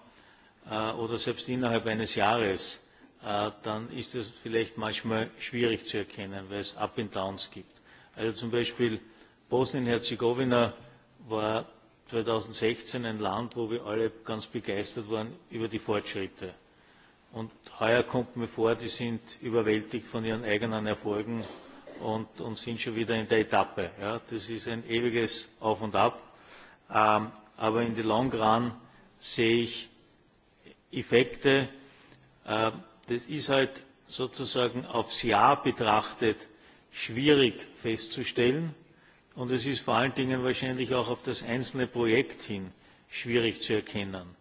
äh, oder selbst innerhalb eines jahres äh, dann ist es vielleicht manchmal schwierig zu erkennen weil es up and downs gibt. also zum beispiel bosnien herzegowina war 2016 ein Land, wo wir alle ganz begeistert waren über die Fortschritte und heuer kommt mir vor, die sind überwältigt von ihren eigenen Erfolgen und, und sind schon wieder in der Etappe. Ja, das ist ein ewiges Auf und Ab. Ähm, aber in the long run sehe ich Effekte. Ähm, das ist halt sozusagen aufs Jahr betrachtet schwierig festzustellen. Und es ist vor allen Dingen wahrscheinlich auch auf das einzelne Projekt hin schwierig zu erkennen.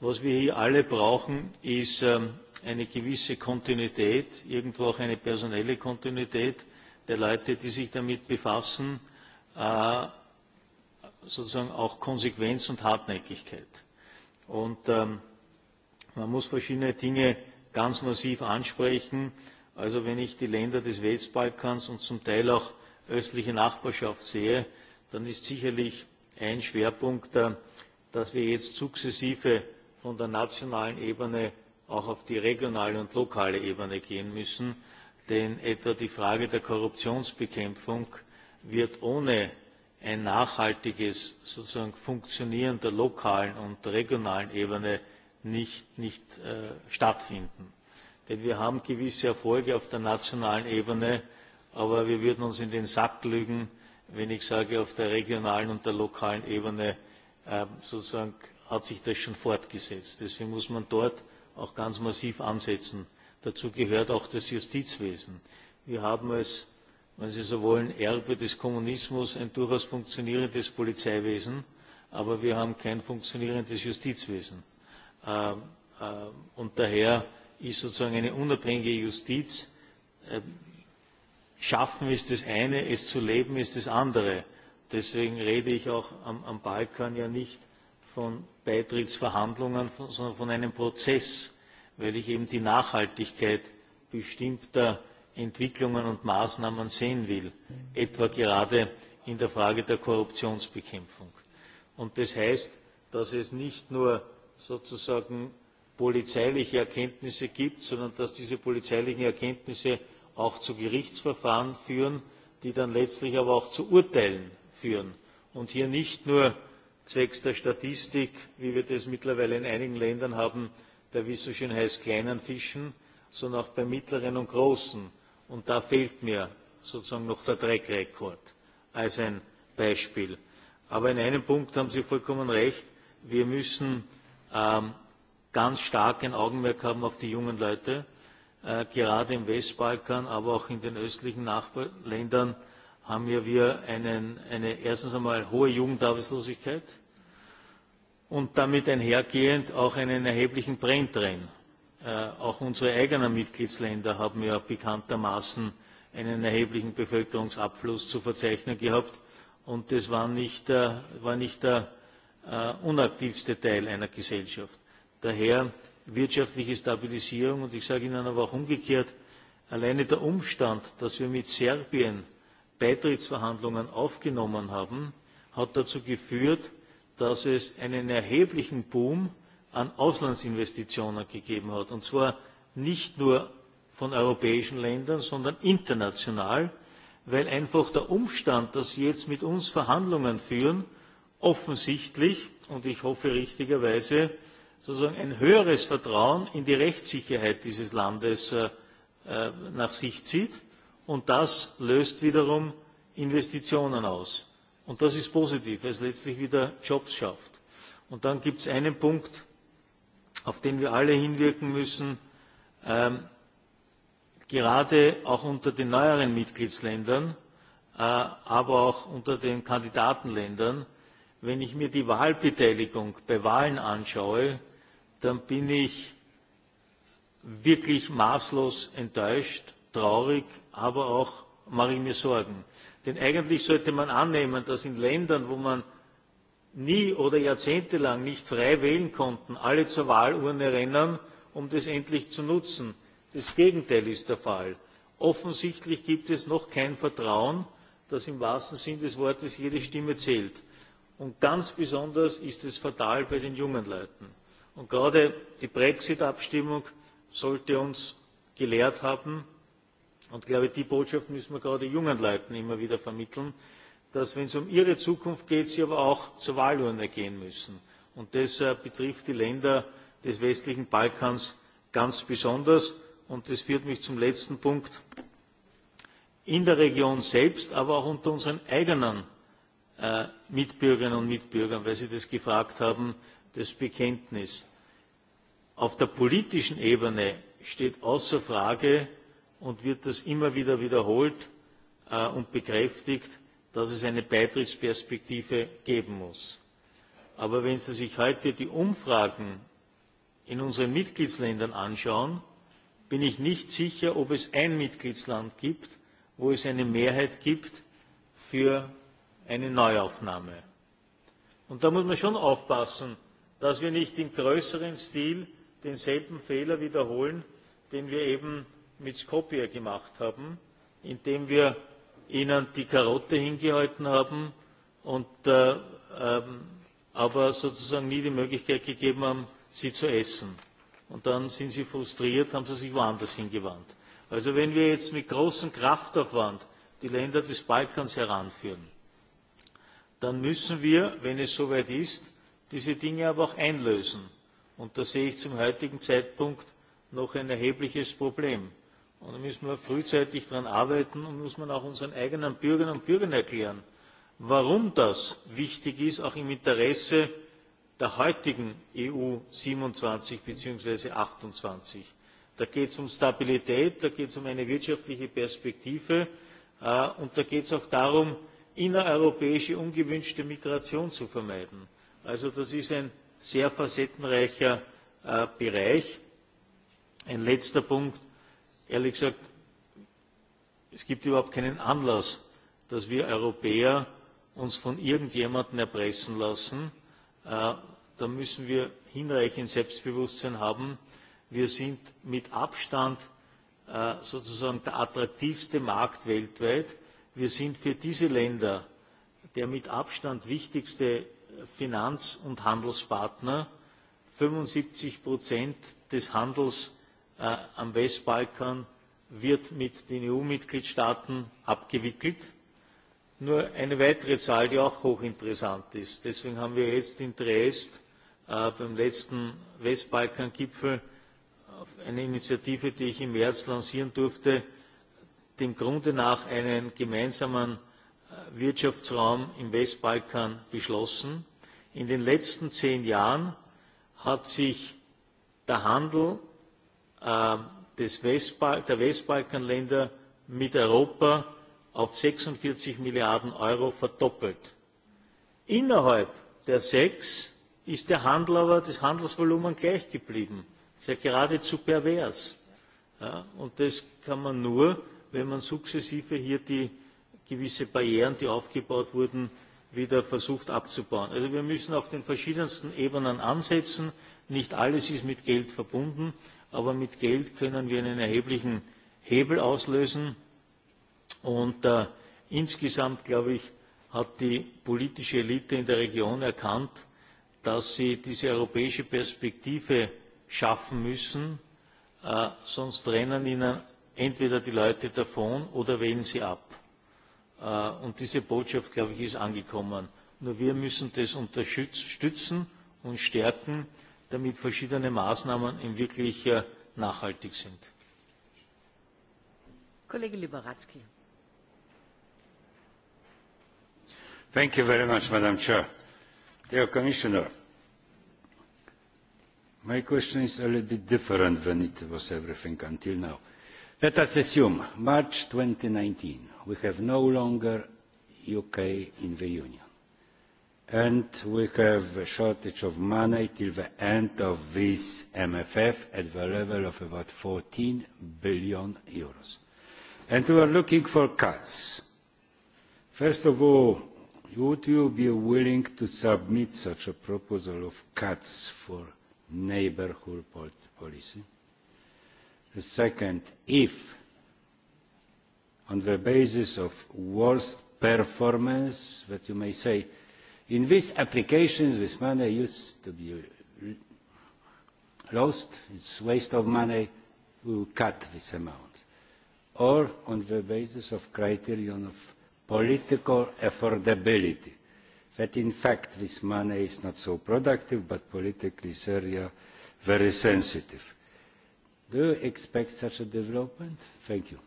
Was wir hier alle brauchen, ist ähm, eine gewisse Kontinuität, irgendwo auch eine personelle Kontinuität der Leute, die sich damit befassen, äh, sozusagen auch Konsequenz und Hartnäckigkeit. Und ähm, man muss verschiedene Dinge ganz massiv ansprechen. Also wenn ich die Länder des Westbalkans und zum Teil auch östliche Nachbarschaft sehe, dann ist sicherlich ein Schwerpunkt, äh, dass wir jetzt sukzessive von der nationalen Ebene auch auf die regionale und lokale Ebene gehen müssen. Denn etwa die Frage der Korruptionsbekämpfung wird ohne ein nachhaltiges sozusagen Funktionieren der lokalen und regionalen Ebene nicht, nicht äh, stattfinden. Denn wir haben gewisse Erfolge auf der nationalen Ebene, aber wir würden uns in den Sack lügen, wenn ich sage, auf der regionalen und der lokalen Ebene äh, sozusagen hat sich das schon fortgesetzt. Deswegen muss man dort auch ganz massiv ansetzen. Dazu gehört auch das Justizwesen. Wir haben als, wenn Sie so wollen, Erbe des Kommunismus ein durchaus funktionierendes Polizeiwesen, aber wir haben kein funktionierendes Justizwesen. Ähm, äh, und daher ist sozusagen eine unabhängige Justiz, äh, schaffen ist das eine, es zu leben ist das andere. Deswegen rede ich auch am, am Balkan ja nicht von Beitrittsverhandlungen, sondern von einem Prozess, weil ich eben die Nachhaltigkeit bestimmter Entwicklungen und Maßnahmen sehen will, etwa gerade in der Frage der Korruptionsbekämpfung. Und das heißt, dass es nicht nur sozusagen polizeiliche Erkenntnisse gibt, sondern dass diese polizeilichen Erkenntnisse auch zu Gerichtsverfahren führen, die dann letztlich aber auch zu Urteilen führen. Und hier nicht nur zwecks der statistik wie wir das mittlerweile in einigen ländern haben bei wie es so schön heißt kleinen fischen sondern auch bei mittleren und großen. und da fehlt mir sozusagen noch der track record als ein beispiel. aber in einem punkt haben sie vollkommen recht wir müssen ähm, ganz stark ein augenmerk haben auf die jungen leute äh, gerade im westbalkan aber auch in den östlichen nachbarländern haben ja wir einen, eine erstens einmal hohe Jugendarbeitslosigkeit und damit einhergehend auch einen erheblichen Brenntrain. Äh, auch unsere eigenen Mitgliedsländer haben ja bekanntermaßen einen erheblichen Bevölkerungsabfluss zu verzeichnen gehabt und das war nicht der, war nicht der äh, unaktivste Teil einer Gesellschaft. Daher wirtschaftliche Stabilisierung und ich sage Ihnen aber auch umgekehrt, alleine der Umstand, dass wir mit Serbien beitrittsverhandlungen aufgenommen haben hat dazu geführt dass es einen erheblichen boom an auslandsinvestitionen gegeben hat und zwar nicht nur von europäischen ländern sondern international weil einfach der umstand dass sie jetzt mit uns verhandlungen führen offensichtlich und ich hoffe richtigerweise sozusagen ein höheres vertrauen in die rechtssicherheit dieses landes äh, äh, nach sich zieht und das löst wiederum investitionen aus. und das ist positiv weil es letztlich wieder jobs schafft. und dann gibt es einen punkt auf den wir alle hinwirken müssen ähm, gerade auch unter den neueren mitgliedsländern äh, aber auch unter den kandidatenländern wenn ich mir die wahlbeteiligung bei wahlen anschaue dann bin ich wirklich maßlos enttäuscht traurig aber auch mache ich mir Sorgen. Denn eigentlich sollte man annehmen, dass in Ländern, wo man nie oder jahrzehntelang nicht frei wählen konnten, alle zur Wahlurne rennen, um das endlich zu nutzen. Das Gegenteil ist der Fall. Offensichtlich gibt es noch kein Vertrauen, dass im wahrsten Sinn des Wortes jede Stimme zählt. Und ganz besonders ist es fatal bei den jungen Leuten. Und gerade die Brexit-Abstimmung sollte uns gelehrt haben, und ich glaube die botschaft müssen wir gerade jungen leuten immer wieder vermitteln dass wenn es um ihre zukunft geht sie aber auch zur wahlurne gehen müssen. das äh, betrifft die länder des westlichen balkans ganz besonders und das führt mich zum letzten punkt in der region selbst aber auch unter unseren eigenen äh, mitbürgerinnen und mitbürgern weil sie das gefragt haben das bekenntnis auf der politischen ebene steht außer frage und wird es immer wieder wiederholt äh, und bekräftigt dass es eine beitrittsperspektive geben muss. aber wenn sie sich heute die umfragen in unseren mitgliedstaaten anschauen bin ich nicht sicher ob es ein mitgliedsland gibt wo es eine mehrheit gibt für eine neuaufnahme. und da muss man schon aufpassen dass wir nicht im größeren stil denselben fehler wiederholen den wir eben mit skopje gemacht haben indem wir ihnen die karotte hingehalten haben und äh, ähm, aber sozusagen nie die möglichkeit gegeben haben sie zu essen. und dann sind sie frustriert haben sie sich woanders hingewandt. also wenn wir jetzt mit großem kraftaufwand die länder des balkans heranführen dann müssen wir wenn es soweit ist diese dinge aber auch einlösen. und da sehe ich zum heutigen zeitpunkt noch ein erhebliches problem. Und da müssen wir frühzeitig daran arbeiten und muss man auch unseren eigenen Bürgern und Bürgern erklären, warum das wichtig ist, auch im Interesse der heutigen EU 27 bzw. 28. Da geht es um Stabilität, da geht es um eine wirtschaftliche Perspektive äh, und da geht es auch darum, innereuropäische ungewünschte Migration zu vermeiden. Also das ist ein sehr facettenreicher äh, Bereich. Ein letzter Punkt ehrlich gesagt es gibt überhaupt keinen anlass dass wir europäer uns von irgendjemandem erpressen lassen. Äh, da müssen wir hinreichend selbstbewusstsein haben. wir sind mit abstand äh, sozusagen der attraktivste markt weltweit. wir sind für diese länder der mit abstand wichtigste finanz und handelspartner. fünfundsiebzig des handels Äh, am westbalkan wird mit den eu mitgliedstaaten abgewickelt. nur eine weitere zahl die auch hochinteressant ist deswegen haben wir jetzt in triest äh, beim letzten westbalkan gipfel eine initiative die ich im märz lancieren durfte dem grunde nach einen gemeinsamen äh, wirtschaftsraum im westbalkan beschlossen. in den letzten zehn jahren hat sich der handel Ähm, der westbalkanländer mit europa auf sechsundvierzig milliarden euro verdoppelt. innerhalb der sechs ist der handel aber das handelsvolumen gleich geblieben. das ist ja geradezu pervers. Ja, und das kann man nur wenn man sukzessive hier gewisse barrieren die aufgebaut wurden wieder versucht abzubauen. also wir müssen auf den verschiedensten ebenen ansetzen. nicht alles ist mit geld verbunden aber mit Geld können wir einen erheblichen Hebel auslösen. Und äh, insgesamt, glaube ich, hat die politische Elite in der Region erkannt, dass sie diese europäische Perspektive schaffen müssen, äh, sonst rennen ihnen entweder die Leute davon oder wählen sie ab. Äh, und diese Botschaft, glaube ich, ist angekommen. Nur wir müssen das unterstützen und stärken damit verschiedene Maßnahmen wirklich äh, nachhaltig sind. Kollege Liberatsky. Thank you very much, Madam Chair. Dear Commissioner, my question is a little bit different than it was everything until now. Let us assume March 2019, we have no longer UK in the Union and we have a shortage of money till the end of this MFF at the level of about €14 billion. Euros. And we are looking for cuts. First of all, would you be willing to submit such a proposal of cuts for neighbourhood policy? The second, if on the basis of worst performance that you may say in these applications this money used to be lost it's waste of money we will cut this amount or on the basis of criterion of political affordability that in fact this money is not so productive but politically this area very sensitive. do you expect such a development? thank you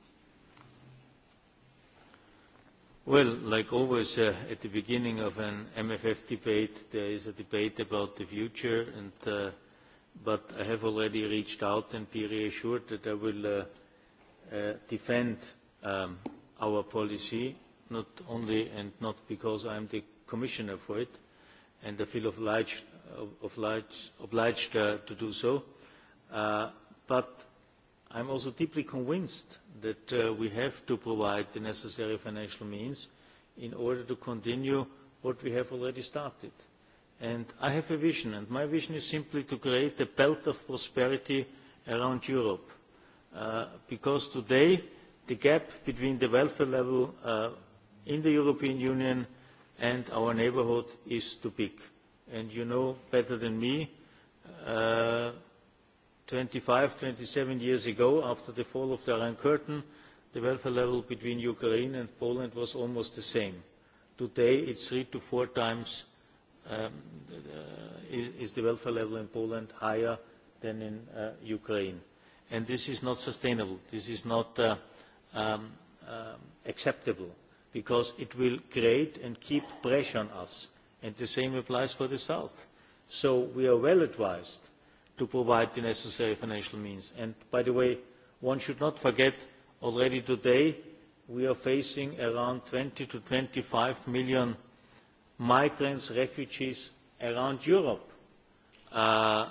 like always uh, at the beginning of an mff debate there is a debate about the future uh, but i have already reached out and be reassured that i will uh, defend um, our policy not only and not because i am the commissioner for it and i feel obliged obliged to do so but I'm also deeply convinced that uh, we have to provide the necessary financial means in order to continue what we have already started. And I have a vision, and my vision is simply to create a belt of prosperity around Europe. Uh, because today, the gap between the welfare level uh, in the European Union and our neighborhood is too big. And you know better than me uh, twenty five twenty seven years ago after the fall of the iron curtain the welfare level between ukraine and poland was almost the same. today it is three to four times um, higher uh, the welfare level in poland than in uh, ukraine and this is not sustainable. this is not uh, um, um, acceptable because it will create and keep pressure on us and the same applies for the south. so we are well advised to provide the necessary financial means. By the way, one should not forget already today we are facing around 20 to 25 million migrants, refugees around Europe, uh,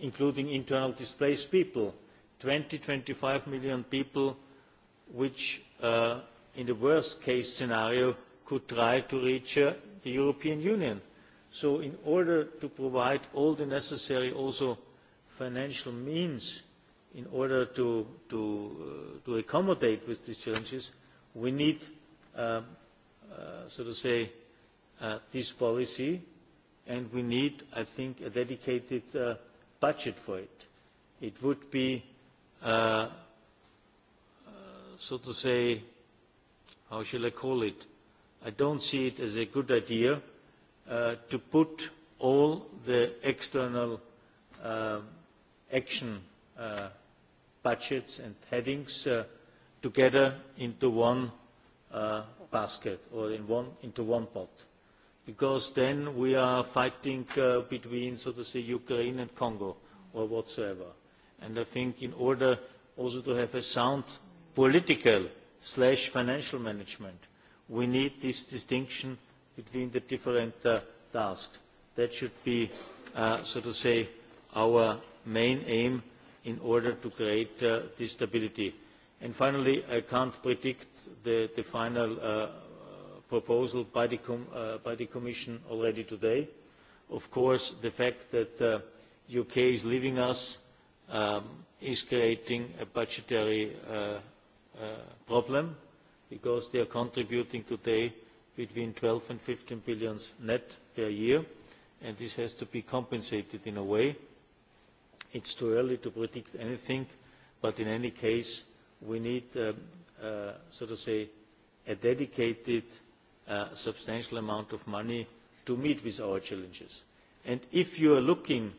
including internal displaced people. 20, 25 million people which uh, in the worst case scenario could try to reach uh, the European Union so in order to provide all the necessary also financial means in order to to uh, to accommodate with these challenges we need uh, uh, so to say uh, this policy and we need i think a dedicated uh, budget for it it would be uh, uh so to say, how shall I call it? I don't see it as a good idea Uh, to put all the external uh, action uh, budgets and headings uh, together into one uh, basket or in one, into one pot. Because then we are fighting uh, between, so to say, Ukraine and Congo or whatsoever. And I think in order also to have a sound political slash financial management, we need this distinction between the different uh, tasks. That should be, uh, so to say, our main aim in order to create uh, this stability. And finally, I can't predict the, the final uh, proposal by the, com uh, by the Commission already today. Of course, the fact that the uh, UK is leaving us um, is creating a budgetary uh, uh, problem because they are contributing today between eur twelve and fifteen billion net per year and this has to be compensated in a way. it is too early to predict anything but in any case we need um, uh, so to say a dedicated uh, substantial amount of money to meet with our challenges. if you are looking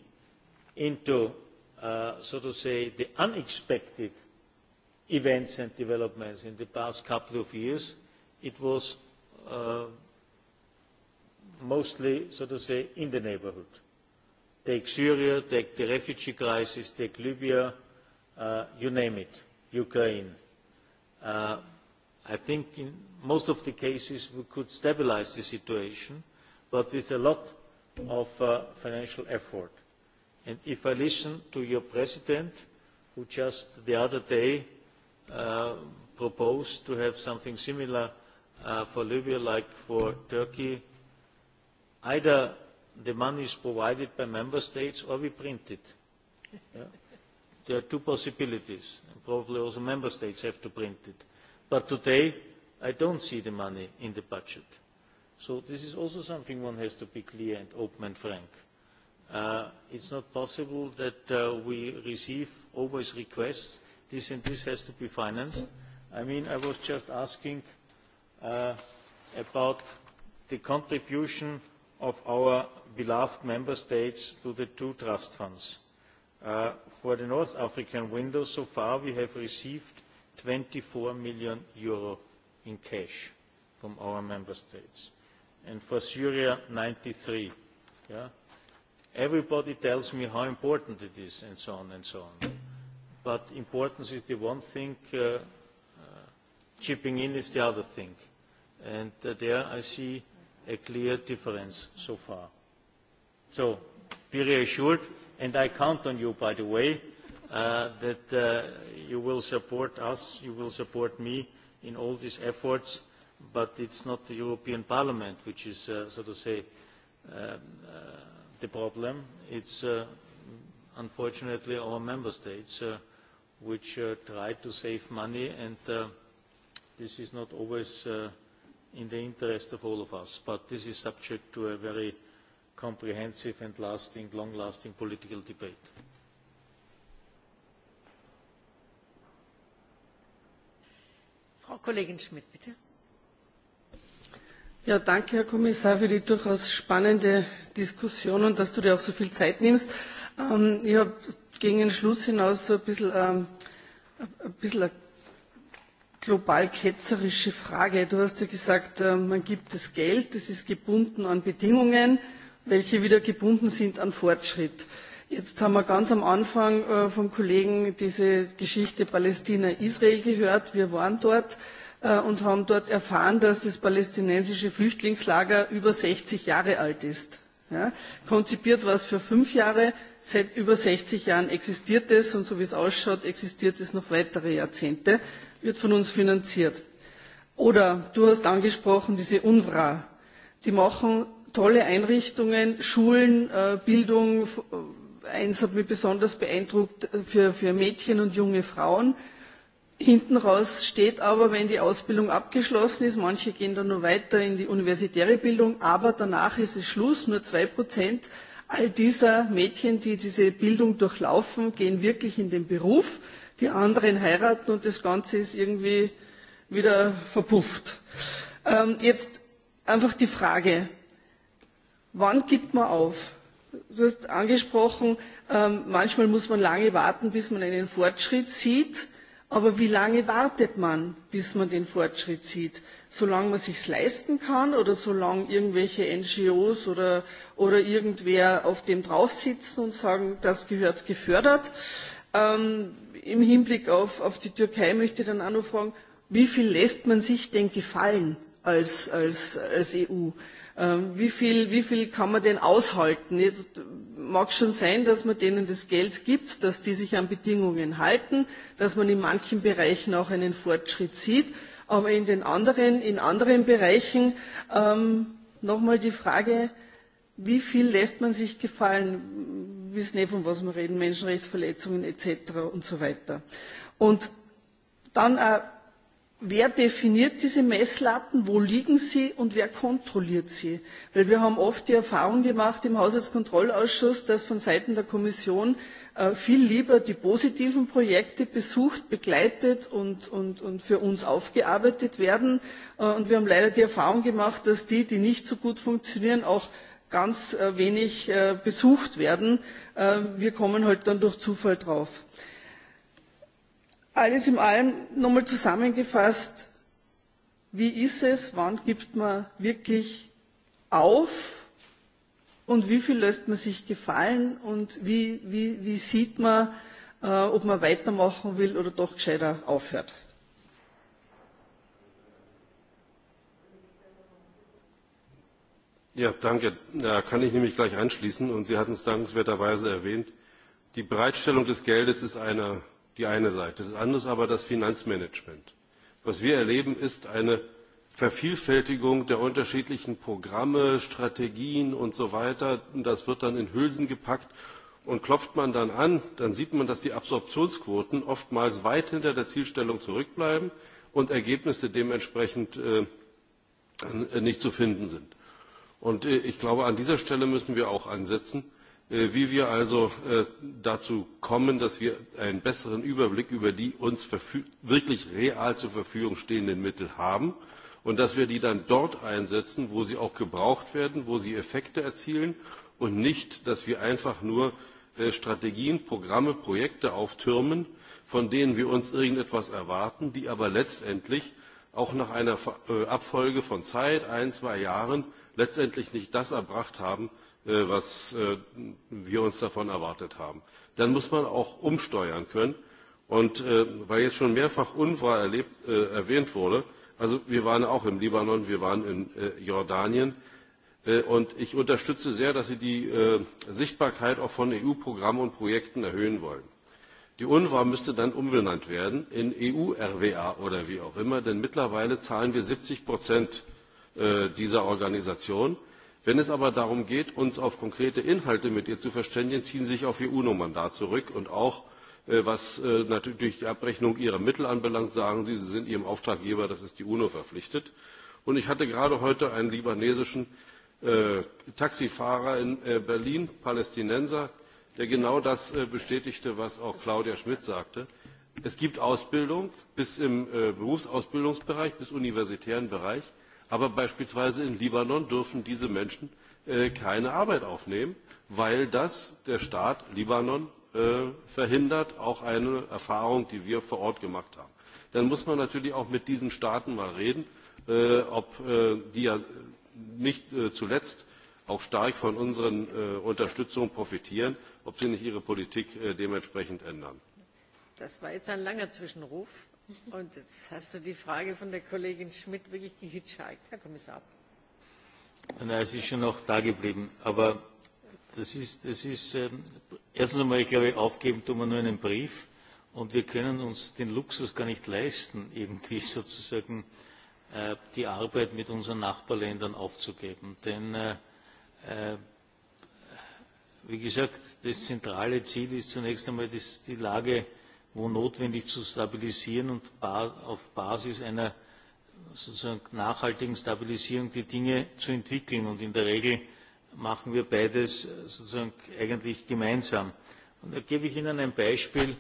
into uh, so to say the unexpected events and developments in the past couple of years it was Uh, mostly, so to say, in the neighborhood. Take Syria, take the refugee crisis, take Libya, uh, you name it, Ukraine. Uh, I think in most of the cases we could stabilize the situation, but with a lot of uh, financial effort. And if I listen to your president, who just the other day uh, proposed to have something similar uh, for Libya like for Turkey, either the money is provided by member states or we print it. Yeah? There are two possibilities. Probably also member states have to print it. But today, I don't see the money in the budget. So this is also something one has to be clear and open and frank. Uh, it's not possible that uh, we receive always requests, this and this has to be financed. I mean, I was just asking uh, Uh, about the contribution of our beloved member states to the two trust funds. Uh, for the north african window so far we have received eur twenty four million in cash from our member states and for syria ninety three. everybody tells me how important it is and so on and so on but importance is the one thing uh, chipping in is the other thing and uh, there i see a clear difference so far. so be reassured and i count on you by the way uh, that uh, you will support us you will support me in all these efforts but it is not the european parliament which is so to say um, the problem it is unfortunately our member states which try to save money and this is not always in the interest of all of us but this is subject to a very comprehensive and lasting long lasting political debate. Frau Kollegin Schmidt, bitte. Ja, danke, Herr Kommissar, für die durchaus spannende Diskussion und dass du dir auch so viel Zeit nimmst. Ähm, ich habe gegen den Schluss hinaus so ein bisschen, ähm, ein bisschen global ketzerische Frage. Du hast ja gesagt, äh, man gibt das Geld, das ist gebunden an Bedingungen, welche wieder gebunden sind an Fortschritt. Jetzt haben wir ganz am Anfang äh, vom Kollegen diese Geschichte Palästina-Israel gehört. Wir waren dort äh, und haben dort erfahren, dass das palästinensische Flüchtlingslager über 60 Jahre alt ist. Ja, konzipiert war es für fünf Jahre, seit über 60 Jahren existiert es und so wie es ausschaut, existiert es noch weitere Jahrzehnte wird von uns finanziert. Oder du hast angesprochen diese UNWRA. Die machen tolle Einrichtungen, Schulen, äh, Bildung. Äh, eins hat mich besonders beeindruckt äh, für, für Mädchen und junge Frauen. Hinten raus steht aber, wenn die Ausbildung abgeschlossen ist, manche gehen dann nur weiter in die universitäre Bildung, aber danach ist es Schluss, nur zwei Prozent all dieser Mädchen, die diese Bildung durchlaufen, gehen wirklich in den Beruf die anderen heiraten und das Ganze ist irgendwie wieder verpufft. Ähm, jetzt einfach die Frage, wann gibt man auf? Du hast angesprochen, ähm, manchmal muss man lange warten, bis man einen Fortschritt sieht. Aber wie lange wartet man, bis man den Fortschritt sieht? Solange man sich leisten kann oder solange irgendwelche NGOs oder, oder irgendwer auf dem drauf sitzen und sagen, das gehört gefördert? Ähm, Im Hinblick auf, auf die Türkei möchte ich dann auch noch fragen, wie viel lässt man sich denn gefallen als, als, als EU? Ähm, wie viel, wie viel kann man denn aushalten? Jetzt mag es schon sein, dass man denen das Geld gibt, dass die sich an Bedingungen halten, dass man in manchen Bereichen auch einen Fortschritt sieht, aber in den anderen, in anderen Bereichen ähm, nochmal die Frage, wie viel lässt man sich gefallen? wissen eh, von was wir reden, Menschenrechtsverletzungen etc. und so weiter. Und dann, äh, wer definiert diese Messlatten, wo liegen sie und wer kontrolliert sie? Weil wir haben oft die Erfahrung gemacht im Haushaltskontrollausschuss, dass von Seiten der Kommission äh, viel lieber die positiven Projekte besucht, begleitet und, und, und für uns aufgearbeitet werden. Äh, und wir haben leider die Erfahrung gemacht, dass die, die nicht so gut funktionieren, auch ganz äh, wenig äh, besucht werden. Äh, wir kommen halt dann durch Zufall drauf. Alles in allem nochmal zusammengefasst, wie ist es, wann gibt man wirklich auf und wie viel lässt man sich gefallen und wie, wie, wie sieht man, äh, ob man weitermachen will oder doch gescheiter aufhört. Ja, danke. Da kann ich nämlich gleich anschließen. Und Sie hatten es dankenswerterweise erwähnt. Die Bereitstellung des Geldes ist eine, die eine Seite. Das andere ist aber das Finanzmanagement. Was wir erleben, ist eine Vervielfältigung der unterschiedlichen Programme, Strategien und so weiter. Das wird dann in Hülsen gepackt. Und klopft man dann an, dann sieht man, dass die Absorptionsquoten oftmals weit hinter der Zielstellung zurückbleiben und Ergebnisse dementsprechend äh, nicht zu finden sind. Und äh, ich glaube, an dieser Stelle müssen wir auch ansetzen, äh, wie wir also äh, dazu kommen, dass wir einen besseren Überblick über die uns wirklich real zur Verfügung stehenden Mittel haben und dass wir die dann dort einsetzen, wo sie auch gebraucht werden, wo sie Effekte erzielen und nicht, dass wir einfach nur Strategien, Programme, Projekte auftürmen, von denen wir uns irgendetwas erwarten, die aber letztendlich auch nach einer Abfolge von Zeit, ein, zwei Jahren, letztendlich nicht das erbracht haben, äh, was äh, wir uns davon erwartet haben. Dann muss man auch umsteuern können. Und äh, weil jetzt schon mehrfach UNRWA erlebt, äh, erwähnt wurde, also wir waren auch im Libanon, wir waren in äh, Jordanien. Äh, und ich unterstütze sehr, dass Sie die äh, Sichtbarkeit auch von EU-Programmen und Projekten erhöhen wollen. Die UNRWA müsste dann umbenannt werden in EU-RWA oder wie auch immer, denn mittlerweile zahlen wir 70 Prozent äh, Äh, dieser Organisation. Wenn es aber darum geht, uns auf konkrete Inhalte mit ihr zu verständigen, ziehen sie sich auf ihr UNO-Mandat zurück. Und auch, äh, was äh, natürlich die Abrechnung ihrer Mittel anbelangt, sagen sie, sie sind ihrem Auftraggeber, das ist die UNO verpflichtet. Und ich hatte gerade heute einen libanesischen äh, Taxifahrer in äh, Berlin, Palästinenser, der genau das äh, bestätigte, was auch Claudia Schmidt sagte. Es gibt Ausbildung bis im äh, Berufsausbildungsbereich, bis universitären Bereich aber beispielsweise im libanon dürfen diese menschen äh, keine arbeit aufnehmen weil das der staat libanon äh, verhindert auch eine erfahrung die wir vor ort gemacht haben. dann muss man natürlich auch mit diesen staaten mal reden äh, die ja nicht zuletzt auch stark von unserer unterstützung profitieren ob sie nicht ihre politik dementsprechend ändern. das war jetzt ein langer zwischenruf. Und jetzt hast du die Frage von der Kollegin Schmidt wirklich gehitchhiked, Herr Kommissar. Nein, es ist schon noch da geblieben. Aber das ist, das ist ähm, erstens einmal, ich glaube, aufgeben tun wir nur einen Brief. Und wir können uns den Luxus gar nicht leisten, irgendwie sozusagen äh, die Arbeit mit unseren Nachbarländern aufzugeben. Denn, äh, äh, wie gesagt, das zentrale Ziel ist zunächst einmal das, die Lage, wo notwendig zu stabilisieren und auf Basis einer sozusagen nachhaltigen Stabilisierung die Dinge zu entwickeln. Und in der Regel machen wir beides äh, sozusagen eigentlich gemeinsam. Und da gebe ich Ihnen ein Beispiel,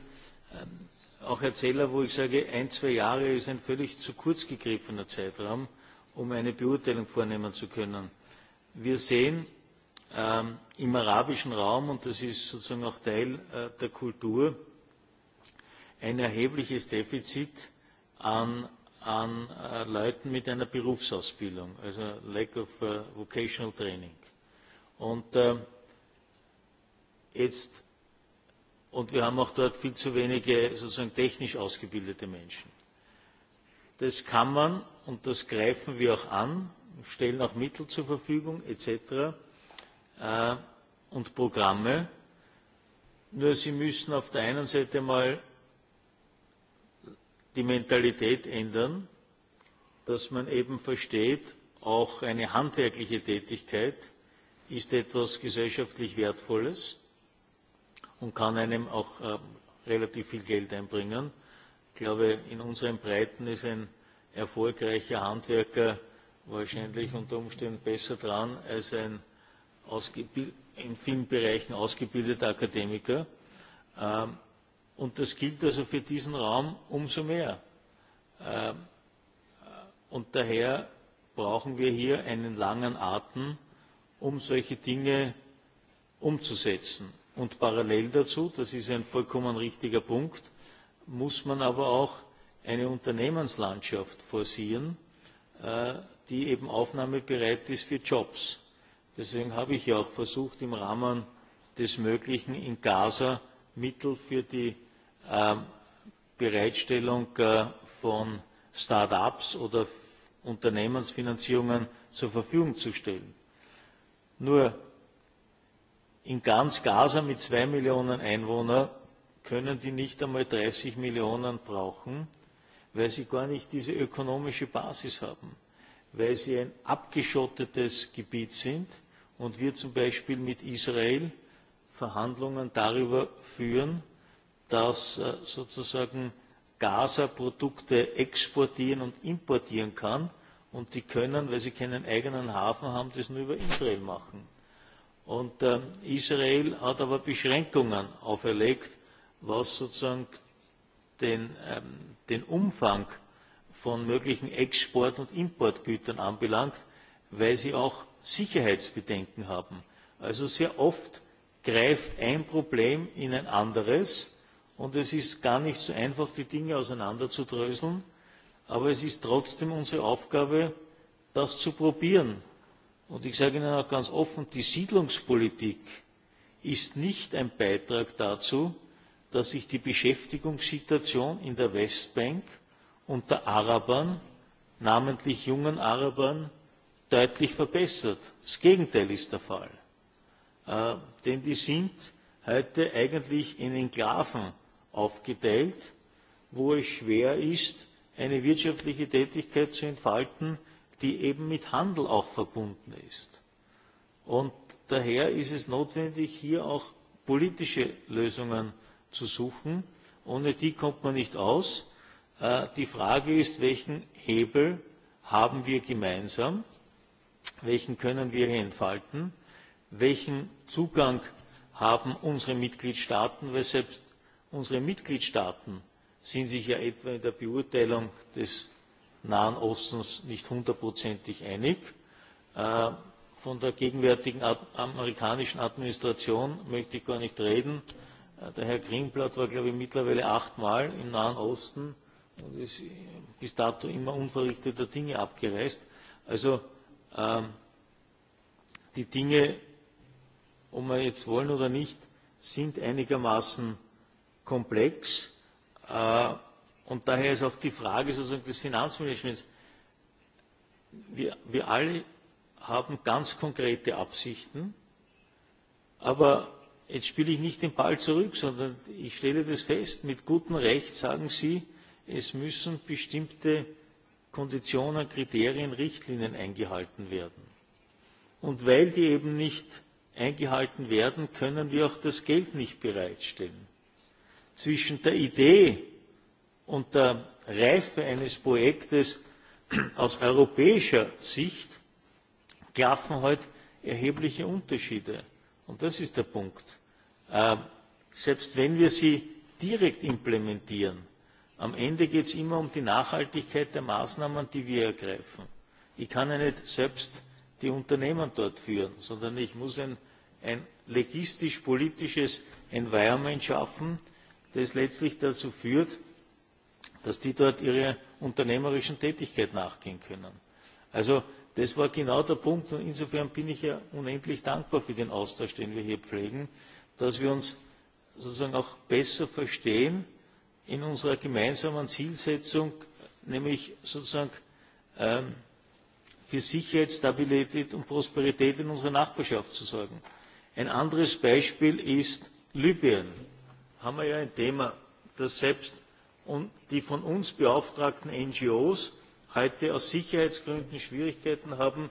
ähm, auch Erzähler, wo ich sage, ein, zwei Jahre ist ein völlig zu kurz gegriffener Zeitraum, um eine Beurteilung vornehmen zu können. Wir sehen ähm, im arabischen Raum, und das ist sozusagen auch Teil äh, der Kultur, ein erhebliches defizit an äh, leuten mit einer berufsausbildung also lack of äh, vocational training. Ähm, und wir haben auch dort viel zu wenige sozusagen technisch ausgebildete menschen. das kann man und das greifen wir auch an stellen auch mittel zur verfügung etc. Äh, und programme nur sie müssen auf der einen seite mal die Mentalität ändern, dass man eben versteht, auch eine handwerkliche Tätigkeit ist etwas gesellschaftlich Wertvolles und kann einem auch äh, relativ viel Geld einbringen. Ich glaube, in unseren Breiten ist ein erfolgreicher Handwerker wahrscheinlich unter Umständen besser dran als ein in vielen Bereichen ausgebildeter Akademiker. Ähm, Und das gilt also für diesen Raum umso mehr. Ähm, äh, und daher brauchen wir hier einen langen Atem, um solche Dinge umzusetzen. Und parallel dazu, das ist ein vollkommen richtiger Punkt, muss man aber auch eine Unternehmenslandschaft forcieren, äh, die eben aufnahmebereit ist für Jobs. Deswegen habe ich ja auch versucht, im Rahmen des Möglichen in Gaza mittel für die ähm, bereitstellung äh, von start ups oder unternehmensfinanzierungen zur verfügung zu stellen. nur in ganz gaza mit zwei millionen einwohnern können die nicht einmal 30 millionen brauchen weil sie gar nicht diese ökonomische basis haben weil sie ein abgeschottetes gebiet sind und wir zum beispiel mit israel Verhandlungen darüber führen, dass äh, sozusagen Gaza Produkte exportieren und importieren kann. Und die können, weil sie keinen eigenen Hafen haben, das nur über Israel machen. Und äh, Israel hat aber Beschränkungen auferlegt, was sozusagen den, ähm, den Umfang von möglichen Export- und Importgütern anbelangt, weil sie auch Sicherheitsbedenken haben. Also sehr oft greift ein problem in ein anderes und es ist gar nicht so einfach die dinge auseinanderzudröseln aber es ist trotzdem unsere aufgabe das zu probieren. und ich sage ihnen auch ganz offen die siedlungspolitik ist nicht ein beitrag dazu dass sich die beschäftigungssituation in der westbank unter arabern namentlich jungen arabern deutlich verbessert. das gegenteil ist der fall. Äh, denn die sind heute eigentlich in enklaven aufgeteilt wo es schwer ist eine wirtschaftliche tätigkeit zu entfalten die eben mit handel auch verbunden ist. und daher ist es notwendig hier auch politische lösungen zu suchen. ohne die kommt man nicht aus. Äh, die frage ist welchen hebel haben wir gemeinsam? welchen können wir hier entfalten? welchen zugang haben unsere mitgliedstaaten weil selbst unsere mitgliedstaaten sind sich ja etwa in der beurteilung des nahen ostens nicht hundertprozentig einig. Äh, von der gegenwärtigen amerikanischen administration möchte ich gar nicht reden. Äh, der herr greenblatt war glaube ich mittlerweile achtmal im nahen osten und ist äh, bis dato immer unverrichteter dinge abgereist. also ähm, die dinge ob wir jetzt wollen oder nicht, sind einigermaßen komplex. Äh, und daher ist auch die Frage sozusagen des Finanzmanagements. Wir, wir alle haben ganz konkrete Absichten, aber jetzt spiele ich nicht den Ball zurück, sondern ich stelle das fest, mit gutem Recht sagen Sie, es müssen bestimmte Konditionen, Kriterien, Richtlinien eingehalten werden. Und weil die eben nicht eingehalten werden, können wir auch das Geld nicht bereitstellen. Zwischen der Idee und der Reife eines Projektes aus europäischer Sicht klaffen heute erhebliche Unterschiede. Und das ist der Punkt. Ähm, selbst wenn wir sie direkt implementieren, am Ende geht es immer um die Nachhaltigkeit der Maßnahmen, die wir ergreifen. Ich kann ja nicht selbst die unternehmen dort führen sondern ich muss ein, ein logistisch politisches environment schaffen das letztlich dazu führt dass die dort ihre unternehmerischen tätigkeit nachgehen können. also das war genau der punkt und insofern bin ich ja unendlich dankbar für den austausch den wir hier pflegen dass wir uns sozusagen auch besser verstehen in unserer gemeinsamen zielsetzung nämlich sozusagen ähm, für sicherheit stabilität und prosperität in unserer nachbarschaft zu sorgen. ein anderes beispiel ist libyen. da haben wir ja ein thema das selbst die von uns beauftragten ngos heute aus sicherheitsgründen schwierigkeiten haben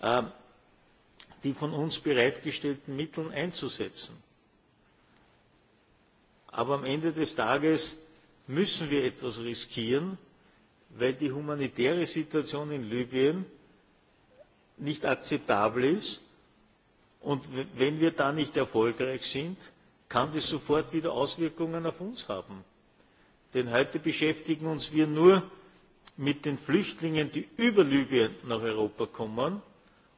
ähm, die von uns bereitgestellten mittel einzusetzen. aber am ende des tages müssen wir etwas riskieren weil die humanitäre situation in libyen nicht akzeptabel ist. Und wenn wir da nicht erfolgreich sind, kann das sofort wieder Auswirkungen auf uns haben. Denn heute beschäftigen uns wir nur mit den Flüchtlingen, die über Libyen nach Europa kommen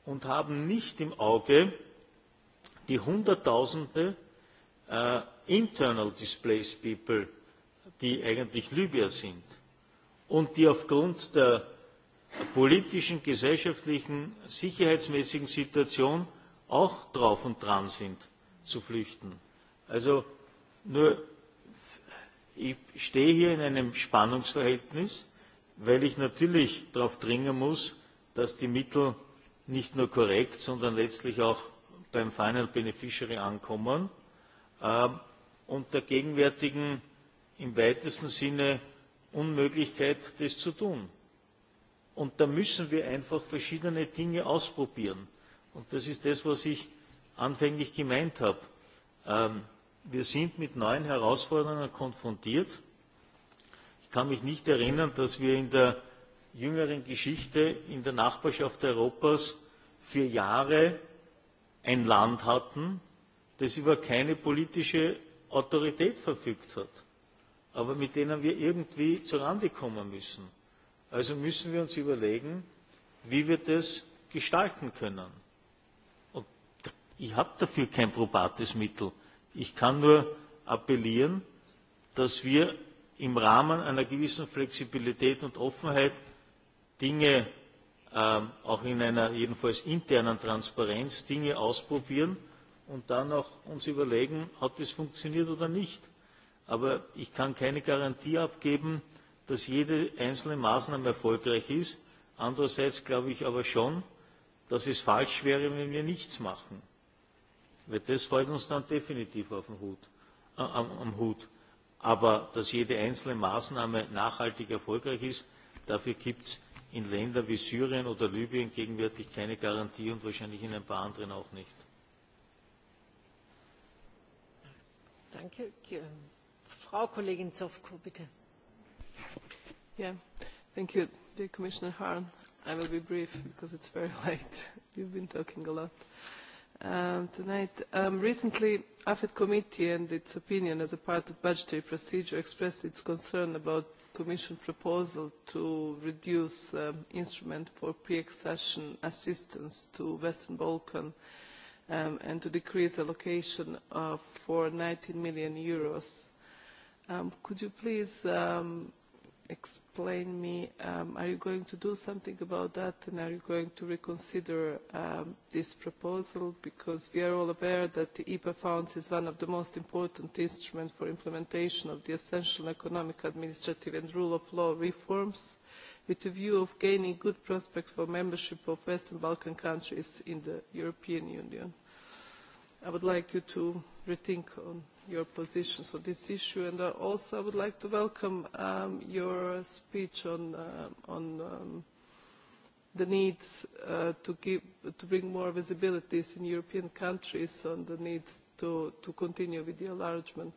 und haben nicht im Auge die Hunderttausende äh, Internal Displaced People, die eigentlich Libyer sind und die aufgrund der politischen, gesellschaftlichen, sicherheitsmäßigen Situation auch drauf und dran sind, zu flüchten. Also nur, ich stehe hier in einem Spannungsverhältnis, weil ich natürlich darauf dringen muss, dass die Mittel nicht nur korrekt, sondern letztlich auch beim Final Beneficiary ankommen äh, und der gegenwärtigen im weitesten Sinne Unmöglichkeit, das zu tun und da müssen wir einfach verschiedene dinge ausprobieren. und das ist das was ich anfänglich gemeint habe ähm, wir sind mit neuen herausforderungen konfrontiert. ich kann mich nicht erinnern dass wir in der jüngeren geschichte in der nachbarschaft europas für jahre ein land hatten das über keine politische autorität verfügt hat aber mit denen wir irgendwie zurande kommen müssen. Also müssen wir uns überlegen, wie wir das gestalten können. Und ich habe dafür kein probates Mittel. Ich kann nur appellieren, dass wir im Rahmen einer gewissen Flexibilität und Offenheit Dinge ähm, auch in einer jedenfalls internen Transparenz Dinge ausprobieren und dann auch uns überlegen, hat es funktioniert oder nicht. Aber ich kann keine Garantie abgeben, dass jede einzelne Maßnahme erfolgreich ist. Andererseits glaube ich aber schon, dass es falsch wäre, wenn wir nichts machen. Weil das fällt uns dann definitiv auf den Hut, äh, am, am Hut. Aber dass jede einzelne Maßnahme nachhaltig erfolgreich ist, dafür gibt es in Ländern wie Syrien oder Libyen gegenwärtig keine Garantie und wahrscheinlich in ein paar anderen auch nicht. Danke. Frau Kollegin Zofko, bitte dear commissioner hahn i will be brief because it is very late you have been talking a lot um, tonight. Um, recently the afet committee in its opinion as a part of budgetary procedure expressed its concern about the commission proposal to reduce the um, instrument for pre accession assistance to the western balkans and to decrease allocation uh, for eur nineteen million. could you please explain me um, are you going to do something about that and are you going to reconsider um, this proposal because we are all aware that the IPA e funds is one of the most important instruments for implementation of the essential economic administrative and rule of law reforms with a view of gaining good prospects for membership of Western Balkan countries in the European Union. I would like you to rethink on your positions on this issue. And uh, also, I would like to welcome um, your speech on uh, on um, the needs uh, to give to bring more visibilities in European countries on the needs to to continue with the enlargement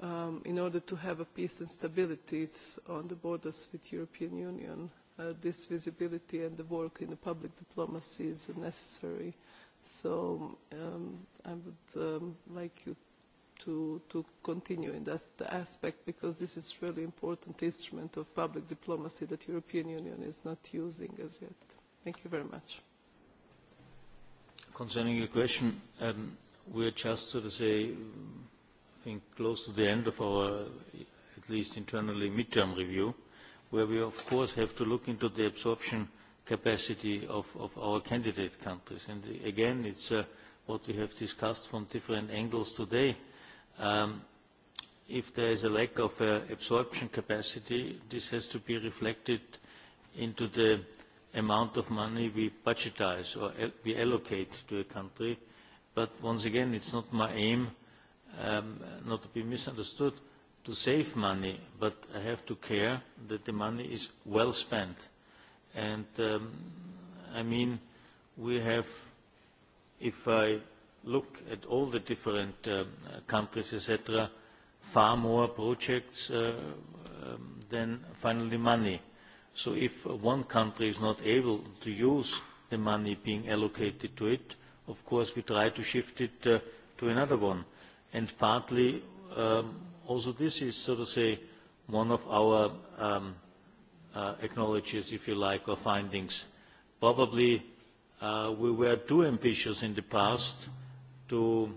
um, in order to have a peace and stability on the borders with European Union. Uh, this visibility and the work in the public diplomacy is necessary. So um, I would um, like you to, to continue in that the aspect because this is really important instrument of public diplomacy that European Union is not using as yet. Thank you very much. Concerning your question, um, we are just, so to say, I think close to the end of our, at least internally, midterm review, where we of course have to look into the absorption capacity of, of our candidate countries. And again, it's uh, what we have discussed from different angles today. Um, if there is a lack of uh, absorption capacity, this has to be reflected into the amount of money we budgetize or we allocate to a country. But once again, it's not my aim, um, not to be misunderstood, to save money, but I have to care that the money is well spent. And um, I mean, we have, if I look at all the different uh, countries, etc., far more projects uh, um, than finally money. So if one country is not able to use the money being allocated to it, of course we try to shift it uh, to another one. And partly, um, also this is, so to say, one of our um, uh, acknowledges, if you like, or findings. Probably uh, we were too ambitious in the past to,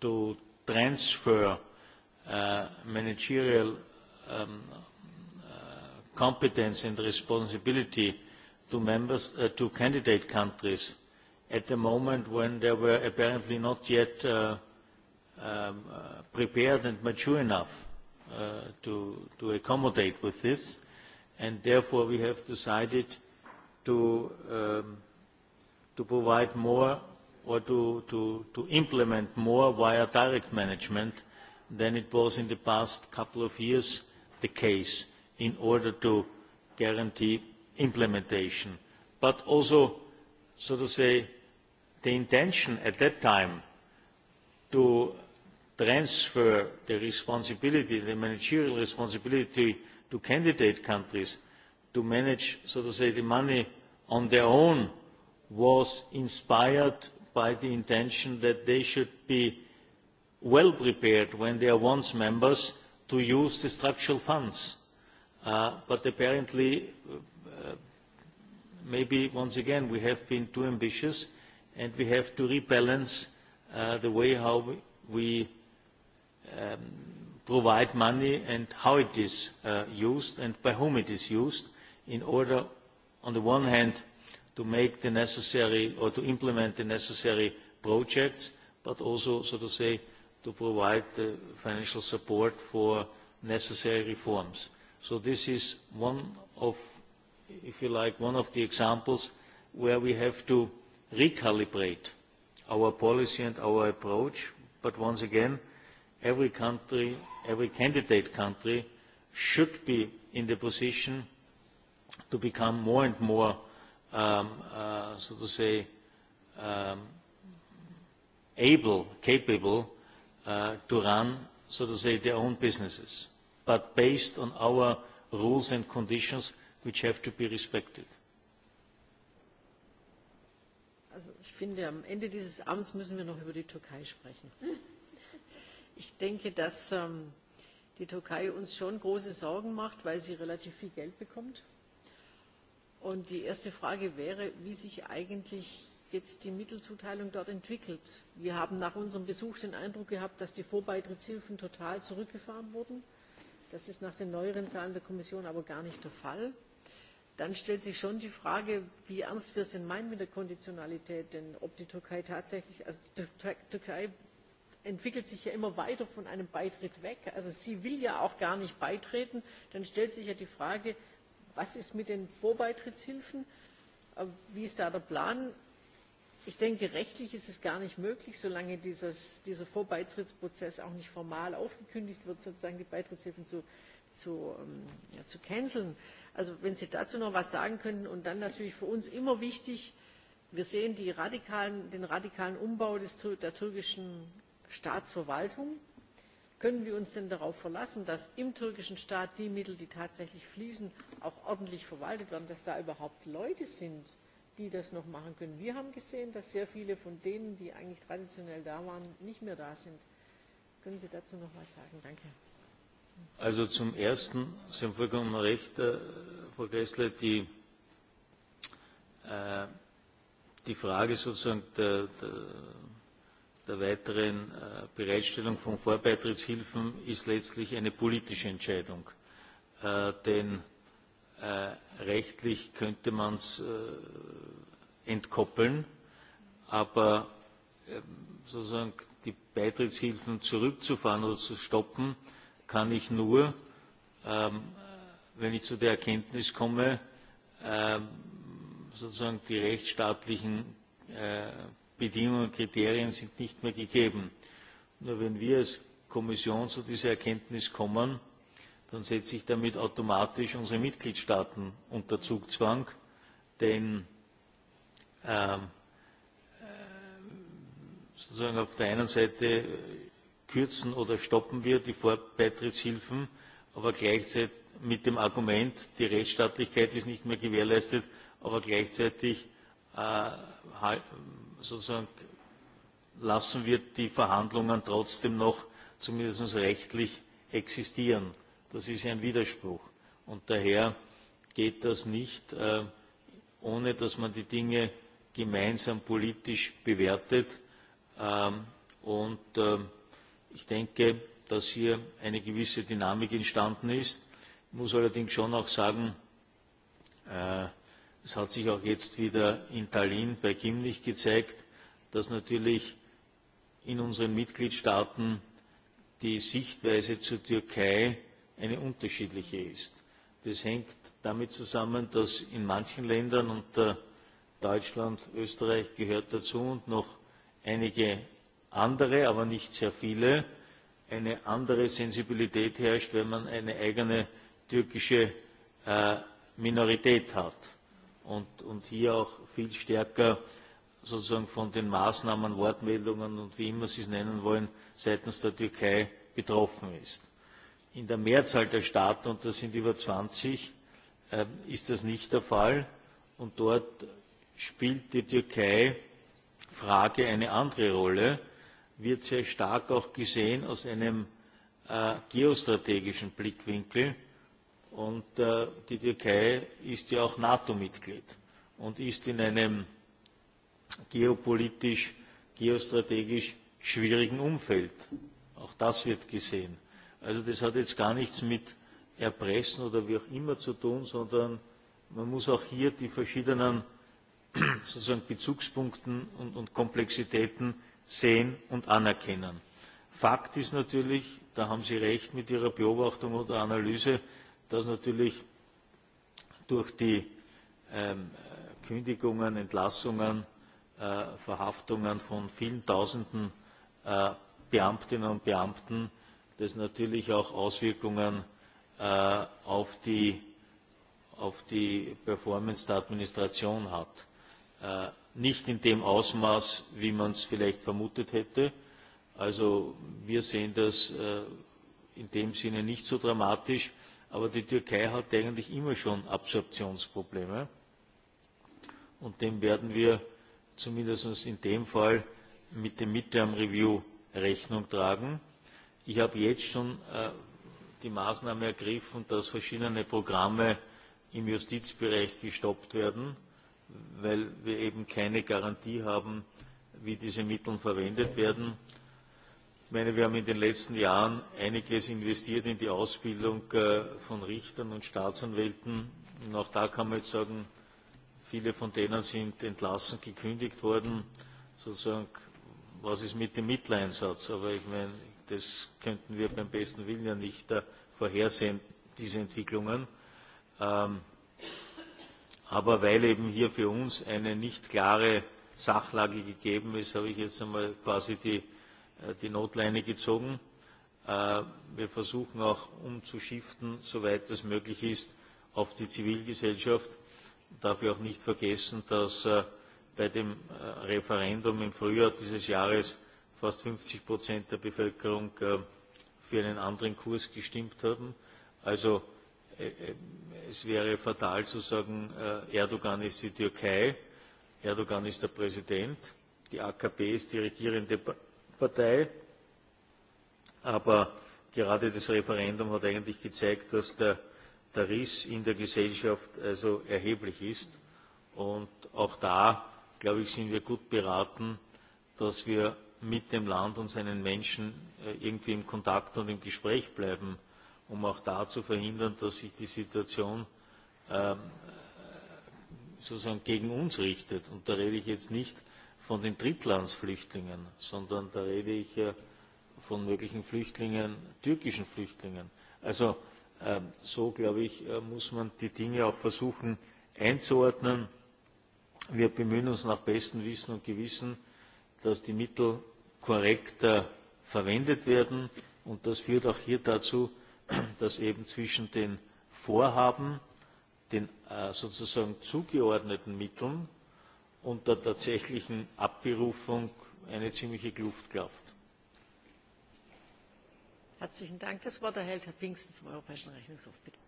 to transfer uh, managerial um, uh, competence and responsibility to members, uh, to candidate countries at the moment when they were apparently not yet uh, um, uh, prepared and mature enough. Uh, to, to accommodate with this, and therefore we have decided to, um, to provide more or to, to, to implement more via direct management than it was in the past couple of years the case in order to guarantee implementation. But also, so to say, the intention at that time to transfer the responsibility the managerial responsibility to candidate countries to manage so to say the money on their own was inspired by the intention that they should be well prepared when they are once members to use the structural funds uh, but apparently uh, maybe once again we have been too ambitious and we have to rebalance uh, the way how we, we Um, provide money and how it is uh, used and by whom it is used in order on the one hand to make the necessary or to implement the necessary projects but also so to say to provide the financial support for necessary reforms. So this is one of if you like one of the examples where we have to recalibrate our policy and our approach but once again uh, every candidate country should be in the position to become more and more, um, uh, so to say, um, able, capable uh, to run, so to say, their own businesses, but based on our rules and conditions which have to be respected. Also, ich finde, am Ende dieses Amts müssen wir noch über die Türkei sprechen. Hm? ich denke, dass ähm, die Türkei uns schon große Sorgen macht, weil sie relativ viel Geld bekommt. Und die erste Frage wäre, wie sich eigentlich jetzt die Mittelzuteilung dort entwickelt. Wir haben nach unserem Besuch den Eindruck gehabt, dass die Vorbeitrittshilfen total zurückgefahren wurden. Das ist nach den neueren Zahlen der Kommission aber gar nicht der Fall. Dann stellt sich schon die Frage, wie ernst wir es denn meinen mit der Konditionalität, denn ob die Türkei tatsächlich, also die Türkei entwickelt sich ja immer weiter von einem beitritt weg. sie will ja auch gar nicht beitreten. dann stellt sich ja die frage was ist mit den vorbeitrittshilfen? Äh, wie ist da der plan? ich denke rechtlich ist es gar nicht möglich solange dieses, dieser vorbeitrittsprozess auch nicht formal aufgekündigt wird sozusagen die beitrittshilfen zu zu, ähm, ja, zu canceln. Also wenn Sie dazu noch was sagen könnten und dann natürlich für uns immer wichtig, wir sehen die radikalen, den radikalen Umbau des, der türkischen staatsverwaltung können wir uns denn darauf verlassen dass im türkischen staat die mittel die tatsächlich fließen auch ordentlich verwaltet werden dass da überhaupt leute sind die das noch machen können? wir haben gesehen dass sehr viele von denen die eigentlich traditionell da waren nicht mehr da sind. können sie dazu noch etwas sagen? danke. also zum ersten sie haben vollkommen recht äh, frau gressler die, äh, die frage sozusagen der, der der weiteren äh, bereitstellung von vorbeitrittshilfen ist letztlich eine politische Entscheidung. Äh, denn äh, rechtlich könnte man es entkoppeln, aber ähm, sozusagen die Beitrittshilfen zurückzufahren oder zu stoppen, kann ich nur, ähm, wenn ich zu der Erkenntnis komme, ähm, sozusagen die rechtsstaatlichen bedingungen und kriterien sind nicht mehr gegeben. nur wenn wir als kommission zu dieser erkenntnis kommen dann setze ich damit automatisch unsere mitgliedstaaten unter zugzwang denn ähm, äh, sozusagen auf der einen Seite kürzen oder stoppen wir die Vorbeitrittshilfen, aber gleichzeitig mit dem Argument, die Rechtsstaatlichkeit ist nicht mehr gewährleistet, aber gleichzeitig äh, sozusagen lassen wir die Verhandlungen trotzdem noch zumindest rechtlich existieren. Das ist ja ein Widerspruch. Und daher geht das nicht, äh, ohne dass man die Dinge gemeinsam politisch bewertet. Ähm, und ähm, ich denke, dass hier eine gewisse Dynamik entstanden ist. Ich muss allerdings schon auch sagen, äh, Es hat sich auch jetzt wieder in Tallinn bei Gimlich gezeigt, dass natürlich in unseren Mitgliedstaaten die Sichtweise zur Türkei eine unterschiedliche ist. Das hängt damit zusammen, dass in manchen Ländern und Deutschland, Österreich gehört dazu und noch einige andere, aber nicht sehr viele, eine andere Sensibilität herrscht, wenn man eine eigene türkische äh, Minorität hat und, und hier auch viel stärker sozusagen von den Maßnahmen, Wortmeldungen und wie immer Sie es nennen wollen, seitens der Türkei betroffen ist. In der Mehrzahl der Staaten, und das sind über 20, äh, ist das nicht der Fall. Und dort spielt die Türkei-Frage eine andere Rolle, wird sehr stark auch gesehen aus einem äh, geostrategischen Blickwinkel. Und äh, die Türkei ist ja auch NATO-Mitglied und ist in einem geopolitisch, geostrategisch schwierigen Umfeld. Auch das wird gesehen. Also das hat jetzt gar nichts mit Erpressen oder wie auch immer zu tun, sondern man muss auch hier die verschiedenen sozusagen Bezugspunkten und, und Komplexitäten sehen und anerkennen. Fakt ist natürlich, da haben Sie recht mit Ihrer Beobachtung oder Analyse, dass natürlich durch die ähm, Kündigungen, Entlassungen, äh, Verhaftungen von vielen Tausenden äh, Beamtinnen und Beamten das natürlich auch Auswirkungen äh, auf, die, auf die Performance der Administration hat. Äh, nicht in dem Ausmaß, wie man es vielleicht vermutet hätte. Also wir sehen das äh, in dem Sinne nicht so dramatisch aber die türkei hatte eigentlich immer schon absorptionsprobleme und dem werden wir zumindest in dem fall mit dem midterm review rechnung tragen. ich habe jetzt schon äh, die maßnahme ergriffen dass verschiedene programme im justizbereich gestoppt werden weil wir eben keine garantie haben wie diese mittel verwendet werden meine, wir haben in den letzten Jahren einiges investiert in die Ausbildung äh, von Richtern und Staatsanwälten. Und auch da kann man jetzt sagen, viele von denen sind entlassen, gekündigt worden. Sozusagen, was ist mit dem Mitteleinsatz? Aber ich meine, das könnten wir beim besten Willen ja nicht äh, vorhersehen, diese Entwicklungen. Ähm, aber weil eben hier für uns eine nicht klare Sachlage gegeben ist, habe ich jetzt einmal quasi die Äh, die notleine gezogen. Äh, wir versuchen auch umzuschiften, soweit es möglich ist, auf die Zivilgesellschaft. Darf ich auch nicht vergessen, dass äh, bei dem Referendum im Frühjahr dieses Jahres fast 50 Prozent der Bevölkerung für einen anderen Kurs gestimmt haben. Also es wäre fatal zu sagen, Erdogan ist die Türkei, Erdogan ist der Präsident, die AKP ist die regierende Partei. Aber gerade das Referendum hat eigentlich gezeigt, dass der, der Riss in der Gesellschaft also erheblich ist. Und auch da, glaube ich, sind wir gut beraten, dass wir mit dem Land und seinen Menschen äh, irgendwie im Kontakt und im Gespräch bleiben, um auch da zu verhindern, dass sich die Situation ähm, sozusagen gegen uns richtet. Und da rede ich jetzt nicht von den Drittlandsflüchtlingen, sondern da rede ich ja von möglichen Flüchtlingen, türkischen Flüchtlingen. Also ähm, so, glaube ich, äh, muss man die Dinge auch versuchen einzuordnen. Wir bemühen uns nach bestem Wissen und Gewissen, dass die Mittel korrekter verwendet werden. Und das führt auch hier dazu, dass eben zwischen den Vorhaben, den äh, sozusagen zugeordneten Mitteln, und der tatsächlichen Abberufung eine ziemliche Kluft klafft. Herzlichen Dank. Das Wort erhält Herr Pingsten vom Europäischen Rechnungshof. Bitte.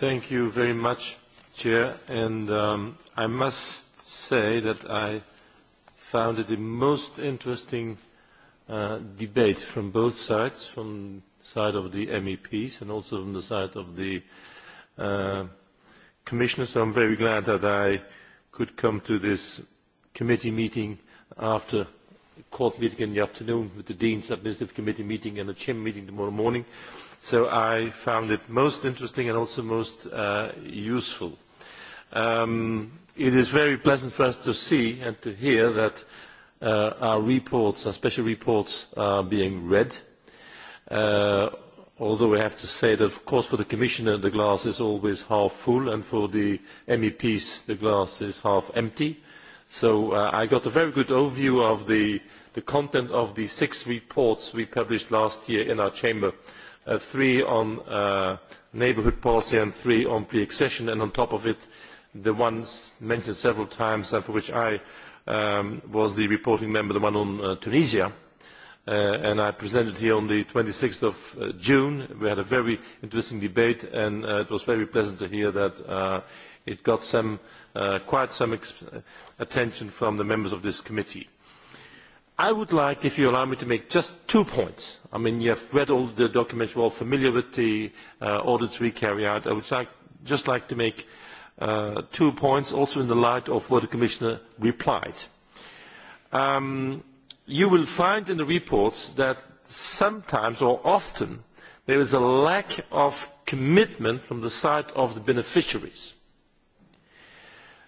Thank you very much, Chair. And um, I must say that I found it the most interesting uh, debate from both sides, from side of the meps and also from the side of the uh, commissioner. so i'm very glad that i could come to this committee meeting after court meeting in the afternoon with the Dean's Administrative Committee meeting and the CHIM meeting tomorrow morning. So I found it most interesting and also most uh, useful. Um, it is very pleasant for us to see and to hear that uh, our reports, our special reports, are being read uh, Uh, although i have to say that of course for the commissioner the glass is always half full and for the meps the glass is half empty so uh, i got a very good overview of the content of the six reports we published last year in our chamber uh, three on neighbourhood policy and three on pre accession and on top of it the one mentioned several times and for which i um, was the reporting member the one on tunisia. Uh, and i presented here on twenty six uh, june. we had a very interesting debate and uh, it was very pleasant to hear that it got quite some attention from the members of this committee. i would like if you allow me to make just two points. i mean you have read all the documents you are all familiar with the audits we carry out. i would just like to make two points also in the light of what the commissioner replied. Um, you will find in the reports that sometimes or often there is a lack of commitment from the side of the beneficiaries.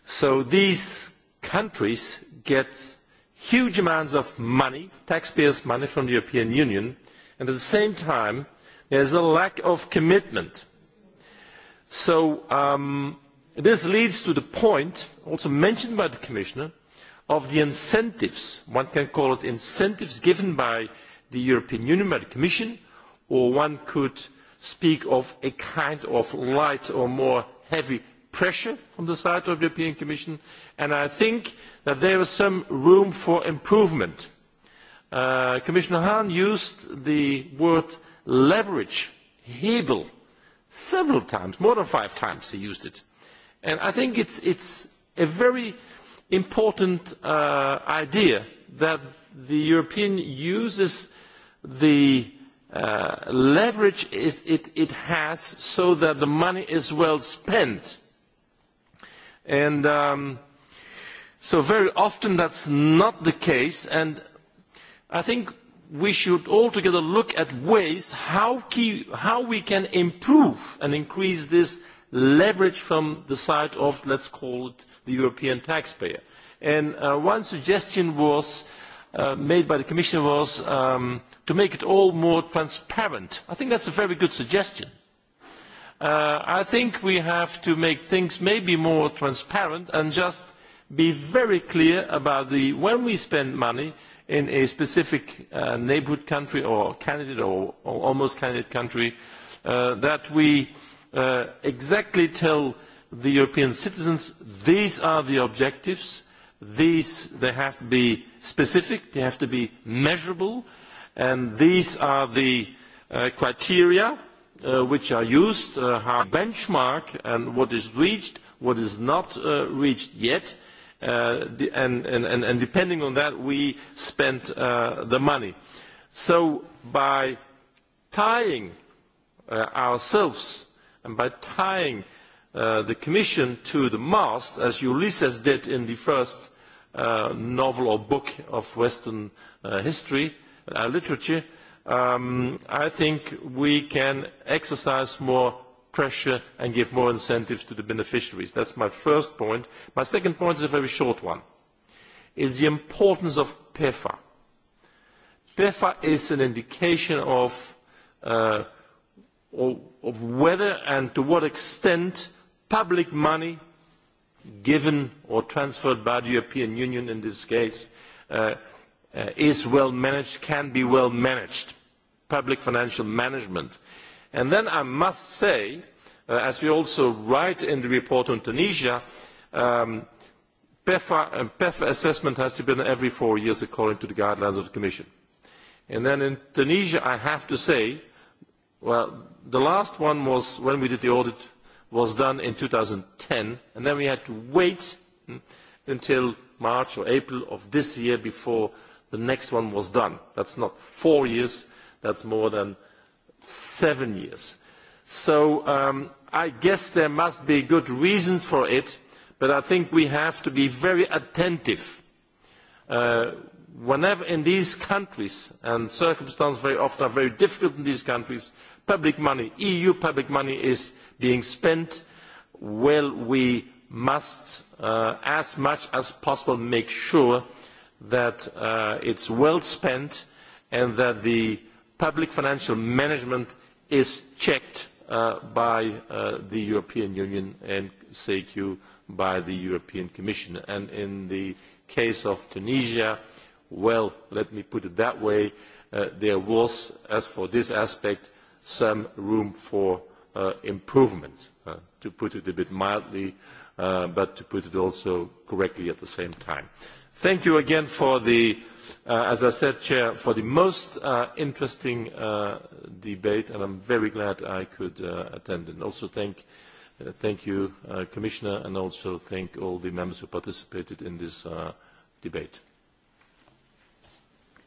so these countries get huge amounts of money taxpayers' money from the european union and at the same time there is a lack of commitment. so um, this leads to the point also mentioned by the commissioner of the incentives one can call them incentives given by the european union by the commission or one could speak of a kind of light or more heavy pressure from the side of the european commission and i think that there is some room for improvement. Uh, commissioner hahn used the word leverage hebel several times more than five times he used it and i think it is a very important uh, idea that the european uses the uh, leverage it has so that the money is well spent and um, so very often that is not the case and i think we should all together look at ways how we can improve and increase this leverage from the side of let us call it the european taxpayer. Uh, one suggestion uh, made by the commission was um, to make it all more transparent. i think that is a very good suggestion. Uh, i think we have to make things maybe more transparent and just be very clear about when we spend money in a specific neighbourhood country or candidate or almost candidate country that we exactly the european citizens these are the objectives they have to be specific they have to be measurable and these are the uh, criteria uh, which are used uh, how to benchmark and what is reached what is not reached yet and depending on that we spend the money. so by tying ourselves and by tying Uh, the commission to the mast as ulysses did in the first uh, novel or book of western uh, history uh, literature um, i think we can exercise more pressure and give more incentives to the beneficiaries that's my first point my second point is a very short one is the importance of pefa pefa is an indication of uh, of whether and to what extent uh, public money given or transferred by the european union in this case uh, uh, is well managed can be well managed public financial management. and then i must say uh, as we also write in the report on tunisia um, pefa assessment has to be done every four years according to the guidelines of the commission. and then in tunisia i have to say well the last one was when we did the audit was done in two thousand and ten and then we had to wait mm, until march or april of this year before the next one was done. that is not four years that is more than seven years. so um, i guess there must be good reasons for it but i think we have to be very attentive. Uh, whenever in these countries and circumstances very often are very difficult in these countries public money eu public money is being spent well we must uh, as much as possible make sure that uh, it is well spent and that the public financial management is checked uh, by the european union and cq by the european commission. in the case of tunisia well let me put it that way there was as for this aspect some room for uh, improvement uh, to put it a bit mildly uh, but to put it also correctly at the same time. thank you again as i said for the most interesting debate and i am very glad i could attend and also thank you commissioner and also thank all the members who participated in this debate.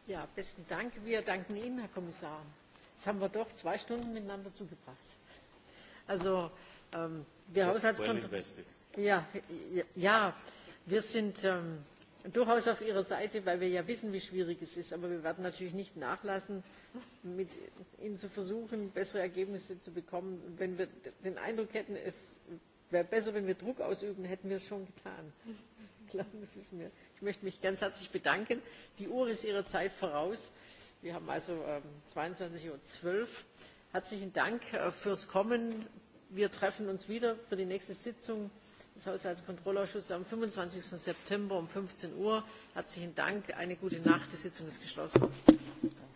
Ja, Jetzt haben wir doch zwei Stunden miteinander zugebracht. Also ähm, wir ja, Haushaltskontrolle. Ja, ja, ja, wir sind ähm, durchaus auf Ihrer Seite, weil wir ja wissen, wie schwierig es ist. Aber wir werden natürlich nicht nachlassen, mit Ihnen zu versuchen, bessere Ergebnisse zu bekommen. Wenn wir den Eindruck hätten, es wäre besser, wenn wir Druck ausüben, hätten wir es schon getan. Ich, glaube, das ist mir. ich möchte mich ganz herzlich bedanken. Die Uhr ist Ihrer Zeit voraus. Wir haben also 22.12 ähm, Uhr. Herzlichen Dank äh, fürs Kommen. Wir treffen uns wieder für die nächste Sitzung des Haushaltskontrollausschusses am 25. September um 15 Uhr. Herzlichen Dank. Eine gute Nacht. Die Sitzung ist geschlossen. Danke.